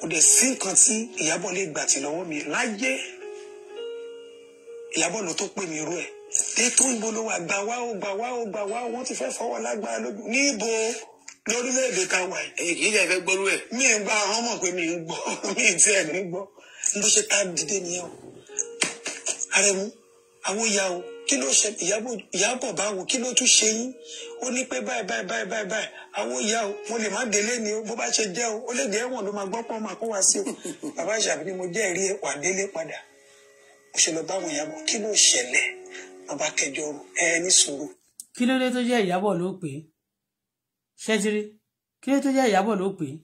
kò dẹ̀ sí nǹkan tí Ìyábọ̀ lè gbà tì lọ́wọ́ mi láyé Ìyábọ̀ ló tó pè mí irú ẹ̀ ètò ìbolówó àgbà wá ó gbà wá ó gbà wá ó wọ́n ti fẹ́ fọwọ́ lágbára lójú níbo lórílẹ̀‐èdè ta wà yìí. èyí kì í jẹ́ ìfẹ́ gbọ́rú ẹ̀. mi ń gba ọmọ pé mi ń gbọ́ mi ti ẹ̀ ní gbọ́ bó ṣe ká dìde nìyẹn o. Àrẹ̀mú àwọn ìyá o kí ló ṣe ìyàbọ̀ báwo kí ló tún ṣe yín ó ní pé báyìí báyìí báyìí báyìí báyìí àwọn ìyá o mo lè má délé ni o bó bá ṣe jẹ́ o ó lè dé ẹ̀wọ̀n ló máa gbọ́ pọ́n máa kó wá sí o bàbá ìṣàbí mo jẹ́ ìrí wà délé padà mo ṣe lọ báwọn ìyàbọ̀ kí ló ṣẹlẹ̀ bàbá kẹjọ ẹ ní sùúrù. kí ló dé tó jẹ́ ìyàbọ̀ ló pè é ṣẹ́tírí kí ló dé tó jẹ́ ìyàbọ̀ ló pè é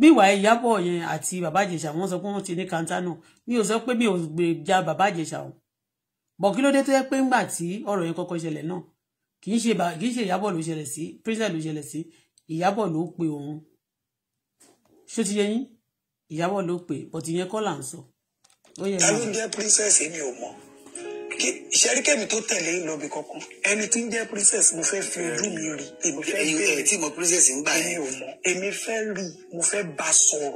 bíwà ìyàbọ̀ yẹn àti bàbá ìjẹ̀ṣà wọ́n sọ pé wọ́n ti ní kanta náà mi ò sọ pé mi ò gbèjà bàbá ìjẹ̀ṣà wọn bọ̀ kí ló dé tó yẹ pé ńgbà tí ọ̀rọ̀ yẹn kọ́kọ́ ṣẹlẹ̀ náà kì í ṣe kì í ṣe ìyábọ̀ ló ṣẹlẹ̀ sí princess ló ṣẹlẹ̀ sí ìyábọ̀ ló pe òun ṣó ti yẹ yín ìyábọ̀ ló pe but ìyẹn kọ́ là ń sọ. ta ló ń jẹ́ princess èmi ò mọ̀ ṣẹ́ríkẹ́mi tó tẹ̀lé lọ́bì kankan ẹni tí ń jẹ́ princess mo fẹ́ fi ojú mi rí èmi fẹ́ rí èmi fẹ́ rí mo fẹ́ bá sọ̀rọ̀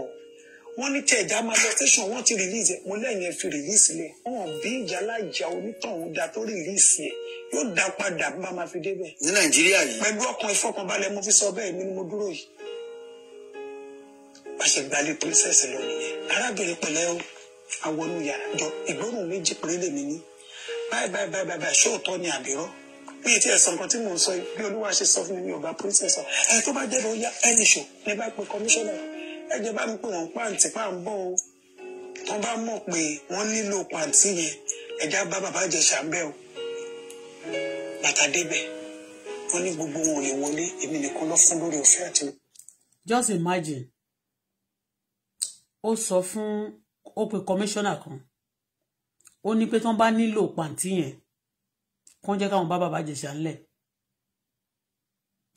wọ́n ní tí ẹ̀já máa lọ tẹ̀sán wọ́n ti rìlíìsì ẹ̀ mo lẹ́yìn ẹ̀ fi rìlíìsì lẹ̀ wọ́n bí ìjà alájà onítọ̀hún da tó rìlíìsì ẹ̀ yóò dá padà bá máa fi débẹ̀. ní nàìjíríà yìí. pẹ̀lú ọkàn ìfọkànbalẹ̀ mo fi sọ bẹ́ẹ̀ mi ni mo dúró yìí. pàṣẹ gbalẹ̀ pírísẹ̀sì lọ nìyẹn arábìnrin pẹ̀lẹ́ o àwọnú yàrá jọ ìgbóhùn méjì péré lèmi ní báyìí báyìí báyìí báyìí ṣóòtọ́ ni àbírọ́ bí etí ẹ̀sán nǹkan tí mò ń sọ yìí bí olúwa ṣe sọ fún mi mi ò bá pírísẹ̀sì ẹ̀ tó bá débẹ̀ ó yá ẹnìṣó ní bá pe kọmíṣánná ẹjọ bá pè wọn pàǹtí pàǹbọ o wọn bá mọ̀ pé wọn nílò pàǹtí yẹn ẹjá bá bàbá Ìjẹ̀ṣà bẹ o bàtà débẹ̀ wọn ní gbogbo wọn ò lè wọlé èmi nìkan lọ fún lórí ọ̀fẹ́ àti. just imagine ó sọ fún ó pe kọmíṣánná kan ó ní pé tí wọn bá nílò pàǹtí yẹn kàn jẹ́ káwọn bá bàbá Ìjẹ̀ṣà ńlẹ̀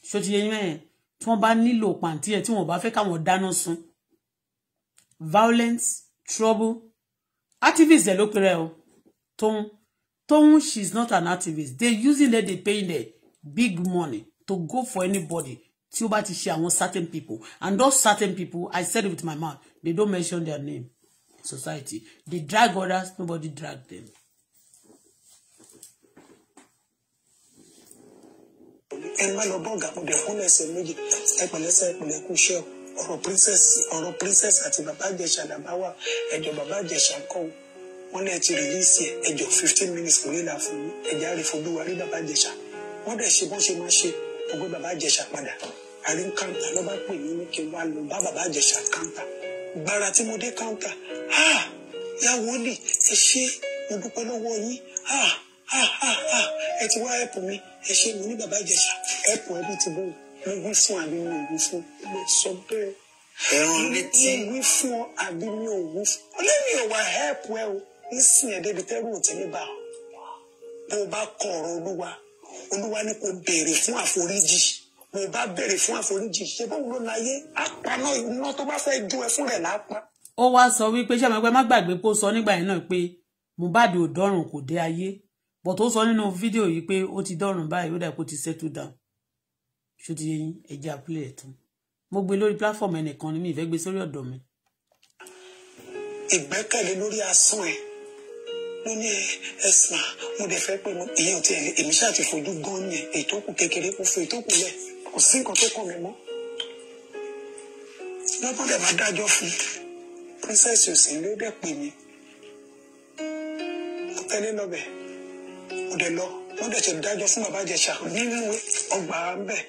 ṣó ti yẹ yín mẹ́rin tí wọ́n bá nílò pàǹtí ẹ̀ tí wọ́n bá fẹ́ káwọn dáná sun violence trouble activist dẹ̀ ló pèrè o tóun tóun she is not an activist they using her they pay her big money to go for anybody tí ó bá ti ṣe àwọn certain people and those certain people i said it with my mouth they don't mention their name society they drag others nobody drag them. ẹ má lọ bọ́ọ̀gà mo bẹ̀ fún méjì ẹ pẹ̀lẹ́sẹ̀ ẹ pẹ̀lẹ́kùn ṣẹ́ọ̀ ọ̀rọ̀ princess ọ̀rọ̀ princess àti bàbá àjẹsà làbá wà ẹ̀jọ̀ bàbá àjẹsà kọ́ o wọ́n lẹ́ẹ̀ ti release, ẹ̀ ẹ̀jọ̀ fifteen minutes lórí ìlà fún mi ẹ̀jẹ̀ àrífojú wa rí bàbá àjẹsà wọ́n dẹ̀ ṣe bọ́n ṣe máa ṣe ọgbẹ́ bàbá àjẹsà padà àárín káńtà lọ́ba pè mí ní kí n wá lọ bá baba, àjẹsà káńtà gbára tí mo dé káńtà ah ya wòlíì ẹ ṣe mo dúpẹ́ lọ́wọ́ yín ah ah ah, ah! ẹ ti wá ẹ̀pù mi ẹ ṣe mo ní bàbá àjẹsà ẹ̀pù ẹbí ti bóyìí mo wí fún àbí mi ò wí fún mo sọ bẹ́ẹ̀ ẹran létí mo wí fún ọ àbí mi ò wí fún ọ lẹ́mi ò wá hẹ́ẹ̀pù ẹ o nísìnyí ẹ̀ débi tẹ́rù ò ti ní bá ọ bó o bá kọ ọ̀rọ̀ olúwa olúwa ní kò béèrè fún àforíjì mo bá béèrè fún àforíjì ṣe báwo ló láyé àpaná iná tó bá fẹ́ ju ẹ fún rẹ̀ lápá. ó wá sọ wípé ṣé àwọn ẹgbẹ́ má gbàgbé pé ó sọ nígbà yẹn náà pé Mohbad ò dọ́rùn kò dé ayé bọ̀ tó sọ nínú fídíò yìí pé ó ti dọ́rùn báyìí ó dà kó ti settle down ṣùtì yẹn ẹja play ẹ̀ tán mo gbé lórí platform ẹnìkan ni mi ìfẹ́ gbé sórí ọ̀dọ̀ mi. ìgbẹ́kẹ̀lé lórí asán ẹ̀ ló ní ẹ̀sìn mo dẹ̀ fẹ́ pé ìyẹn ti èmi ṣáà ti fojú gan ni ètò kù kékeré kò fún ètò kù lẹ̀ kò sí nǹkan tó kàn mí mọ́. wọ́n tó dẹ̀ máa dájọ́ fún princess òsì ló dẹ̀ pè mí mo tẹ́lẹ̀ lọ́bẹ̀ mo dẹ̀ lọ wọ́n dẹ̀ ṣe dájọ́ fún bàbá Ìjẹ̀ṣà nínú ọgbà ń bẹ̀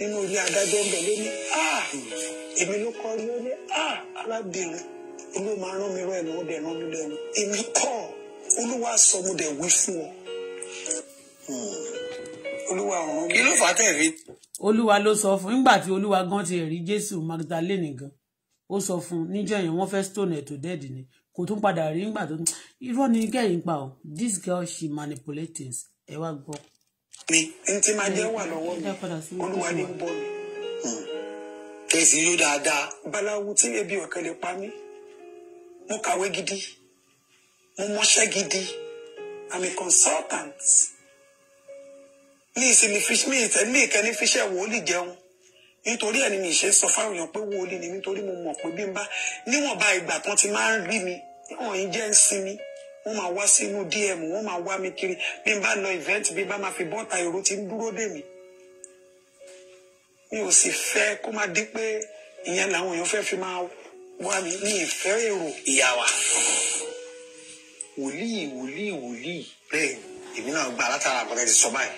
nínú ilé adájọ́ ń bẹ̀ ló ní ah! èmi ló kọ́ ló ní arábìnrin ah! olú máa rán mi rọ ẹ̀nà ọdẹ rán mi lẹ́nu èmi kọ́ olúwa sọ mo dẹ̀ wí fún ọ. Hmm. olúwa ọ̀run mi ló fà á tẹ̀lé. olúwa ló sọ fún nígbà tí olúwa gan ti rí jésù magdalene gan ó sọ fún níjọ́ yẹn wọ́n fẹ́ stone ẹ̀ tó dẹ́ẹ̀dì ni kò tún padà rí nígbà tó irọ́ ni kẹ́yìn pa ọ́ this girl she manipulates ẹ wá gbọ́ mi ntí máa jẹ́ wà lọ́wọ́ mi olúwa ní bọ́ mi hmm. kẹsì yóò dáadáa. balawu tí ebi ọ̀kẹ́ lè pa mí mo kàwé gidi mo mọṣẹ́ gidi i'm a consultant ní ìsinmi mi ìtẹ̀lé ìkẹ́ni fíṣẹ́ wòlíì jẹun nítorí ẹni mi ṣe sọ fáwọn èèyàn pé wòlíì ni nítorí mo mọ̀ pé bí n bá níwọ̀nba ìgbà kan ti máa ń rí mi wọ́n yìí jẹ́ ń sinmi wọ́n máa wá sínú dm wọ́n máa wá mi kiri bí n bá lọ event bí n bá máa fi bọ́ta èrò tí ń dúró dè mí mi ò sì fẹ́ kó má di pé ìyẹn làwọn èèyàn fẹ́ fi máa wá mi ní ìfẹ́ èrò ìyá wa wòlíì wòlíì wòlíì bẹ́ẹ̀ èmi náà gba látara àgbàdo ti sọ báyìí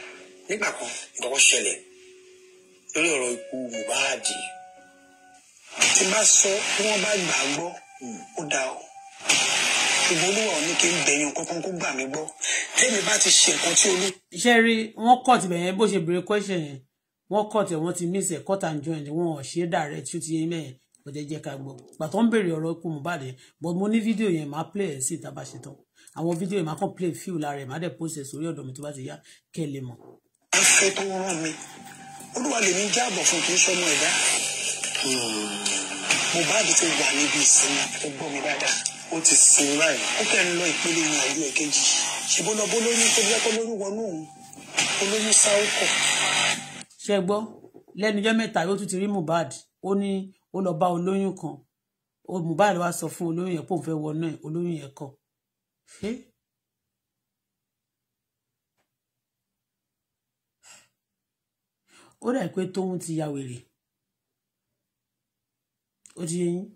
nígbà kan ìkọ̀kọ̀ ṣẹlẹ̀ lórí ọ̀rọ̀ ikú Mohbad tí bá sọ bí wọ́n bá gbàgbọ́ hmm. ó dá o ṣùgbọ́n olúwa ò ní kí n bẹ̀yàn kankan kó gbà mí gbọ́ tẹ́mi bá ti ṣe nǹkan tí olú. iṣẹ́ rí wọ́n kọ̀ tibẹ̀ yẹn bó ṣe béèrè question yẹn wọ́n kọ̀ tẹ̀ wọ́n ti miss ẹ̀ cut and join wọn ò ṣe direct ṣú ti yẹn mẹ́yẹn kò jẹ́ jẹ́ ká gbọ́ pàtó ń béèrè ọ̀rọ̀ ikú Mohbad yẹn but mo ní fídíò yẹn máa play ẹ̀ sí ìta bá ṣe tán àwọn fídíò yẹn máa kàn play fíìl lára ẹ̀ máa dẹ̀ post ẹ̀ sórí ọ̀dọ̀ mi tó bá ti yá kẹ́ ẹ lè mọ̀. ẹ fẹ́ tó rán mi olúwa lèmi jáàbọ̀ fún kì í sọmọ ẹ̀dá hmm. Mohbad ti wà níbi ìsinmi ó gbọ́ mi dáadáa ó ti sin báyìí ó kẹ́ ń lọ ìpele ní àlú ẹ̀kejì ṣùgbọ́n náà bó lóyún tó jẹ́ kó lóyún wọnú òun olóyún sáúkọ̀. ṣe gbọ́ lẹ́nu ọjọ́ mẹ́ta ó tún ti rí Mohbad ó ní ó lọ bá olóyún kan Mohbad wá sọ fún olóyún yẹn pé òun fẹ́ wọnú ẹ̀ olóyún yẹn kọ̀. ó dà pé tóun ti ya wèrè ó ti yẹ yín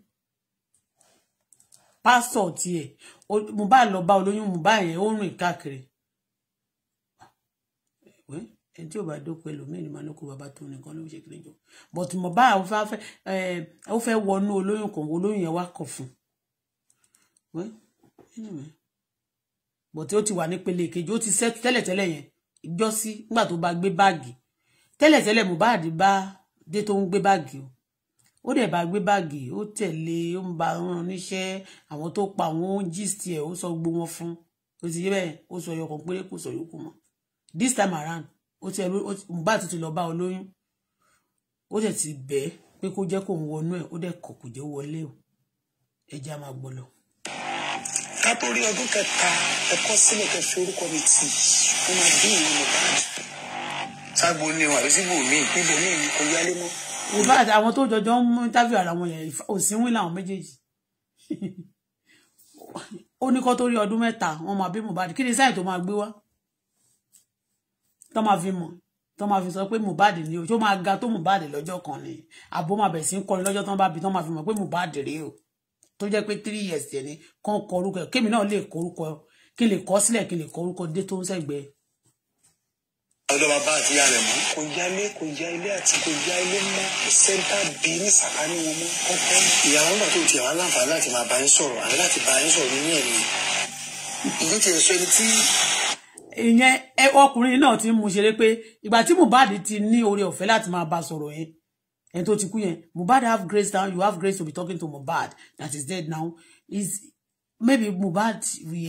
pásọ̀ tiẹ̀ Mohbad lọ bá olóyún Mohbad yẹn ó rìn káàkiri ẹni tí ò bá dóko ẹlòmíì ni màánù kó bàbá tó nìkan ló ń ṣe kiri jọ but Mohbad ó fẹ́ wọnú olóyún kan olóyún yẹn wá kọ̀ fún bọ̀tí ó ti wà nípele ìkejì ó ti sẹ́ tẹ́lẹ̀tẹ́lẹ̀ yẹn ìjọ́sí nígbà tó bá gbé báàgì tẹ́lẹ̀tẹ́lẹ̀ Mohbad bá dé tó ń gbé báàgì o ó dẹ̀ bá gbé báàgì ó tẹ̀lé ó ń ba rán níṣẹ́ àwọn tó pa àwọn gist ẹ̀ ó sọ gbogbo wọn fún ó ti yé bẹ́ẹ̀ ó sọ yọkàn péré kò sọ yòókù mọ́ this time around ó ti bá ti ti lọ bá olóyún ó dẹ̀ ti bẹ́ẹ̀ pé kó jẹ́ kó ń wọnú ẹ̀ ó dẹ̀ kọ̀ kò jẹ́ wọlé o ẹja máa gbọ́ lọ. ká tó rí ọdún kẹta ẹkọ sílẹ̀ kẹ orúkọ mi tì ó máa bí ìlú Mohbad. ságbo ni wàbí síbò míì níbo míì kò yálé mọ́ in fact àwọn tó jọjọ ń mú interview ara wọn yẹn òsínwìn làwọn méjèèjì ó ní kó tó rí ọdún mẹ́ta wọn máa bí Mohbad kí ni sáyẹn tó máa gbé wá tó máa fi mọ̀ tó máa fi sọ pé Mohbad ni o tó máa ga tó Mohbad lọ́jọ́ kan ni àbó máa bẹ̀ sí ń kọrin lọ́jọ́ tó bá bi tó máa fi mọ̀ pé Mohbad rèé o tó jẹ́ pé three years yẹn ni kọ orúkọ kémi náà lè kọ orúkọ kí lè kọ sílẹ̀ kí lè kọ orúkọ dé tó ń sẹ́gbẹ̀ẹ́ ọ̀dọ̀ bàbá àti ìyá rẹ̀ mọ́. kò yálé kò yá ilé àti kò yá ilé mọ́ sẹ́ńtà bíi ní sàkání wọn mọ́ kọ́kọ́. ìyàwó náà tó ti àwọn aláǹfààní láti máa bá yín sọ̀rọ̀ àti láti bá yín sọ̀rọ̀ nínú ẹ̀mí. ìlú ti sọ ẹni tí. ìyẹn ọkùnrin náà ti ń mu ṣeré pé ìgbà tí Mohbad ti ní oore ọ̀fẹ́ láti máa bá sọ̀rọ̀ yẹn ẹni tó ti kú yẹn Mohbad have grace now you have grace to be talking to Mohbad that is dead now is maybe Mohbad we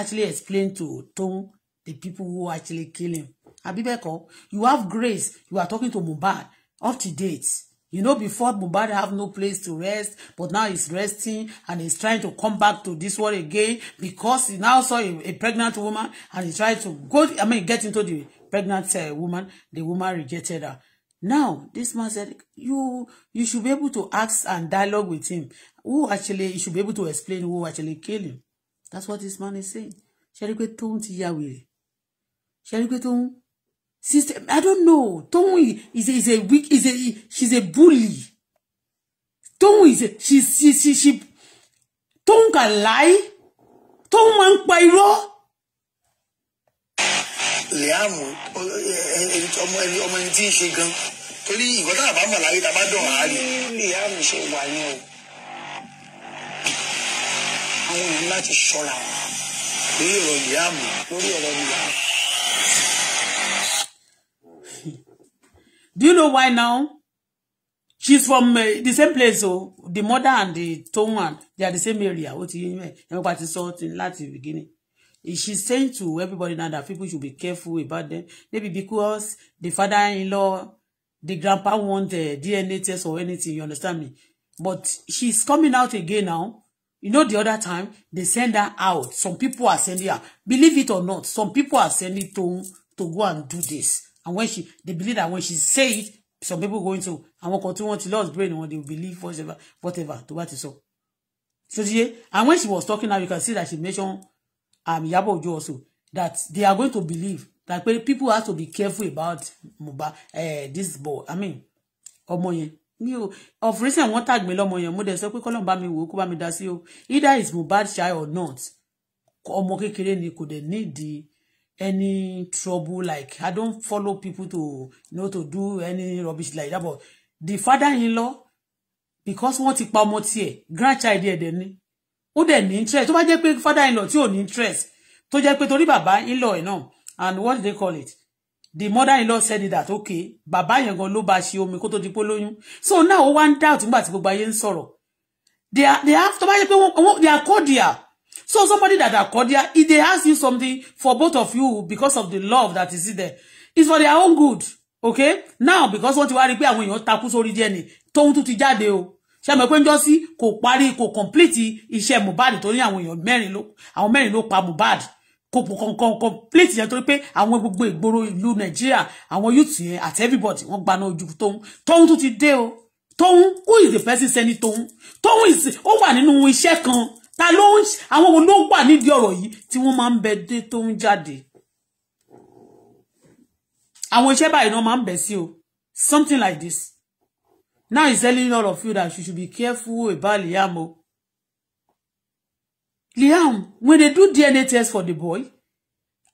actually explain to Toun the people who actually kill him àbí bẹ́ẹ̀ you have grace you are talking to Mubad up to date you know before Mubad have no place to rest but now he's resting and he's trying to come back to this world again because he now saw a, a pregnant woman and he tried to go I mean get into the pregnant uh, woman the woman rejected her now this man said you you should be able to ask and dialogue with him who actually you should be able to explain who actually killed him that's what this man is saying ṣe rí pé tóun ti ya wèrè ṣe rí sister i don't know tohun is a is a weak is a she's a bully tohun is a she she she she tohun can lie tohun máa ń pa irọ́. liam ọmọ ẹni ọmọ ẹni tí ń ṣe gan torí ìgbọ́n tá a bá mọ̀ láyé tá a bá dọ̀ á rí. liam ṣe wà ní o àwọn èèyàn láti ṣọ́ra lórí ọ̀rọ̀ liam lórí ọ̀rọ̀ liam. Do you know why now? She's from uh, the same place, so oh, the mother and the tongue one, they are the same area. What you mean? Everybody it. in the beginning. She's saying to everybody now that people should be careful about them. Maybe because the father-in-law, the grandpa want the uh, DNA test or anything, you understand me? But she's coming out again now. You know, the other time, they send her out. Some people are sending her. Believe it or not, some people are sending to, to go and do this and when she they believe that when she say it some people go into and what continue wọ́n ti lost brain wọn they believe whatever whatever to what is so. so yeah, and when she was talking now you can see that she mentioned, um, Iyabo Ojo also that they are going to believe that people have to be careful about Mohbad uh, this boy I mean ọmọ you of recent wọ́n tag me lọ́mọ yẹn mo dẹ̀ sọ pé kọ́lọ́n bá mi wò ó kó bá mi dá sí o either is Mohbad child or not ọmọ kékeré ni kò dẹ̀ need the any trouble like i don't follow people to you know to do any rubbish like that but the father-in-law because wọ́n ti pa ọmọ tiẹ̀ grandchild ẹ̀ dẹ̀ ni ó dẹ̀ interest tó bá jẹ́ pé father-in-law tí ò ní interest tó jẹ́ pé torí Baba in-law ẹ̀ náà and what they call it the mother-in-law said it that okay Baba yẹn gan ló bá ṣe omi kó tó di pé lóyún so now one wá ń doubt nígbà tí gbogbo ayé ń sọ̀rọ̀ they are they have to bá jẹ́ pé wọ́n they are cordial So somebody that are cordial, if they ask you something for both of you because of the love that is there, it's for their own good. Okay? Now, because wọ́n ti wá rí pé àwọn èèyàn takú sórí díẹ̀ ni, tóun tún ti jáde o. Ṣé mọ̀ Ko ń jọ sí kò parí kò complete iṣẹ́ Mohbad torí àwọn èèyàn mẹ́rin ló àwọn mẹ́rin ló pa Mohbad. Kò pò kankan complete yẹn torí pé àwọn gbogbo ìgboro ìlú Nàìjíríà, àwọn youth yẹn àti everybody wọ́n gbaná ojú tóun. Tóun tún ti dé o. Tóun who is the person sending tóun? Tóun is ó wà nínú share kan ta ló ń àwọn wo ló wà nídìí ọ̀rọ̀ yìí tí wọ́n máa ń bẹ dé tó ń jáde àwọn iṣẹ́ báyìí náà máa ń bẹ̀ sí o something like this now he's telling all of you that you should be careful about Liam o Liam when they do DNA test for the boy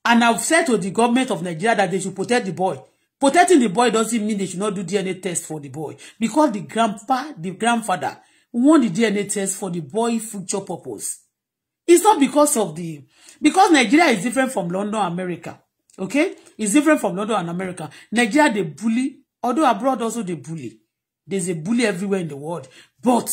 and I've said to the government of Nigeria that they should protect the boy protecting the boy doesn't mean they should not do DNA test for the boy because the grandpa the grandfather Won the DNA test for the boy future purpose. It's not because of the because Nigeria is different from London, America. Okay, it's different from London and America. Nigeria they bully, although abroad also they bully. There's a bully everywhere in the world, but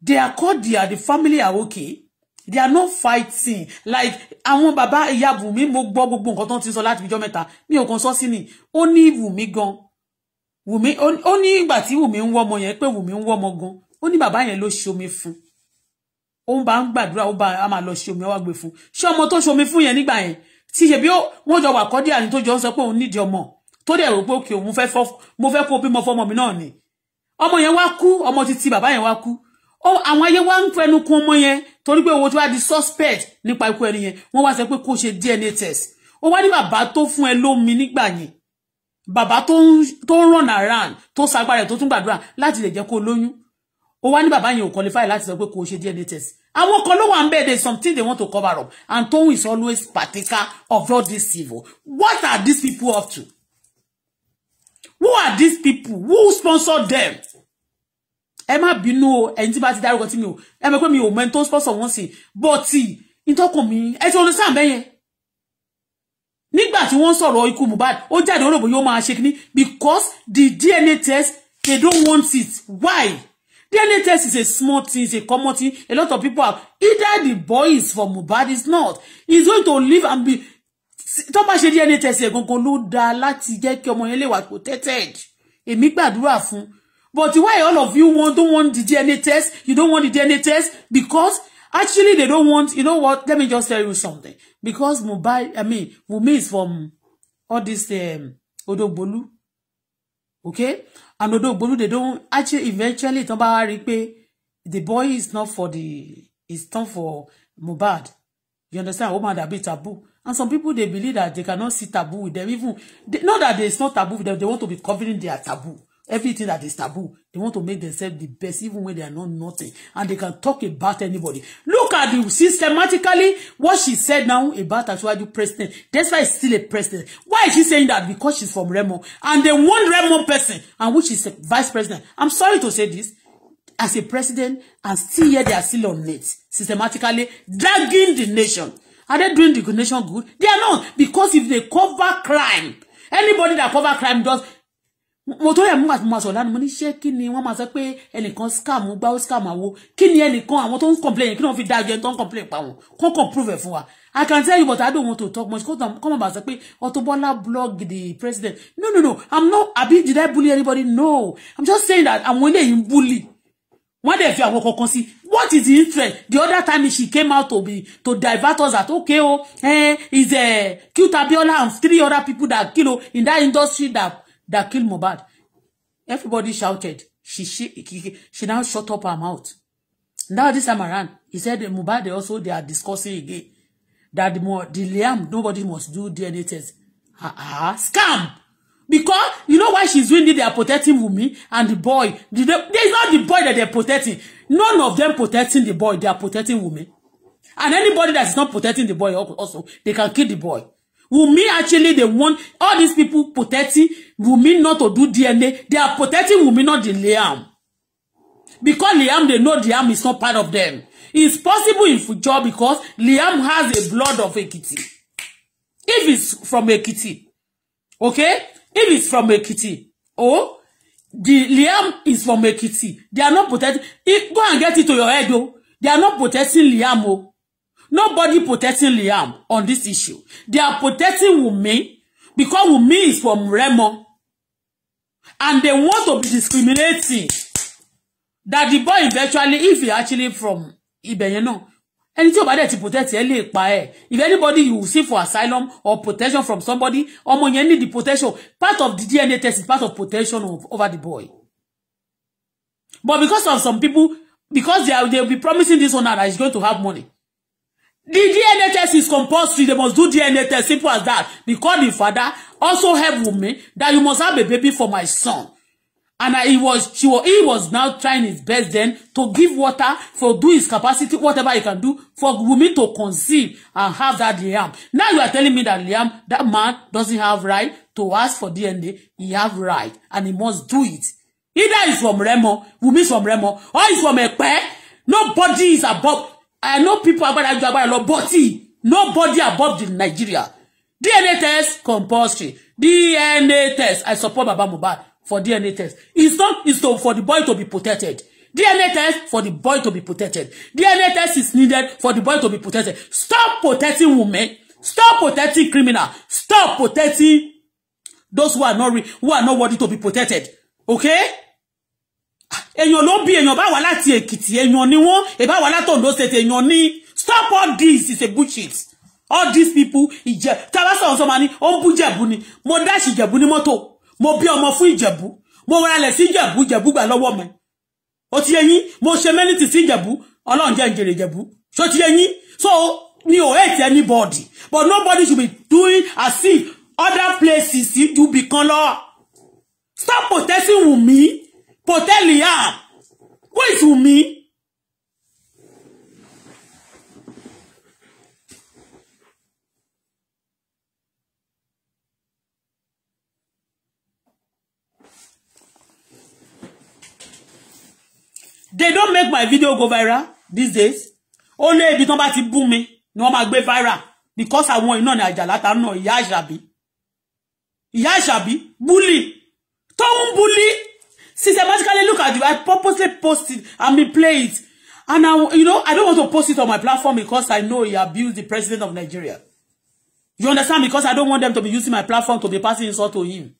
they are called there. The family are okay. They are not fighting like àwọn bàbá ìyá Wùmí mo gbọ́ gbogbo nǹkan tó ń ti sọ láti ọjọ́ mẹ́ta mi ò kàn sọ sí ni ó ní Wùmí gan Wùmí ó ní ìgbà tí Wùmí ń wọ́mọ yẹn pé Wùmí ń wọ́mọ gan ó ní bàbá yẹn ló ṣe omi fún ó ń bá ń gbàdúrà ó bá a máa lọ ṣe omi ọwá gbé fún ṣé ọmọ tó ṣe omi fún yẹn nígbà yẹn tí ṣèbí wọn jọ wà kọ́dí àní tó jọ ń sọ pé òun nídìí ọmọ tó dẹ̀ rò pé òkè òun fẹ́ mo fẹ́ kó bímọ fọmọ mi náà ni ọmọ yẹn wá kú ọmọ títí bàbá yẹn wá kú àwọn ayé wá ń fẹnu kún ọmọ yẹn torí pé owó tó wá di suspect nípa ikú ẹni yẹn wọ́n wá sọ pé kó ṣe DNA test ó wá ní bàbá tó fún ẹ lómi nígbà yẹn bàbá tó ń run around tó sagbára ẹ̀ tó tún gbàdúrà láti lè jẹ́ kó lóyún ó wá ní bàbá yẹn ò qualify láti sọ pé kò ṣe DNA test àwọn kan ló wà ń bẹ̀ẹ̀dẹ̀ something they want to cover up and Toyin is always partaker of all this evil what are these people up to who are these people who sponsor them ẹ má bínú o ẹni tí bá ti dárúkọ tí mi ò ẹ mọ̀ pé mi ò mọ ẹni tó sponsor wọn sí but ìtọ́kùn mi ẹ ti understand bẹ́yẹn nígbà tí wọ́n sọ̀rọ̀ ikú Mohbad ó jáde olóògbé yóò máa ṣe kíní because the DNA test they don't want it why. DNA test is a small thing, it's a common thing. A lot of people are either the boy is from Mubad, is not. He's going to live and be. Tó bá DNA test ẹ̀ gangan ló dáa láti jẹ́ kí ọmọ yẹn lè wà protected. Èmi gbàdúrà But why all of you want, don't want the DNA test? You don't want the DNA test because actually they don't want, you know what? Let me just tell you something. Because Mubai, I mean, Mumi is from all this um, Odogbolu. Okay? and although Bolu they don't actually eventually tán about rí pé the boy is not for the It's not for mubad. you understand Woman that be taboo and some people they believe that they cannot see taboo with them even they, not that there is no taboo with them they want to be covering their taboo Everything that is taboo, they want to make themselves the best, even when they are not nothing. And they can talk about anybody. Look at the systematically what she said now about Asiwaju president. That's why she's still a president. Why is she saying that? Because she's from Remo. And the one Remo person, and which is vice president. I'm sorry to say this. As a president, and still here they are still on it, systematically dragging the nation. Are they doing the nation good? They are not. Because if they cover crime, anybody that cover crime does mo tó yẹ mú àti mo máa sọ̀rọ̀ lánàá mo ní ṣé kí ni wọ́n máa sọ pé ẹnìkan scam gbá ó scam àwo kí ni ẹnìkan àwọn tó ń complain kí ni wọ́n fi dá ẹjọ́ tó ń complain pa wọn kó kàn prove ẹ̀ fún wa I can tell you but I don't want to talk much kó kàn bá sọ pé Auto blog the president no no no I'm not abi did I bully anybody no I'm just saying that àwọn eléyìí ń bully wọ́n dẹ̀ fi àwọn kankan sí what is the interest the other time she came out to be to divert us at okay o oh, eh, is uh, eh, Cute Abiola and three other people that kilo in that industry that that killed Mohbad. Everybody shouted. She, she, she now shut up her mouth. Now this time around, he said Mohbad also they are discussing again that the, more the Liam, nobody must do DNA test. Ah, ah, scam! Because you know why she's doing it, they are protecting Wunmi and the boy. The, the, there's not the boy that they're protecting. None of them protecting the boy, they are protecting women. And anybody that is not protecting the boy also, they can kill the boy. Wunmi actually they want all these people protecting Wunmi not to do DNA. They are protecting Wunmi not the Liam. Because Liam, they know Liam is not part of them. It's possible in future because Liam has a blood of Ekiti. If it's from Ekiti, okay? If it's from Ekiti, oh, the Liam is from Ekiti. They are not protecting. go and get it to your head, though. They are not protecting Liam, oh. Nobody protecting Liam on this issue. They are protecting Wunmi because Wunmi is from Remo. And they want to be discriminating. That the boy eventually, if he actually from Ibeyen náà, ẹni tí ò bá dẹ̀ ti protect ẹ lè pa ẹ̀. If anybody you see for asylum or protection from somebody, ọmọ yẹn need the protection. Part of the DNA test is part of protection of, over the boy. But because of some people, because they are, they'll be promising this one now that is going to have money. The DNA test is compulsory. They must do DNA test. Simple as that. Because the father also have with that you must have a baby for my son. And he was, she was, he was now trying his best then to give water for do his capacity, whatever he can do for Wumi to conceive and have that Liam. Now you are telling me that Liam, that man doesn't have right to ask for DNA. He have right and he must do it. Either he's from Remo, Wumi's from Remo, or he's from Epe. Nobody is above. I know people agbára ju agbára lọ bọ́tì nobody above the Nigeria DNA test compulsory DNA test I support Baba Mohbad for DNA test it's not it's to, for the boy to be protected DNA test for the boy to be protected DNA test is needed for the boy to be protected stop protecting women stop protecting criminal stop protecting those who are not who are not worthy to be protected okay èèyàn ló bí èèyàn bá wà láti èkìtì èèyàn ni wọn èbá wà látòǹdó ṣètè èèyàn ni stop all this is a bullshit all these people ìjẹ tí a bá sọ̀rọ̀ sọ́ma ni ó ń bú jẹ̀bú ni mo dáṣì jẹ̀bú ní mọ́tò mo bí ọmọ fún ìjẹ̀bú mo ralẹ̀ sí ìjẹ̀bú jẹ̀bú gbà lọ́wọ́ mi ó ti yé yín mo ṣe mẹ́nìtì sí ìjẹ̀bú ọlọ́run jẹ́ ìjèrè ìjẹ̀bú ṣó ti yé yín so mi ò hate anybody but nobody should be doing as if other places do become law stop protesting me. Potentially, yeah. Who is Wunmi? They don't make my video go viral these days. Ó lé ibi tán bá ti bú mi ni wọ́n máa gbé viral because àwọn iná ni àjàlá ta náà ìyá àṣàbí. Ìyá àṣàbí búlì tó ń búlì systematically look at you. I purposely post it and be play it. And I, you know, I don't want to post it on my platform because I know he abused the president of Nigeria. You understand? Because I don't want them to be using my platform to be passing insult to him,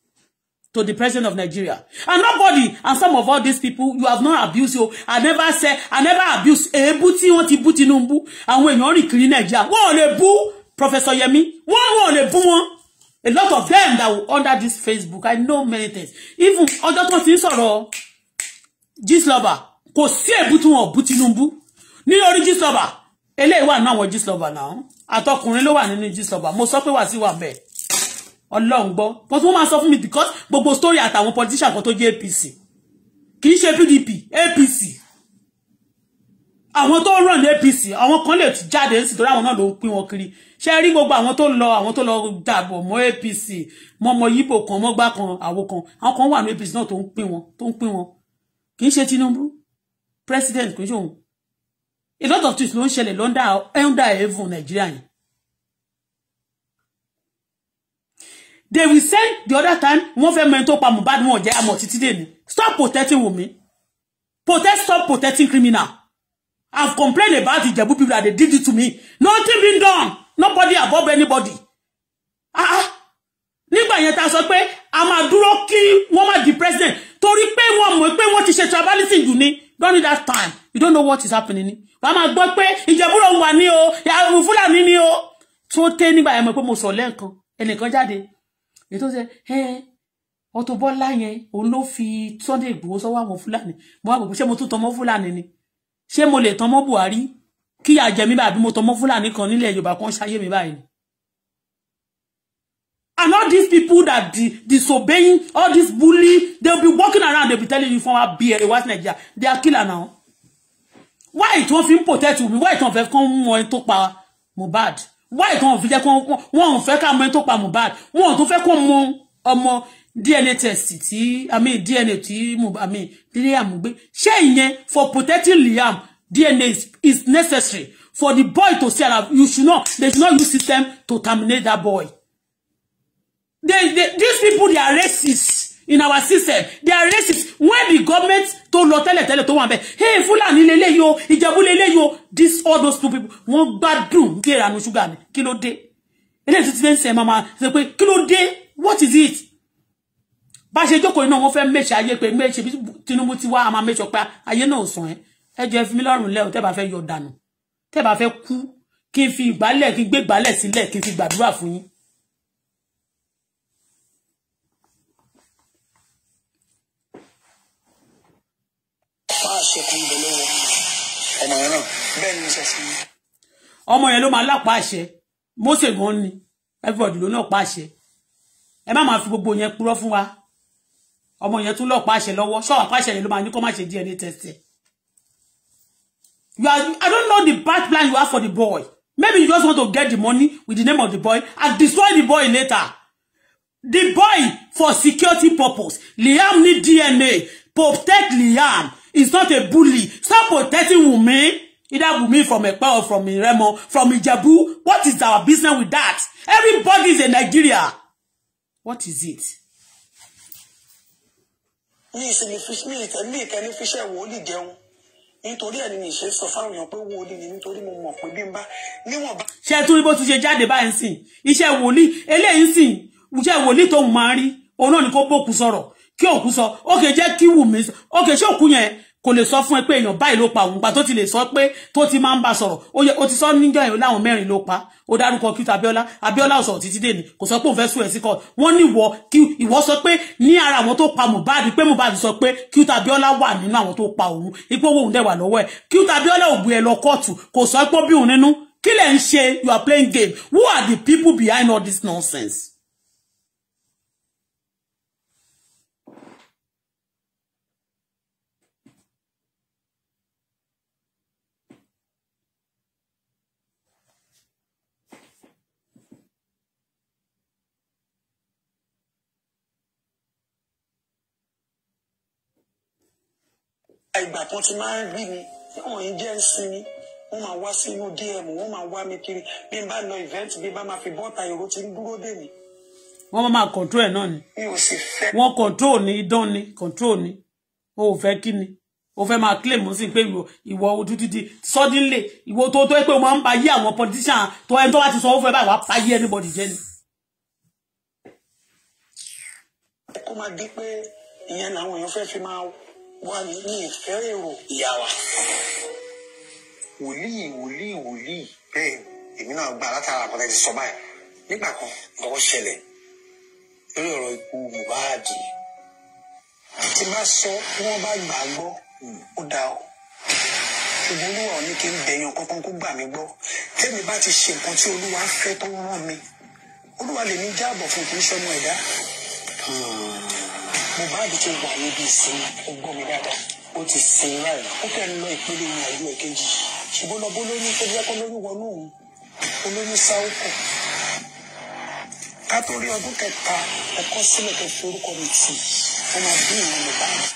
to the president of Nigeria. And nobody, and some of all these people, you have not abused you. I never said, I never abuse. Ebu ti wọn ti bú And when you only clean Nigeria, what on lè boo, Professor Yemi. What on ò boo, bú a lot of them that will under this Facebook I know many things even ọjọ́ tó ti ń sọ̀rọ̀ Gistlover kò sí èbú tí wọn ò bú Tinubu ní orí Gistlover eléyìí wà now àwọn Gistlover náà àtọkùnrin ló wà nínú Gistlover mo sọ pé wà sí wà bẹ́ẹ̀ Ọlọ́run gbọ́ but wọ́n máa sọ fún because gbogbo story àtàwọn politician kan tó APC kì í PDP APC àwọn tó ràn ní APC àwọn kan lè jáde nítorí àwọn náà ló ń pín wọn kiri ṣe rí gbogbo àwọn tó lọ àwọn tó lọ dàbọ̀ mọ́ APC mọ́ ọmọ yíbò kan mọ́gbà kan àwo kan àwọn kan wà ní APC náà tó ń pín wọn tó ń pín wọn kì í ṣe Tinubu president kì í ṣe òun a lot of things ló ń ṣẹlẹ̀ lọ́ndà ẹ̀ńdà ẹ̀ẹ́fù Nàìjíríà yẹn. they will send the other time wọ́n fẹ́ mẹ́rin tó pa Mohbad wọn jẹ́ àmọ̀ títí dé ni stop protecting Wunmi Protect, stop protecting criminal I've complained about Ijebu people that they did it to me nothing been done nobody above anybody ah ah nígbà yẹn ta sọ pé a máa dúró kí wọ́n má di president torí pé wọ́n mọ̀ pé wọ́n ti ṣe tribalism jù ní during that time you don't know what is happening ni wọ́n máa gbọ́ pé ìjẹ̀búrò wà ní o ìyàwó fúlàní ni o tí ó tẹ́ nígbà yẹn mọ̀ pé mo sọ lẹ́ẹ̀kan ẹnìkan jáde èyí tó ṣe Auto Bola yẹn òun ló fi Sunday Igboho wa àwọn fúlàní mo wá gbogbo ṣé mo tún tan mọ́ fúlàní ni ṣé mo lè tan Buhari kí ìyà jẹ mí báyìí àbí mo tọmọ fúlàní kan nílẹ̀ yorùbá kan ṣayé mi báyìí and all these people that di disobeying all these bully they'll be walking around they'll be telling you from our beer west nigeria they are killer now why it won't feel protect you why it won't feel come more into power Bad. why it won't feel come one fẹ́ ká mọ̀ into power Bad. wọ́n tó fẹ́ kó mọ̀ ọmọ DNA test tí i mean DNA tí mo i mean Liam gbé ṣé ìyẹn for protecting Liam DNA is, necessary for the boy to see alive. You should not, they should not use system to terminate that boy. They, they, these people, they are racist in our system. They are racist. When the government tó lọ tell, tẹ́lẹ̀ tó wà bẹ́ẹ̀, hey, Fúlàní lélẹ́yìí o, Ìjẹ̀bú lele o, this all those two people, one bad bí ìrànú ṣúgà ni, kí ló dé? Ilé ìtútù ti say sẹ̀ máa ṣe pé What is it? Bá ṣe jókòó iná wọn fẹ́ mẹ́ṣẹ̀ ayé pé mẹ́ṣẹ̀ Tinubu ti wá, a máa mẹ́ṣọ̀ pé ayé náà sàn ẹjọ́ ẹ fi mí lọ́rùn lẹ́ o tẹ́ bá fẹ́ yọ dànù tẹ́ bá fẹ́ kú kí n fi ìgbálẹ̀ kí n gbé ìgbálẹ̀ sílẹ̀ kí n fi gbàdúrà fún yín. ọmọ yẹn náà bẹ́ẹ̀ ni sẹ́sì. ọmọ yẹn ló máa lápá àṣẹ Mósè gan ni everybody ló náà pa àṣẹ ẹ má máa fi gbogbo yẹn purọ́ fún wa ọmọ yẹn tún lọ́ọ̀ pa àṣẹ lọ́wọ́ ṣọ́ọ̀ àpá àṣẹ yẹn ló máa ní kó má ṣe DNA test ẹ̀. You are, I don't know the bad plan you have for the boy. Maybe you just want to get the money with the name of the boy and destroy the boy later. The boy, for security purpose, Liam need DNA. Protect Liam. He's not a bully. Stop protecting Wunmi. Either women from Ekpa or from Iremo, from Ijabu. What is our business with that? Everybody is in Nigeria. What is it? Mi ìsinmi fi mi ìtẹ̀lé ìkẹ́ni fi ṣẹ́ wò ó lè jẹun nítorí ẹni mi ṣe sọ fáwọn èèyàn pé wòlíì ni nítorí mo mọ̀ pé bí n bá níwọ̀n bá. ṣé ẹ tún rí bó ti ṣe jáde báyìí sìn iṣẹ́ wòlíì eléyìí sìn iṣẹ́ wòlíì tó máa rí òun náà ni kó bókun sọ̀rọ̀ kí òkú sọ ókè jẹ́ kí wù mí ókè ṣé òkú yẹn kò lè sọ fún ẹ pé èèyàn báyìí ló pa òun pa tó ti lè sọ pé tó ti máa ń bá sọ̀rọ̀ ó ti sọ níjọ́ èèyàn láwọn mẹ́rin ló pa ó dárúkọ kí Abiola Abiola sọ̀rọ̀ títí dé ni kò sọ pé òun fẹ́ sùn ẹ̀ sí kọ́ wọ́n ní ìwọ kí ìwọ sọ pé ní ara àwọn tó pa Mohbad pé Mohbad sọ pé kí Abiola wà nínú àwọn tó pa òun ipò owó òun dẹ̀ wà lọ́wọ́ ẹ̀ kí Abiola ò gbé ẹ lọ kóòtù kò sọ pé bí òun nínú kí lẹ̀ ń ṣe you are playing game who are the people behind all this nonsense. ìgbà tó ti máa ń rí mi táwọn yìí jẹ́ ń sinmi wọ́n máa wá sínú dm wọ́n máa wá mi kiri bí n bá lọ event bí n bá máa fi bọ́ta èrò ti ń dúró dè mí. wọ́n máa máa control ẹ̀ náà ni wọ́n control ní idán ni control ni o ò fẹ́ kí ni o fẹ́ máa claim sí pé ìwọ ojú títí suddenly ìwọ tó tó pé o máa ń ba yí àwọn politician tó ẹni tó bá ti sọ ó fẹ́ báyìí wá pa yí anybody jẹ́ ni. kó máa di pé ìyẹn làwọn èèyàn fẹ́ fi máa wà ní ìfẹ́ èrò ìyá wa. wòlíì wòlíì wòlíì bẹ́ẹ̀ èmi náà gba látara àkọ́tẹ́ ti sọ báyìí nígbà kan lọ́wọ́ ṣẹlẹ̀ lórí ọ̀rọ̀ ikú Mohbad tí bá sọ bí wọ́n bá gbà á gbọ́ ó dá o ṣùgbọ́n olúwa ò ní kí n bẹ̀yàn kankan kó gbà mí gbọ́ tẹ́mi bá ti ṣe nǹkan tí olúwa fẹ́ tó rán mi olúwa lè ní jáàbọ̀ fún kì í ṣọmọ ẹ̀dá. Hmm. Mohbad ti wà níbi ìsinmi ẹ̀gbọ́n mi dáadáa ó ti sin báyìí ó fẹ́ lọ ìpele ìrìn àjò ẹ̀kejì ṣùgbọ́n lọ bó tó jẹ́ kó lóyún wọnú òun olóyún sáwùkọ̀ ká tó rí ọdún kẹta ẹ̀kọ́ sílẹ̀ kẹ́ fi mi tì wọ́n bí ìwọ̀n mi báyìí.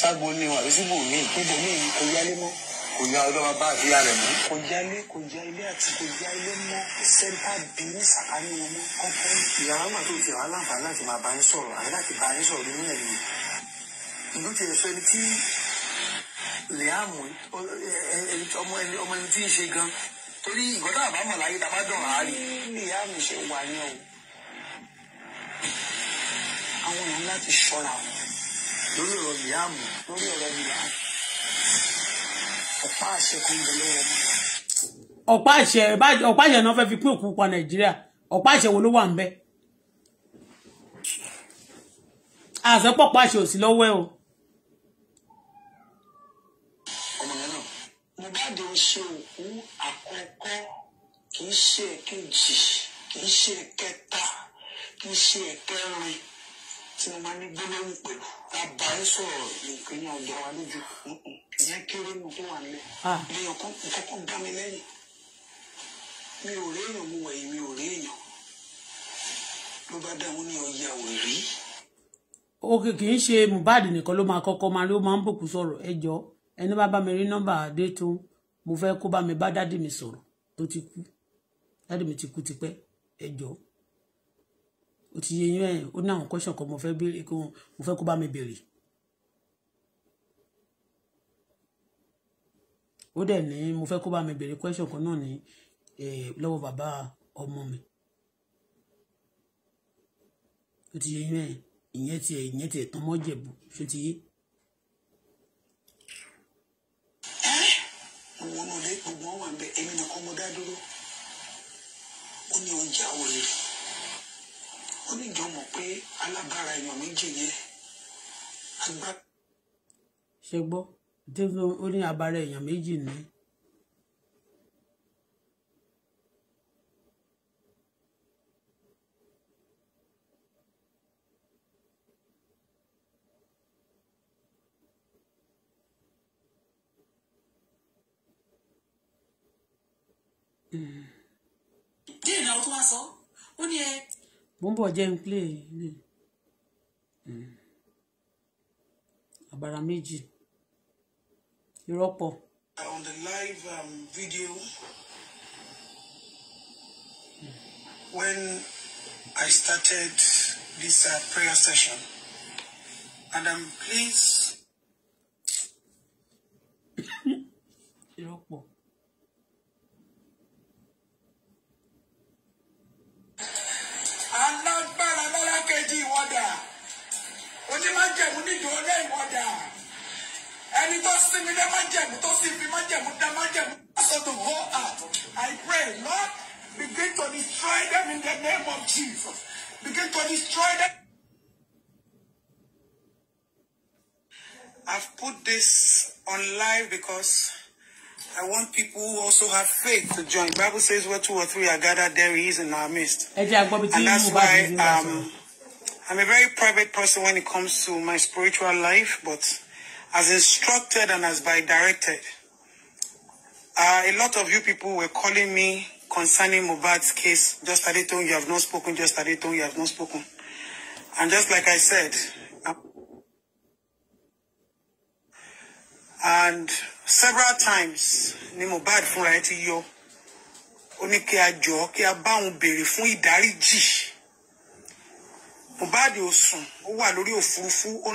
ṣáàgbọ́n ni wàá síbò mí ìbò mí kò yálé mọ́ kò ya ọlọ́wọ́ bá àbíyá rẹ̀ mọ́. kò ya ilé kò ya ilé àti kò ya ilé mọ́ sẹ́ńtà bí ní sàkání wọn mọ́ kọ́kọ́. ìyàrá wà tó ti wà láǹfààní láti máa bá yín sọ̀rọ̀ àyè láti bá yín sọ̀rọ̀ nínú ẹ̀mí. ìlú ti ẹ̀fẹ́ ni tí lẹ́àmù ọmọ ẹni tí ń ṣe gan torí ìgbọ́dọ̀ àbámọ̀ láyé tá a bá dùn àárín. lẹ́àmù ṣe wà ní ọ̀hún. àwọn èèyàn láti ṣọ́ra lórí ọ̀rọ̀ lẹ́àmù lórí ọ̀rọ̀ lẹ́àmù ọ̀pá àṣẹ kan ń bẹ lọ́wọ́ mi. ọ̀pá àṣẹ ọ̀pá àṣẹ náà fẹ́ fi pín òkú pa nàìjíríà ọ̀pá àṣẹ wo ló wà ń bẹ. àṣẹpọ̀ ọ̀pá àṣẹ ò lọ́wọ́ ẹ o. ọmọ yẹn ṣe òkú àkọ́kọ́ kì í ṣe èkejì kì í ṣe kẹta kì í ṣe ẹ̀kẹrin tí mo máa ní gbólóhùn pẹ̀lú àbáyé sọ̀rọ̀ nǹkan ní wa lójú zikiri mu tó wà nílẹ̀ ah. mi ò kọ́ kọ́kọ́ gbá mi lẹ́yìn mi ò rí èèyàn mo wẹ̀yìn mi ò rí èèyàn ló bá dáhùn ní ọ̀yà òrí. òkè kì í ṣe Mohbad nìkan ló máa kọ́kọ́ máa ló máa ń bòkú sọ̀rọ̀ ẹjọ́ ẹni bá bá mi rí nọ́mbà adé tó mo fẹ́ kó bá mi bá dádì mi sọ̀rọ̀ tó ti kú dádì mi ti kú tipẹ́ ẹjọ́ ó ti yẹ yín ẹ̀ ó ní àwọn kọ́ṣọ̀ kan mo fẹ́ kó bá mi béèrè ó dẹ̀ ní mo fẹ́ kó bá mi bèrè question kan náà ní eh, lọ́wọ́ bàbá ọmọ mi ó ti yẹ yín ẹ̀ ìyẹn tiẹ̀ ìyẹn tiẹ̀ tán mọ́ jẹ̀bù ṣó ti yé. àwọn ọmọ ilé gbogbo wọn wà bẹ ẹni nìkan mo dá dúró ó ní ọjà wọlé ó ní ìjọ mọ̀ pé alábàárà èèyàn méjì yẹn agbá. ṣe gbọ́ tí ó ní abarẹ èèyàn méjì ní. díẹ̀ náà tó wá sọ ó ní ẹ. mo ń bọ̀ jẹ́ n hmm. abara méjì. Mm ìrọ́pọ̀. on the live um, video when I started this uh, prayer session and I'm um, pleased. ìrọ́pọ̀. alágbára lálákejì ìwọ́dà onímọ̀jẹ̀mú nídòó lẹ́yìn ìwọ́dà ẹni tó sinmi lé májẹ̀mú tó sì fi májẹ̀mú dá májẹ̀mú lọ́sọ̀ tó wọ́ out I pray Lord begin to destroy them in the name of Jesus begin to destroy them. I've put this on live because I want people who also have faith to join. Bible says where two or three are gathered, there he is in our midst. And that's why um, I'm a very private person when it comes to my spiritual life, but as instructed and as by directed. Uh, a lot of you people were calling me concerning Mubad's case. Just a little, you have not spoken. Just a little, you have not spoken. And just like I said, and several times ni Mubad fúnra ẹ̀ ti yọ ó ní kí a jọ kí a bá òun béèrè fún ìdáríjì Mubad ò sùn ó wà lórí òfurufú ó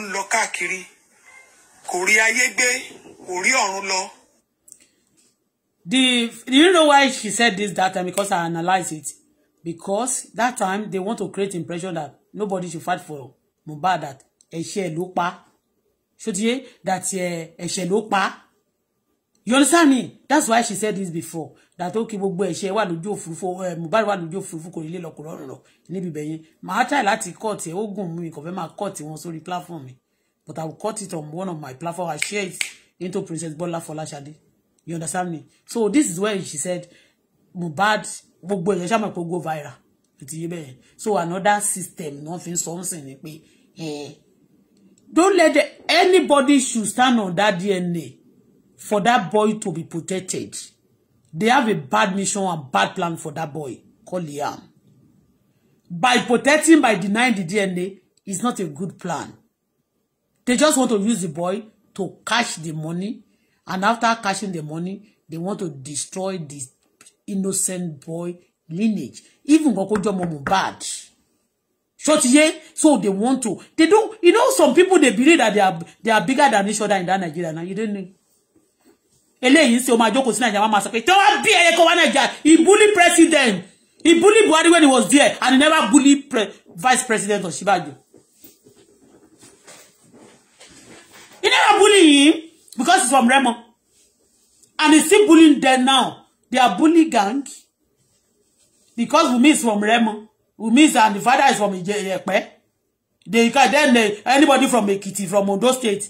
kò rí ayé gbé kò rí ọ̀run lọ. The do you know why she said this that time because I analysed it because that time they want to create impression that nobody should fight for Mohbad that ẹ̀ṣẹ̀ ló pa ṣòtíye that eh, ẹ̀ṣẹ̀ ló pa you understand me that's why she said this before that okay gbogbo ẹ̀ṣẹ̀ wà lójú òfurufú eh, Mohbad wà lójú òfurufú kò nílé lọkùnrin ọ̀rọ̀ níbi bẹ̀yẹn màá try láti kọ́ọ̀tì ẹ̀ ó gùn mí kò fẹ́ máa kọ́ọ̀tì wọn sórí platform mi But I will cut it on one of my platform. I share it into Princess Bola Folashade. You understand me? So this is where she said, Mohbad, gbogbo èèyàn ṣá máa kó go viral. So another system nothing, something. ń eh, don't let anybody should stand on that DNA for that boy to be protected. They have a bad mission and bad plan for that boy called Liam. By protecting, by denying the DNA is not a good plan. They just want to use the boy to cash the money. And after cashing the money, they want to destroy this innocent boy lineage. Even Gokojo Momo bad. Shotiye, so they want to. They do. you know, some people they believe that they are they are bigger than each other in that Nigeria. Now you don't know. Eléyìí ṣe o máa jókòó sí Nàìjíríà máa máa sọ pé tí wọ́n bí ẹyẹ kó wá Nàìjíríà, he bully president. He bully Buhari when he was there and he never bully pre vice president Ọ̀ṣínbàjò. He never bullying him because he's from Remo. And he's still bullying them now. They are bully gang. Because we miss from Remo. we miss, and the father is from Ijepe. They can then they, eh, anybody from Ekiti, from Ondo State,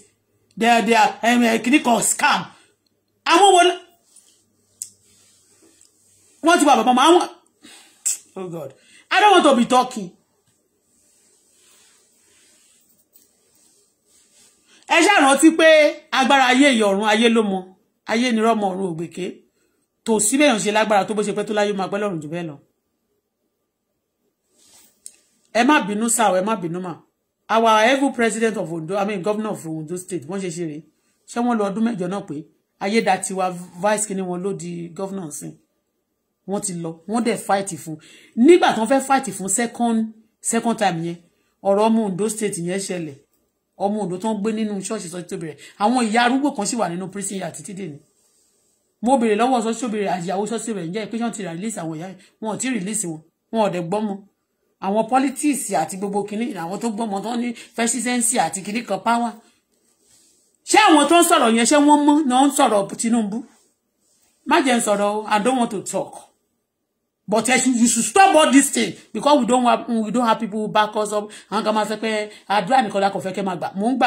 they are they are um, a clinical scam. I wọn wọ́n ti wà bàbá Oh God. I don't want to be talking. ẹ ṣàrántí pé agbára ayé ìyọ̀run ayé ló mọ ayé ni rọ́mọ ọ̀run ògbèké tò sí bẹ́ẹ̀ ṣe lágbára tó bó ṣe pẹ́ tó láyé máa pẹ́ lọ́rùn jù bẹ́ẹ̀ lọ. ẹ má bínú sá ẹ má bínú mà our evil president of Ondo I mean governor of Ondo state wọ́n ṣe ṣe rèé ṣé wọ́n lọ ọdún mẹ́jọ náà pé ayédatiwa vice kí ni ló di governor sí wọ́n ti lọ wọ́n dẹ̀ fight fún nígbà tí wọ́n fẹ́ fight fún second second time yẹn ọ̀rọ̀ ọmọ Ondo state yẹn ṣẹlẹ̀ ọmọ òdò tó ń gbé nínú ṣọ́ọ̀ṣì sọ tó bẹ̀rẹ̀ àwọn ìyá arúgbó kan sì wà nínú prison yà títí dèní mo béèrè lọ́wọ́ sọ tó bẹ̀rẹ̀ àyàwó sọ́ọ̀ṣì rẹ̀ ǹjẹ́ ìpínṣàn ti release àwọn ìyá wọn ò tí release wọn wọn ò dẹ̀ gbọ́mọ àwọn politics àti gbogbo kinní àwọn tó gbọ́mọ tó ní presidency àti kinní kan power ṣé àwọn tó ń sọ̀rọ̀ yẹn ṣé wọ́n mọ́ náà ń sọ̀rọ̀ Tinubu má ń sọ̀rọ̀ I don't want to talk but ẹ you should stop all this thing because we don't have we don't have people back us up àwọn kan máa sọ pé àdúrà nìkan la kò fẹ́ kẹ́ máa gbà mò ń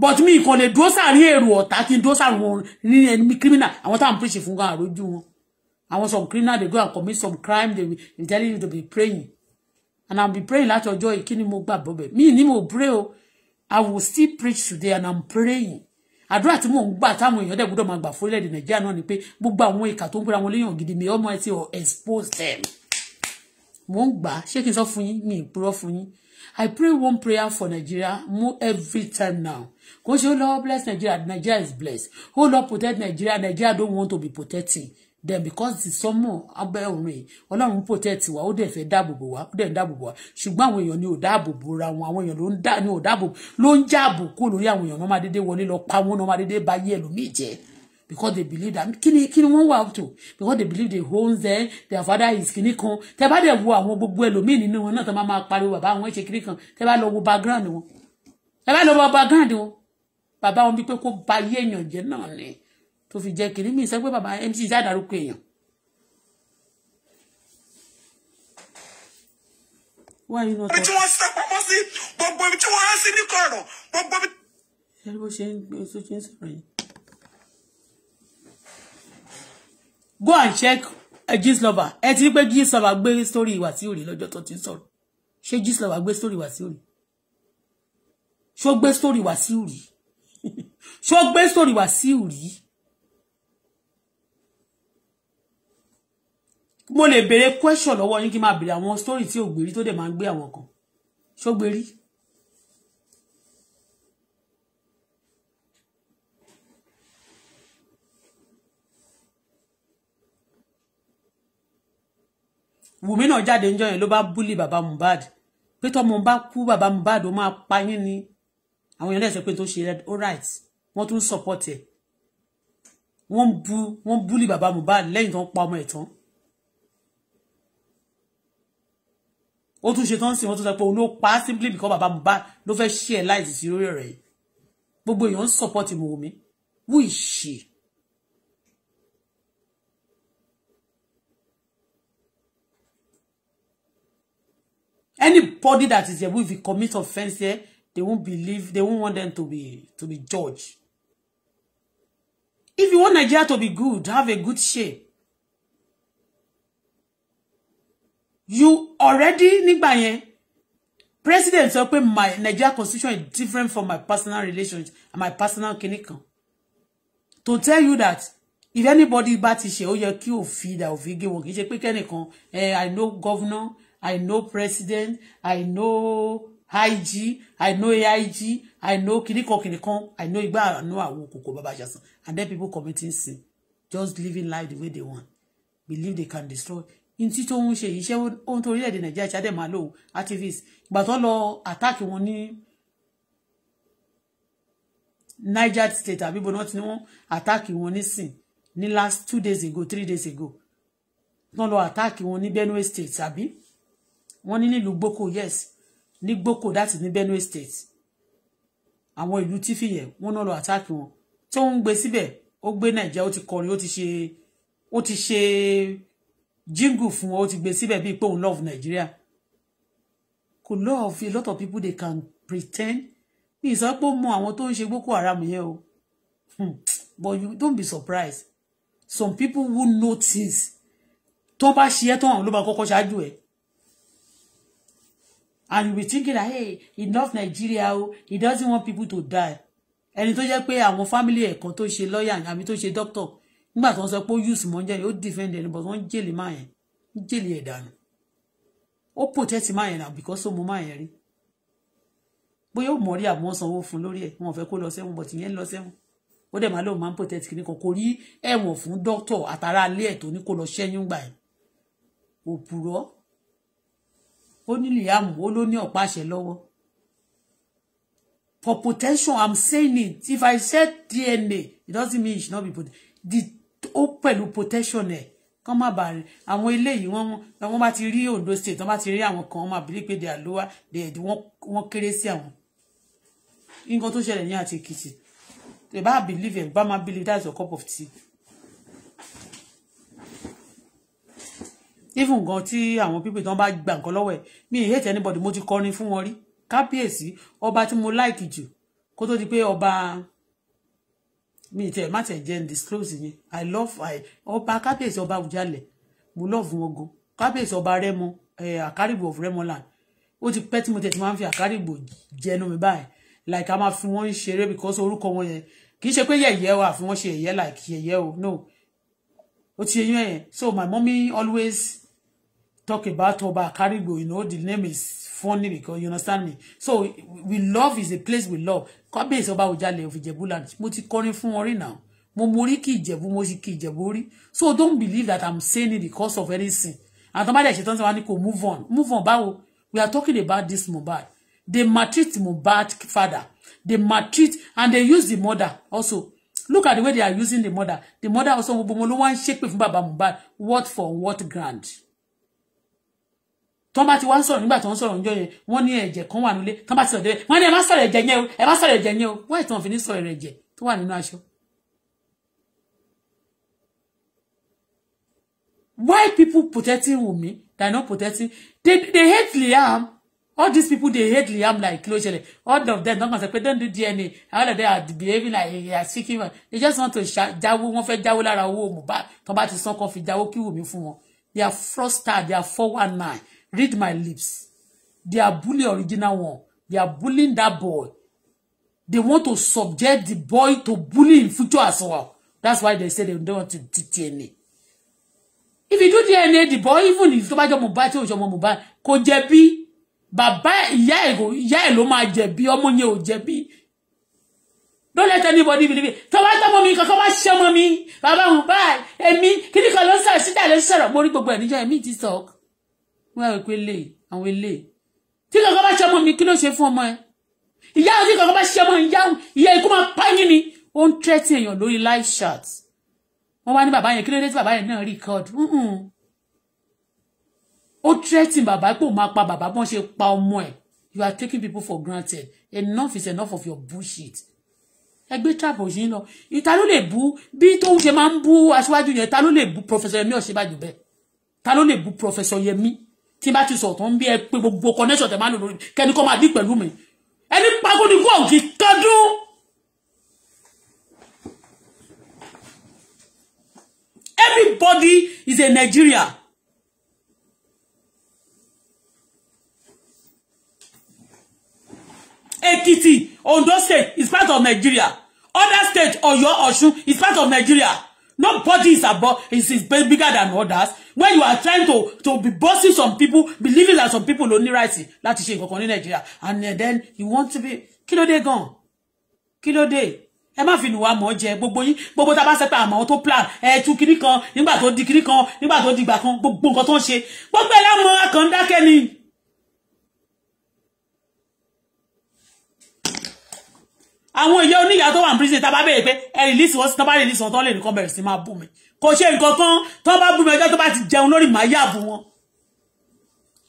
but me, kàn lè dúró sàárín here ọ̀tá kí n dúró sàárín wọn ní ẹni criminal àwọn táwọn preach fún gan àrójú wọn àwọn some criminal they go and commit some crime they be telling you to be praying and I'll be praying láti ọjọ́ yìí kí ni mo gbà bọ́bẹ̀ mi ni mo pray I will still preach today and I'm praying àdúrà tí mò ń gbà táwọn èèyàn dẹ̀ gbọ́dọ̀ máa gbà fún ilẹ̀-èdè nàìjíríà náà ni pé gbogbo àwọn ìkà tó ń pera wọn léèyàn gidi mi ọmọ ẹ ti ọ̀ expose them mò ń gbà ṣé kí n sọ fún yín mi ìpúrọ́ fún yín I pray one prayer for Nigeria more every time now kò ṣe ó oh lọ bless Nigeria Nigeria is blessed ó oh lọ protect Nigeria Nigeria don't want to be protecting then because the sọmọ abẹ́ òrùn yìí ọlọ́run protect wa ó dẹ̀ fẹ́ dáàbòbò wa ó dẹ̀ ń dáàbòbò wa ṣùgbọ́n àwọn èèyàn ni ò dáàbòbò ra wọn àwọn èèyàn ló ń dá ni ò dáàbòbò ló ń jáàbò kó lórí àwọn èèyàn náà máa dédé wọlé lọ pa wọn náà máa dédé ba ayé ẹlòmíì jẹ́ because they believe that kíni kíni wọ́n wà up because they believe they own them their father is kíni kan tẹ bá dẹ̀ wo àwọn gbogbo ẹlòmíì nínú wọn náà tó máa máa pariwo bàbá wọn ṣe kíni kan tẹ bá lọ wo background wọn tẹ bá lọ wo background wọn bàbá wọn bí pé kó ba ayé èèyàn jẹ́ náà ni tó fi jẹ́ kiri mi sọ pé bàbá MC já dárúkọ èèyàn. ibi tí wọ́n sá pamọ́ sí gbogbo ibi tí wọ́n há sí ní kọ̀rọ̀ gbogbo ibi. ṣé bó ṣe ń gbé oṣù ṣe ń sọ̀rọ̀ yìí. go and check eh, gist lover ẹ ti rí pé gist lover gbé sórí ìwà tí ò rí lọ́jọ́ tó ti ń sọ̀rọ̀ ṣé gist lover gbé sórí ìwà tí ò rí ṣó gbé sórí ìwà tí ò rí ṣó gbé sórí ìwà tí ò mo lè béèrè question lọ́wọ́ yín kí n máa béèrè story tí ò gbèrí tó dẹ̀ máa ń gbé àwọn kan ṣó gbèrí. wùmí náà jáde níjọ́ yẹn ló bá búlì bàbá Mohbad pé tọ́mọ bá kú bàbá Mohbad ó máa pa yín ni àwọn èèyàn lẹ́sẹ̀ pé tó ṣe ó right wọ́n tún support e? wọ́n bu wọ́n búlì bàbá Mohbad lẹ́yìn tó ń pa ọmọ ẹ̀ tán ó tún ṣe tán sí wọn tún sọ pé ló oh, pa á simply because bàbá Mohbad ló fẹ́ ṣí ẹ̀ láìsí sí lórí ọ̀rẹ́ yìí gbogbo èèyàn ń support Wunmi who is she? Anybody that is there, if you commit offence, here, they won't believe, they won't want them to be to be judged. If you want Nigeria to be good, have a good shape. you already nígbà yẹn president sọ pé my Nigeria constitution is different from my personal relations and my personal kinní kan to tell you that if anybody bá ti ṣe ó yẹ kí òfin ìdà òfin gé wọn kì í ṣe pé kẹ́nìkan I know governor I know president I know IG I know AIG I know kìnìkan kìnìkan I know igba I know àwọn òkòkò bàbá àṣàṣàn and then people committing sin just living life the way they want believe they can destroy in tí tó ń ṣe yìí ṣé ó ń torí èdè nàìjíríà ṣáde máa lò activist ìgbà tó lọ àtàkì wọn ní niger state àbí bọ́nà tí wọ́n àtàkì wọn nísìn ní last two days ago three days ago tó lọ àtàkì wọn ní benue state àbí wọ́n ní nílùú gboko yes ní gboko that is ní benue state àwọn ìlú tí fìyẹ wọ́n náà lọ àtàkì wọn tó ń gbé síbẹ̀ ó gbé nàìjíríà ó ti kọrin ó ti ṣe ó ti ṣe jingle fún ó ti gbé síbẹ̀ bíi pé òun love Nigeria kò love a lot of people they can pretend ní ìsọpọ̀ mọ àwọn tó ń ṣe Boko Haram yẹn o hmm, but you don't be surprised some people will notice. things tó bá ṣe ẹ́ tó àwọn ló bá kọ́kọ́ and you be thinking that hey he love Nigeria o he doesn't want people to die ẹni tó jẹ́ pé àwọn family ẹ̀ kan to ṣe lawyer àmì to ṣe doctor nígbà tó ń sọ pé ó use mọ́ jẹ́lẹ̀ ó defend ẹni but wọ́n jèlè máa yẹn jèlè ẹ̀ dànù ó protect máa yẹn náà because ó mọ máa yẹn rí bóyá ó mọ̀ rí àbọ̀ wọ́n sanwó fún lórí ẹ̀ wọn ò fẹ́ kó lọ sẹ́wọ̀n but ìyẹn ń lọ sẹ́wọ̀n ó dẹ̀ máa lóun máa ń protect kìíní kan kò rí ẹ̀wọ̀n fún doctor àtàrà alẹ́ ẹ̀ tó ní kó lọ ṣẹ́yún gbà yẹn òpùrọ́ ó ní liam ó ló ní ọ̀pá àṣẹ lọ́wọ́ for protection i'm saying it if i said dna it doesn't mean it should not be protected the ó pẹ̀lú protection ẹ̀ kán má bàa rìn àwọn eléyìí wọ́n wọ́n bá ti rí Ondo state wọ́n bá ti rí àwọn kan wọ́n máa bìlí pé dè àlówà dè ẹ̀dí wọ́n kéré sí àwọn nǹkan tó ṣẹlẹ̀ ní àti Èkìtì they bá believe ẹ̀ bá máa believe that's your cup of tea. even gan tí àwọn pípé tí wọn bá gba nǹkan lọ́wọ́ ẹ̀ mi ì hate anybody mo ti kọrin fún wọn rí kábíyèsí ọba tí mo like jù kó tó di pé ọba mi tẹ má tẹ jẹ́ n disclose yẹn i love i ọba kábíyèsí ọba Awùjalẹ̀ mo love wọn gan kábíyèsí ọba Rẹ́mọ eh, àkárìbò of Rẹ́mọland ó ti pẹ́ tí mo tẹ̀ ti máa ń fi àkárìbò jẹnu mi báyìí like a máa fi wọ́n ṣeré because orúkọ wọn yẹn kì í ṣe pé yẹ̀yẹ́ o àfi wọ́n ṣe yẹ̀yẹ́ like yẹ̀yẹ́ o no ó ti yẹn yẹn so my mommy always talk about ọba àkárìbò you know the name is funny because you understand me so we love is a place we love kábíyèsí ọba òjàlẹ̀ of Ìjẹ̀bú land mo ti kọrin fún wọn rí now mo morí kí Ìjẹ̀bú mo sì kí Ìjẹ̀bú rí so don't believe that i'm saying it because of anything àtọ́mọ́dé ṣetán tí wọ́n ní kò move on move on báwo we are talking about this Mohbad they maltreat Mohbad father they maltreat and they use the mother also look at the way they are using the mother the mother also gbogbo wọn ló wá ń ṣépè fún baba Mohbad what for what ground tọ́n bá ti wá ń sọ̀rọ̀ nígbà tọ́n sọ̀rọ̀ ńjọ́ yẹn wọ́n ní ẹ̀jẹ̀ kan wà nílé tọ́n bá ti sọ̀rọ̀ wọ́n ní ẹ má sọ̀rọ̀ ẹ̀jẹ̀ yẹn o ẹ má sọ̀rọ̀ ẹ̀jẹ̀ yẹn o wọ́n ìtàn fi ní sọ̀rọ̀ ẹ̀jẹ̀ tó wà nínú aṣọ. why people protecting Wunmi they no protecting they they hate Liam all these people they hate Liam like closely all of them don't concern pe don do DNA all of them are behaving like they are seeking one they just want to jáwó wọ́n fẹ́ jáwó lára owó Mohbad tó bá ti san kan fi jáwó kí Wunmi fún wọn they are fraudsters they are four one nine Read my lips. They are bullying original one. They are bullying that boy. They want to subject the boy to bullying future as well. That's why they say they don't want to do DNA. If you do DNA, the boy, even if tó bá jẹ́ Mohbad tí ò jẹ́ Mohbad, kò jẹ̀bi. Bàbá ìyá ẹ̀ kò ìyá ẹ̀ ló máa jẹ̀bi, Don't let anybody believe it. Come tọ́mọ mi kankan come ṣe ọmọ mi. Bàbá Mohbad, èmi, kí ni kan ló ń sọ̀rọ̀ síta lè sọ̀rọ̀. Mo rí wọ́n yà wí pé lè àwọn ilé tí kankan bá ṣe ọmọ mi kí ló ṣe fún ọmọ ẹ ìyá tí kankan bá ṣe ọmọ ìyá ìyá ikú máa pa yín ni ó ń tẹ́tí èèyàn lórí live chat wọ́n wá ní bàbá yẹn kí ló dé tí bàbá yẹn náà record ó tẹ́tí bàbá pé ó máa pa bàbá bọ́n ṣe pa ọmọ ẹ̀ you are taking people for granted enough is enough of your bullshit ẹgbẹ́ tábò yìí lọ ìta ló lè bú bí tó ń ṣe máa ń bú aṣíwájú yẹn ta ló lè bú professor Yẹmí Ọ̀ṣínbàjò bẹ́ẹ̀ ta ló lè bú professor Yẹmí tí bá ti sọ tó ń bí ẹ gbogbo connection tẹ máa lò lórí kẹni kọ́ máa dín pẹ̀lú mi ẹni pagodi kú òkè kọdún. everybody is a Nigeria. Ekiti, Ondo state is part of Nigeria. Other state, Oyo, Osun is part of Nigeria. Nobody is above is, is bigger than others. When you are trying to to be bossing some people, believing that some people only ní right láti ṣe nǹkan kan Nigeria, and then you want to be kilo day gone, kilo day. kí ló dé. ẹ má fi nùwà mọ̀ jẹ gbogbo yín gbogbo tá a bá ṣe pé àmọ́ tó plan ẹ tú kinní kan nígbà tó di kinní kan nígbà tó di ìgbà kan gbogbo nǹkan tó ń ṣe gbogbo ẹ̀ lámọ́ akàn dákẹ́ ni. àwọn ìyá oníyà tó wà ní prison tá bá bẹ̀rẹ̀ pé ẹ release wọn tó bá release wọn tó lè nìkan bẹ̀rẹ̀ sí máa bù mí kò ṣe nǹkan kan tó bá bù mí ọjọ́ tó bá ti jẹun lórí màá yàbù wọn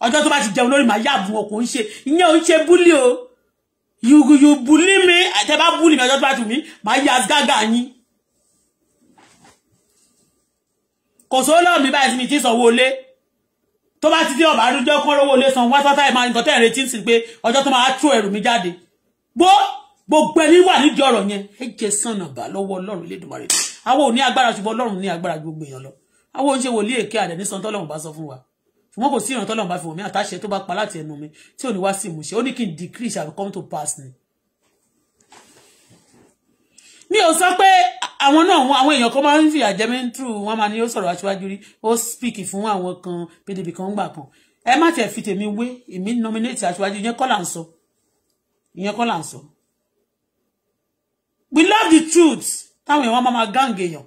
ọjọ́ tó bá ti jẹun lórí màá yàbù wọn kò ń ṣe ìyẹn ò ń ṣe búlì o you you bully me tẹ bá búlì mi ọjọ́ tó bá tù mí màá yà gágà yín kò sówó lọ́ọ̀ mi báyìí sí mi ti sanwó ilé tó bá ti dé ọ̀bà àdújọ́ kọ́ rówó ilé san wáṣátá ẹ̀ máa nǹkan tẹ̀ ń retí sí pé ọjọ́ tó máa tú ẹrù mi jáde gbó gbogbo ẹni wà nídìí ọ̀rọ̀ yẹn ẹ jẹ́ sànà bá lọ́wọ́ ọlọ́run Elédùmarè àwọn ò ní agbára ṣùgbọ́n ọlọ́run ní agbára gbogbo èèyàn lọ àwọn oúnjẹ wòlíì èké àdẹ ní sàn tọ́lọ́run bá sọ fún wa ṣùgbọ́n kò sí ìràn tọ́lọ́run bá fi wọ̀n mí àtàṣe tó bá pa láti ẹnu mi tí ò ní wá sí ìmúṣẹ ó ní kí n decree shall come to pass ni. mi ò sọ pé àwọn náà àwọn èèyàn kan máa ń fìyà jẹ mí through wọn máa ní ó sọ̀rọ̀ aṣíwájú rí ó speak fún àwọn kan pdp kan gbà kan ẹ má tẹ̀ fi tèmi wé èmi nominate aṣíwájú ìyẹn kọ́ là ń sọ ìyẹn kọ́ là ń sọ we love the truth táwọn èèyàn máa máa gáǹgì èèyàn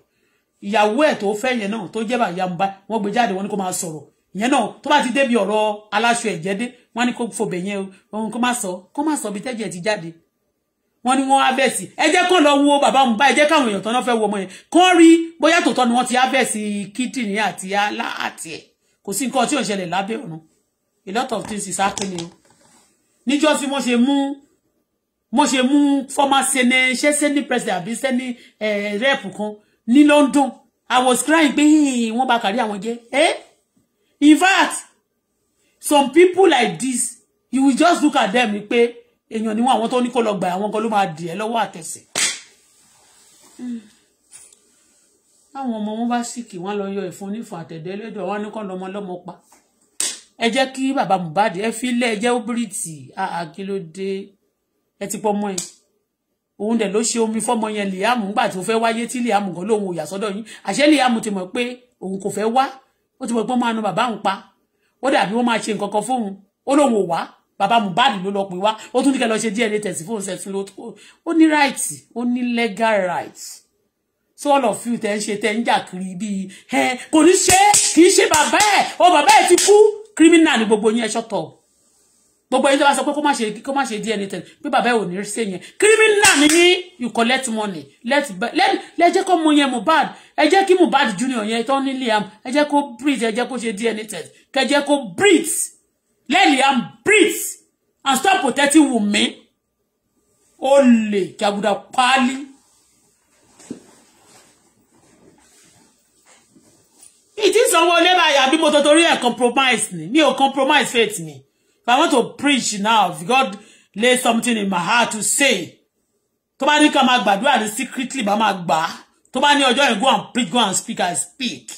ìyàwó ẹ̀ tó fẹ́ yẹn náà tó jẹ́ bá ìyá mba wọ́n gbé jáde wọ́n ní kó máa sọ̀rọ̀ ìyẹn náà tó bá ti débi ọ̀rọ̀ aláṣọ ẹ̀jẹ̀ dé wọ́n ní kó fòbẹ̀ yẹn o òun kó má sọ kó má sọ bí tẹ́jẹ̀ ti jáde wọ́n ní wọ́n abẹ́sì ẹ jẹ́ kó lọ wo bàbá mba ẹ jẹ́ káwọn èèyàn tán náà fẹ́ wo ọmọ yẹn kó rí bóyá tòótọ́ ni wọ́n ti abẹ́sì kídìní àti alá àti ẹ̀ kò sí nǹkan tí ò ń ṣẹlẹ̀ lábẹ́ ọ̀run a lot of things is happening níjọ́ tí wọ́n ṣe mú mo ṣe mú former senate ṣe senate president àbí eh rep kan ní London I was crying pé wọ́n bá kárí àwọn jẹ́ eh in fact some people like this you will just look at them pé èèyàn ni wọn àwọn tó ní kó lọ gbà àwọn kan ló máa dì ẹ́ lọ́wọ́ àtẹ̀sẹ̀ hmm. àwọn ọmọ wọn bá síkì wọn lọ yọ ìfun nífun àtẹ̀dẹ́ lẹ́dọ̀ wọn ní kàn lọmọ lọmọ pa ẹ jẹ́ kí bàbá Mohbad ẹ fi lé ẹ jẹ́ ó bírìtì ah, ah, àkìlódé ẹ ti pọ́ mọ́ ẹ òun dẹ̀ ló ṣe omi fọ́mọ yẹn liam nígbà tó fẹ́ wáyé tí liam gan lóun ò yà sọ́dọ̀ yín àṣẹ liam ti mọ̀ pé òun kò fẹ́ wá ó ti mọ̀ pé ó máa nu bàbá òun pa ó dàbí ó máa ṣe nǹkan kan fóun ó lóun ò wá bàbá Mohbad ló lọ pè wá ó tún ní kẹ́ lọ ṣe DNA test fóun ṣẹ̀ tún ló tó ó ní right ó ní legal right so all of you tẹ́ ń ṣe tẹ́ ń jà kiri bíi kò ní ṣe kì í ṣe bàbá ẹ̀ ó bàbá ẹ̀ ti kú criminal ni gbogbo yín ẹ ṣọ́tọ̀ gbogbo ẹni tó bá sọ pé kó má ṣe kó má ṣe di anything pé bàbá ẹ ò ní ṣe yẹn criminal ni yín you collect money let let let jẹ́ kó mú yẹn bad. ẹ jẹ́ kí bad junior yẹn tó ní Liam ẹ jẹ́ kó breathe ẹ jẹ́ kó ṣe di anything kẹ jẹ́ kó breathe let Liam breathe and stop protecting Wunmi ó lè jàgùdà páálí. ìtì sanwó-olé báyà bí mo tó torí ẹ̀ compromise ni mi ò compromise faith mi. If I want to preach now, if God lay something in my heart to say, tó bá ní ká máa gbàdúrà secretly bá máa gbà á, tó bá go and preach, go and speak, I speak.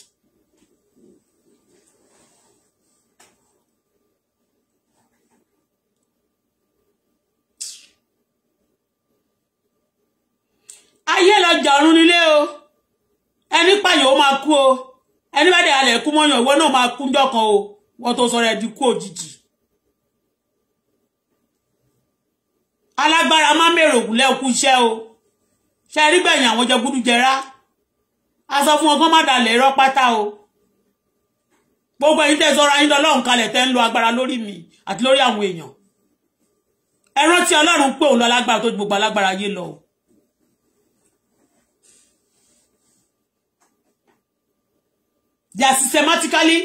ayé lọjà ọ̀run nílé o ẹni pààyàn ó máa kú o ẹni bá dẹ̀ alẹ̀ kú mọ́yàn ìwọ náà máa kú ńjọ́ kan o wọ́n tó sọ rẹ̀ di kú òjijì. alágbára má mèrò òkúlẹ̀ òkú iṣẹ́ o ṣe rí gbẹ̀yìn àwọn jẹ gúdú jẹrá a sọ fún ọgbọ́n má dalẹ̀ rọ pátá o gbogbo ẹ̀yin tẹ́ sọ́ra yín lọ́lọ́run kalẹ̀ tẹ́ ń lo agbára lórí mi àti lórí àwọn èèyàn ẹ rántí ọlọ́run pé òun lọ lágbára tó ju gbogbo alágbára ayé lọ o they are systematically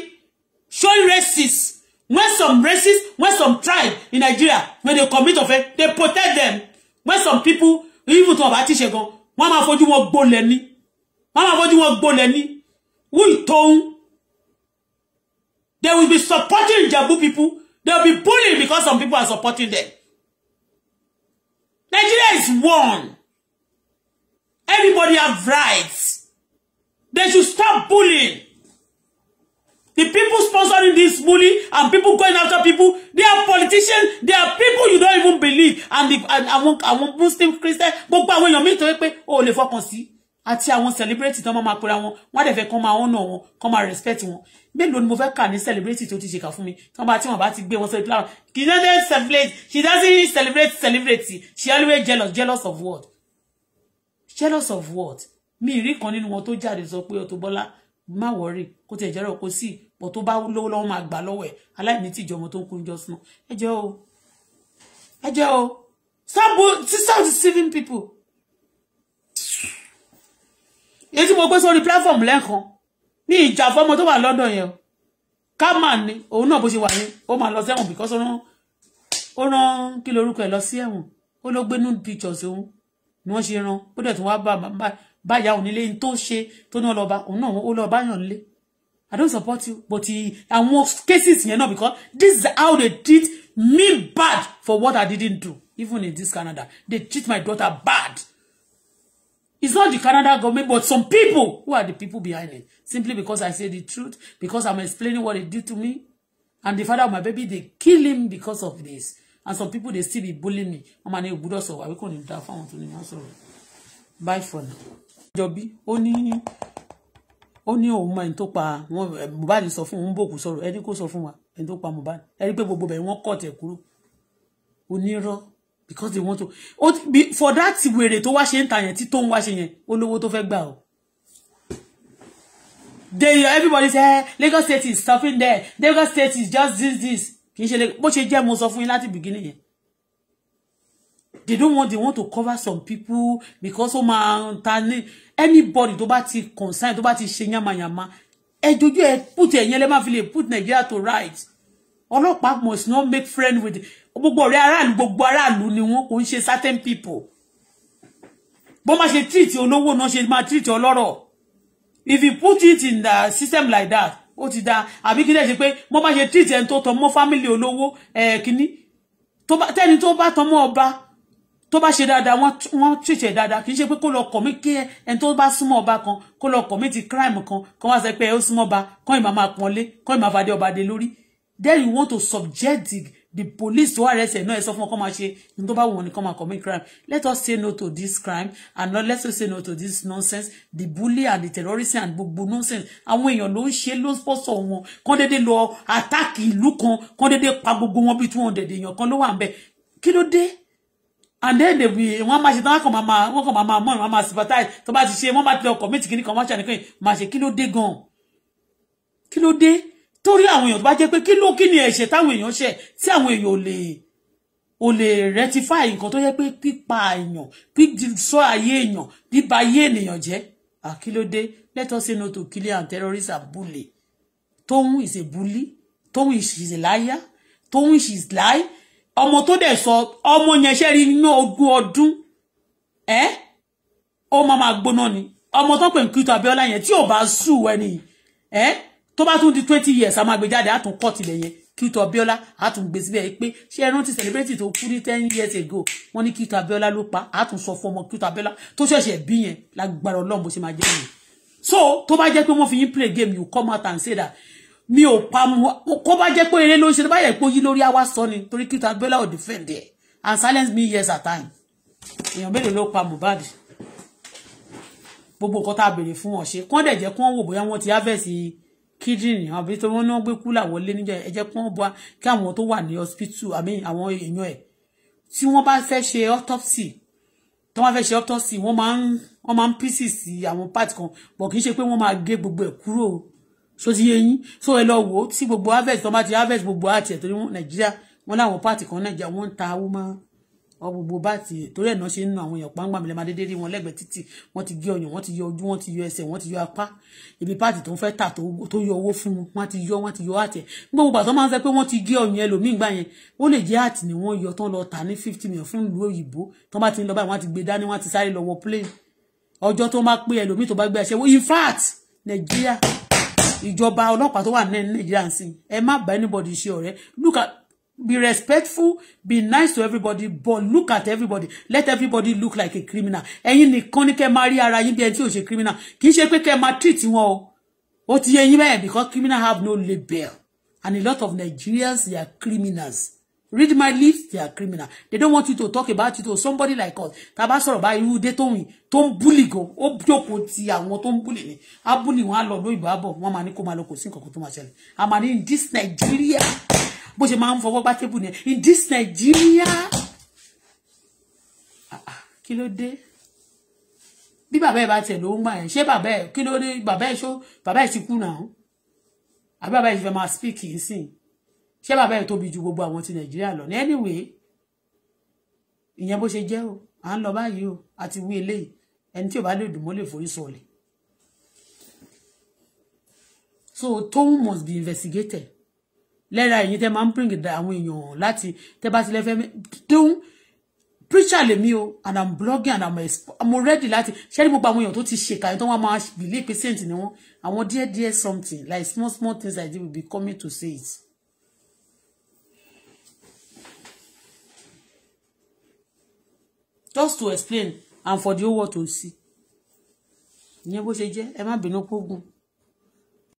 showing races when some races when some tribe in Nigeria when they commit offense they protect them when some people even tó ọba ti ṣe gan wọn máa fojú wọn gbolẹ ní wọn máa fojú wọn gbolẹ ní wú ìtòhún they will be supporting Ijebu people they will be bullying because some people are supporting them Nigeria is one everybody have rights they should stop bullying The people sponsoring this bully and people going after people, they are politicians, they are people you don't even believe. And the, and àwọn àwọn Muslim Christian, gbogbo àwọn èèyàn mi tó yẹ pé o lè fọkàn sí. Àti àwọn celebrity tán máa máa pera wọn, wọ́n á dẹ̀ fẹ́ kán máa ọ̀nà wọn, kán máa respect wọn. Mélòó ni mo fẹ́ kà ní celebrity tó ti ṣe kà fún mi? Tán bá tí wọ́n bá ti gbé wọn sórí plan. Kì í ṣe ṣe celebrate, she doesn't celebrate celebrity. She always jealous, jealous of what? Jealous of what? Mi rí kan nínú wọn tó jáde sọ pé Auto Bola má wọrí kó tẹ̀ jẹ́rọ̀ kó sí pọ̀ tó bá lówó lọ́wọ́ máa gbà lọ́wọ́ ẹ̀ aláìní tìjọ ọmọ tó ń kún jọ́sán ẹ jẹ́ o ẹ jẹ́ o stop stop deceiving people. èyí tí mo gbé sórí platform lẹ́ẹ̀kan ní ìjà fọ́mọ tó wà London yẹn o kámà ni òun náà bó ṣe wà ní ó máa lọ sẹ́wọ̀n because ó rán ó rán kí lorúkọ ẹ̀ lọ sí ẹ̀wọ̀n ó ló gbé nude pictures òun ni wọ́n ṣe rán ó dẹ̀ tún wá bá bá ìyá òun nílé tó ṣe tó ní ọlọ́ba òun náà ó lọ́ọ́ báyàn nílé I don't support you but most cases you know because this is how they treat me bad for what I didn't do even in this Canada they treat my daughter bad it's not the Canada government but some people who are the people behind it simply because I say the truth because I'm explaining what they did to me and the father of my baby they kill him because of this and some people they still be bullying me ọmọ àná ìgbúdọ̀ sọ̀rọ̀ àbíkò ní ìdá fáwọn tó ní wọ́n sọ̀rọ̀ bye for now. jọ̀bí only ó ní òun mọ ẹni tó pa wọn eh, Mohbad sọ fún òun bòkú sọ̀rọ̀ ẹni kó sọ fún wa ẹni tó pa Mohbad ẹni pé gbogbo bẹ́ẹ̀ wọ́n kọ̀ tẹ̀ kúrò onírọ́ because they want to for that wèrè tó wá ṣe ń ta yẹn tí tó ń wá ṣe yẹn olówó tó fẹ́ gbà o they everybody say eh, Lagos state is suffering there Lagos state is just this this kì í ṣe bó ṣe jẹ́ mo sọ fún yín láti bìgínì yẹn they don't want they want to cover some people because ó máa ń ta ní anybody tó bá ti concern tó bá ti ṣe yàmàyàmà ẹ dojú ẹ put ẹ̀yẹn lẹ́ máa fi lè put Nigeria to right ọlọ́pàá must not make friend with gbogbo ọ̀rẹ́ aráàlú gbogbo aráàlú ni wọ́n kò ń ṣe certain people bó má ṣe treat olówó náà ṣe máa treat ọlọ́rọ̀ if you put it in the system like that ó ti da àbí kí lè ṣe pé mo bá ṣe treat ẹni tó tọmọ family olówó ẹ kínní tẹni tó bá tọmọ ọba tó bá ṣe dáadáa wọ́n tìṣẹ̀ dáadáa kì í ṣe pé kó lọ commit kí ẹni tó bá súnmọ́ ọba kan kó lọ commit crime kan kó wá sọ pé ó súnmọ́ ọba kán ìmọ̀ máa pọ́n lé kán ìmọ̀ àfàdé ọba dé lórí then you want to subject the, police to arrest ẹ̀ náà ẹ sọ fún wọn kán máa ṣe ní tó bá wù wọn ni kán máa commit crime let us say no to this crime and not let us say no to this nonsense the bullying and the terrorism and gbogbo nonsense àwọn èèyàn ló ń ṣe ló ń pọ̀sọ̀ wọn kán dédé lọ attack ìlú kan kán dédé pa gbogbo wọn bíi two hundred èèyàn kan ló wà ń bẹ̀ kí ló dé and then they be wọn máa ṣe tán wọn kàn máa wọn kàn Mama, mọ wọn máa sympathize tó bá ti ṣe wọn máa tilẹ̀ ọkọ̀ méjì kìíní kan wọn ṣàníkàn yìí máa ṣe kí ló dé gan kí ló dé torí àwọn èèyàn tó bá jẹ́ pé kí ló kí ni ẹ̀ṣẹ̀ táwọn èèyàn ṣẹ̀ tí àwọn èèyàn ò lè ò lè rectify nǹkan tó yẹ pé pípa èèyàn písọ ayé èèyàn bíba ayé ènìyàn jẹ́ kí ló dé let us say no to killing and terrorists and bully tóhun is a bully tóhun is a liar tóhun is lie ọmọ tó dẹ̀ sọ ọmọ yẹn ṣe rí nínú ogún ọdún ẹ ó máa máa gbóná ni ọmọ tó pè ń kí tó Abíọ́lá yẹn tí ò bá sù ẹni ẹ tó bá tún di twenty years a máa gbé jáde àtún kọ́ tilẹ̀ yẹn kí tó Abíọ́lá àtún gbé síbẹ̀ pé ṣé ẹ rántí celebrity tó kú ní ten years ago wọ́n ní kí tó Abíọ́lá ló pa àtún sọ fún ọmọ kí tó Abíọ́lá tó ṣẹ̀ṣẹ̀ bí yẹn lágbára Ọlọ́run bó ṣe máa jẹ́ yẹn so tó bá jẹ́ pé wọ́n fi yín play game you come out and say that mi ò pa mu kó bá jẹ́ pé eré ló ń ṣe tó bá yẹ pé ó yí ni torí kí tabella ò defend ẹ̀ and silence me years at time èèyàn mélòó ló pa Mohbad gbogbo nǹkan tá a béèrè fún ọ̀ṣẹ́ kán dẹ̀ jẹ́ kí wọ́n wò bóyá wọ́n ti harvest kídìrín àbí tí wọ́n náà gbé kúlà wọlé níjọ ẹ jẹ́ kí wọ́n bọ́ kí àwọn tó wà ní hospital àmì àwọn èèyàn ẹ̀ tí wọ́n bá fẹ́ ṣe autopsy tó wọ́n fẹ́ ṣe autopsy wọ́n máa ń wọ́n pieces sí àwọn part kan bọ̀ kì í ṣe pé wọ́n máa gé gbogbo ẹ̀ kúrò so ti yé so ẹ lọ wò ó tí gbogbo harvest tó bá ti harvest gbogbo àti ẹ̀ torí nàìjíríà wọn láwọn pààtì kan nàìjíríà wọn ń ta woman wọn gbogbo bá ti torí ẹ̀ náà ṣe ń nu àwọn èèyàn pàǹgbà mílẹ̀ máa dédé rí wọn lẹ́gbẹ̀ẹ́ títì wọ́n ti gé ọyàn wọ́n ti yọ ojú wọ́n ti yọ ẹsẹ̀ wọ́n ti yọ apá ibi páàtì tó ń fẹ́ tà tó yọ owó fún wọn wọ́n ti yọ wọ́n ti yọ àtẹ̀ gbogbo pàtó máa ń fẹ́ pé wọ́n ti gé ọyàn ẹlòmíì gbà yẹn ó lè jẹ́ àtì ni wọ́n yọ tán lọ tà ní fifty million fun ìlú òyìnbó tán bá ti ń lọ báyìí wọ́n ti gbé dání wọ́n ti sáré lọ wọ plane ọjọ́ to máa pé ẹlòmíì tó bá gbé ẹṣẹ́ in fact Nàìjíríà ìjọba ọlọ́pàá tó wà ní nàìjíríà ń sìn ẹ má bá anybody ṣe ọ̀rẹ́ look at be respectful be nice to everybody but look at everybody let everybody look like a criminal ẹ̀yin nìkan ni kẹ́ máa rí ara yín bí ẹni tí ò ṣe criminal kì í ṣe pé kẹ́ máa treat wọn o ó ti yẹ yín bẹ́ẹ̀ because criminal have no label and a lot of Nigerians they are criminals read my lips they are criminal they don't want you to talk about it to somebody like us tá a bá sọ̀rọ̀ báyìí irú dé tóun tó ń búlì gan ó jókòó ti àwọn tó ń búlì ni á búlì wọn á lọ lóyìnbó àbọ̀ wọn máa ní kó máa lọ kò sí nǹkan kan tó máa ṣẹlẹ̀ a máa ní in this Nigeria bó ṣe máa ń fọwọ́ gbá tébù nìyẹn in this Nigeria ah, ah, kilo de. dé bí bàbá ẹ bá tiẹ̀ ló ń gbà yẹn ṣé bàbá ẹ kí ló dé bàbá ẹ ti kú náà àbí bàbá ẹ ti fẹ́ speak yìí sìn ṣé bàbá ẹ̀ tóbi ju gbogbo àwọn ti nàìjíríà lọ anyway ìyẹn bó ṣe jẹ́ o à ń lọ báyìí o àti wí eléyìí ẹni tí ò bá lè dùn mọ́ lè forí sọ̀lẹ̀ so Toun must be investigated lẹ́ra ẹ̀yin tẹ́ máa ń bring àwọn èèyàn láti tẹ́ bá ti lẹ́fẹ́ Toun preacher lèmi o and i'm blogging and i'm i'm ready láti ṣé ní gbogbo àwọn èèyàn tó ti ṣèkà ẹni tó wọn máa believe patient ni wọn àwọn díẹ̀ díẹ̀ something like small small things i did will be coming to say it. just to explain and for the whole world to see ìyẹn bó ṣe jẹ́ ẹ má bínú kógun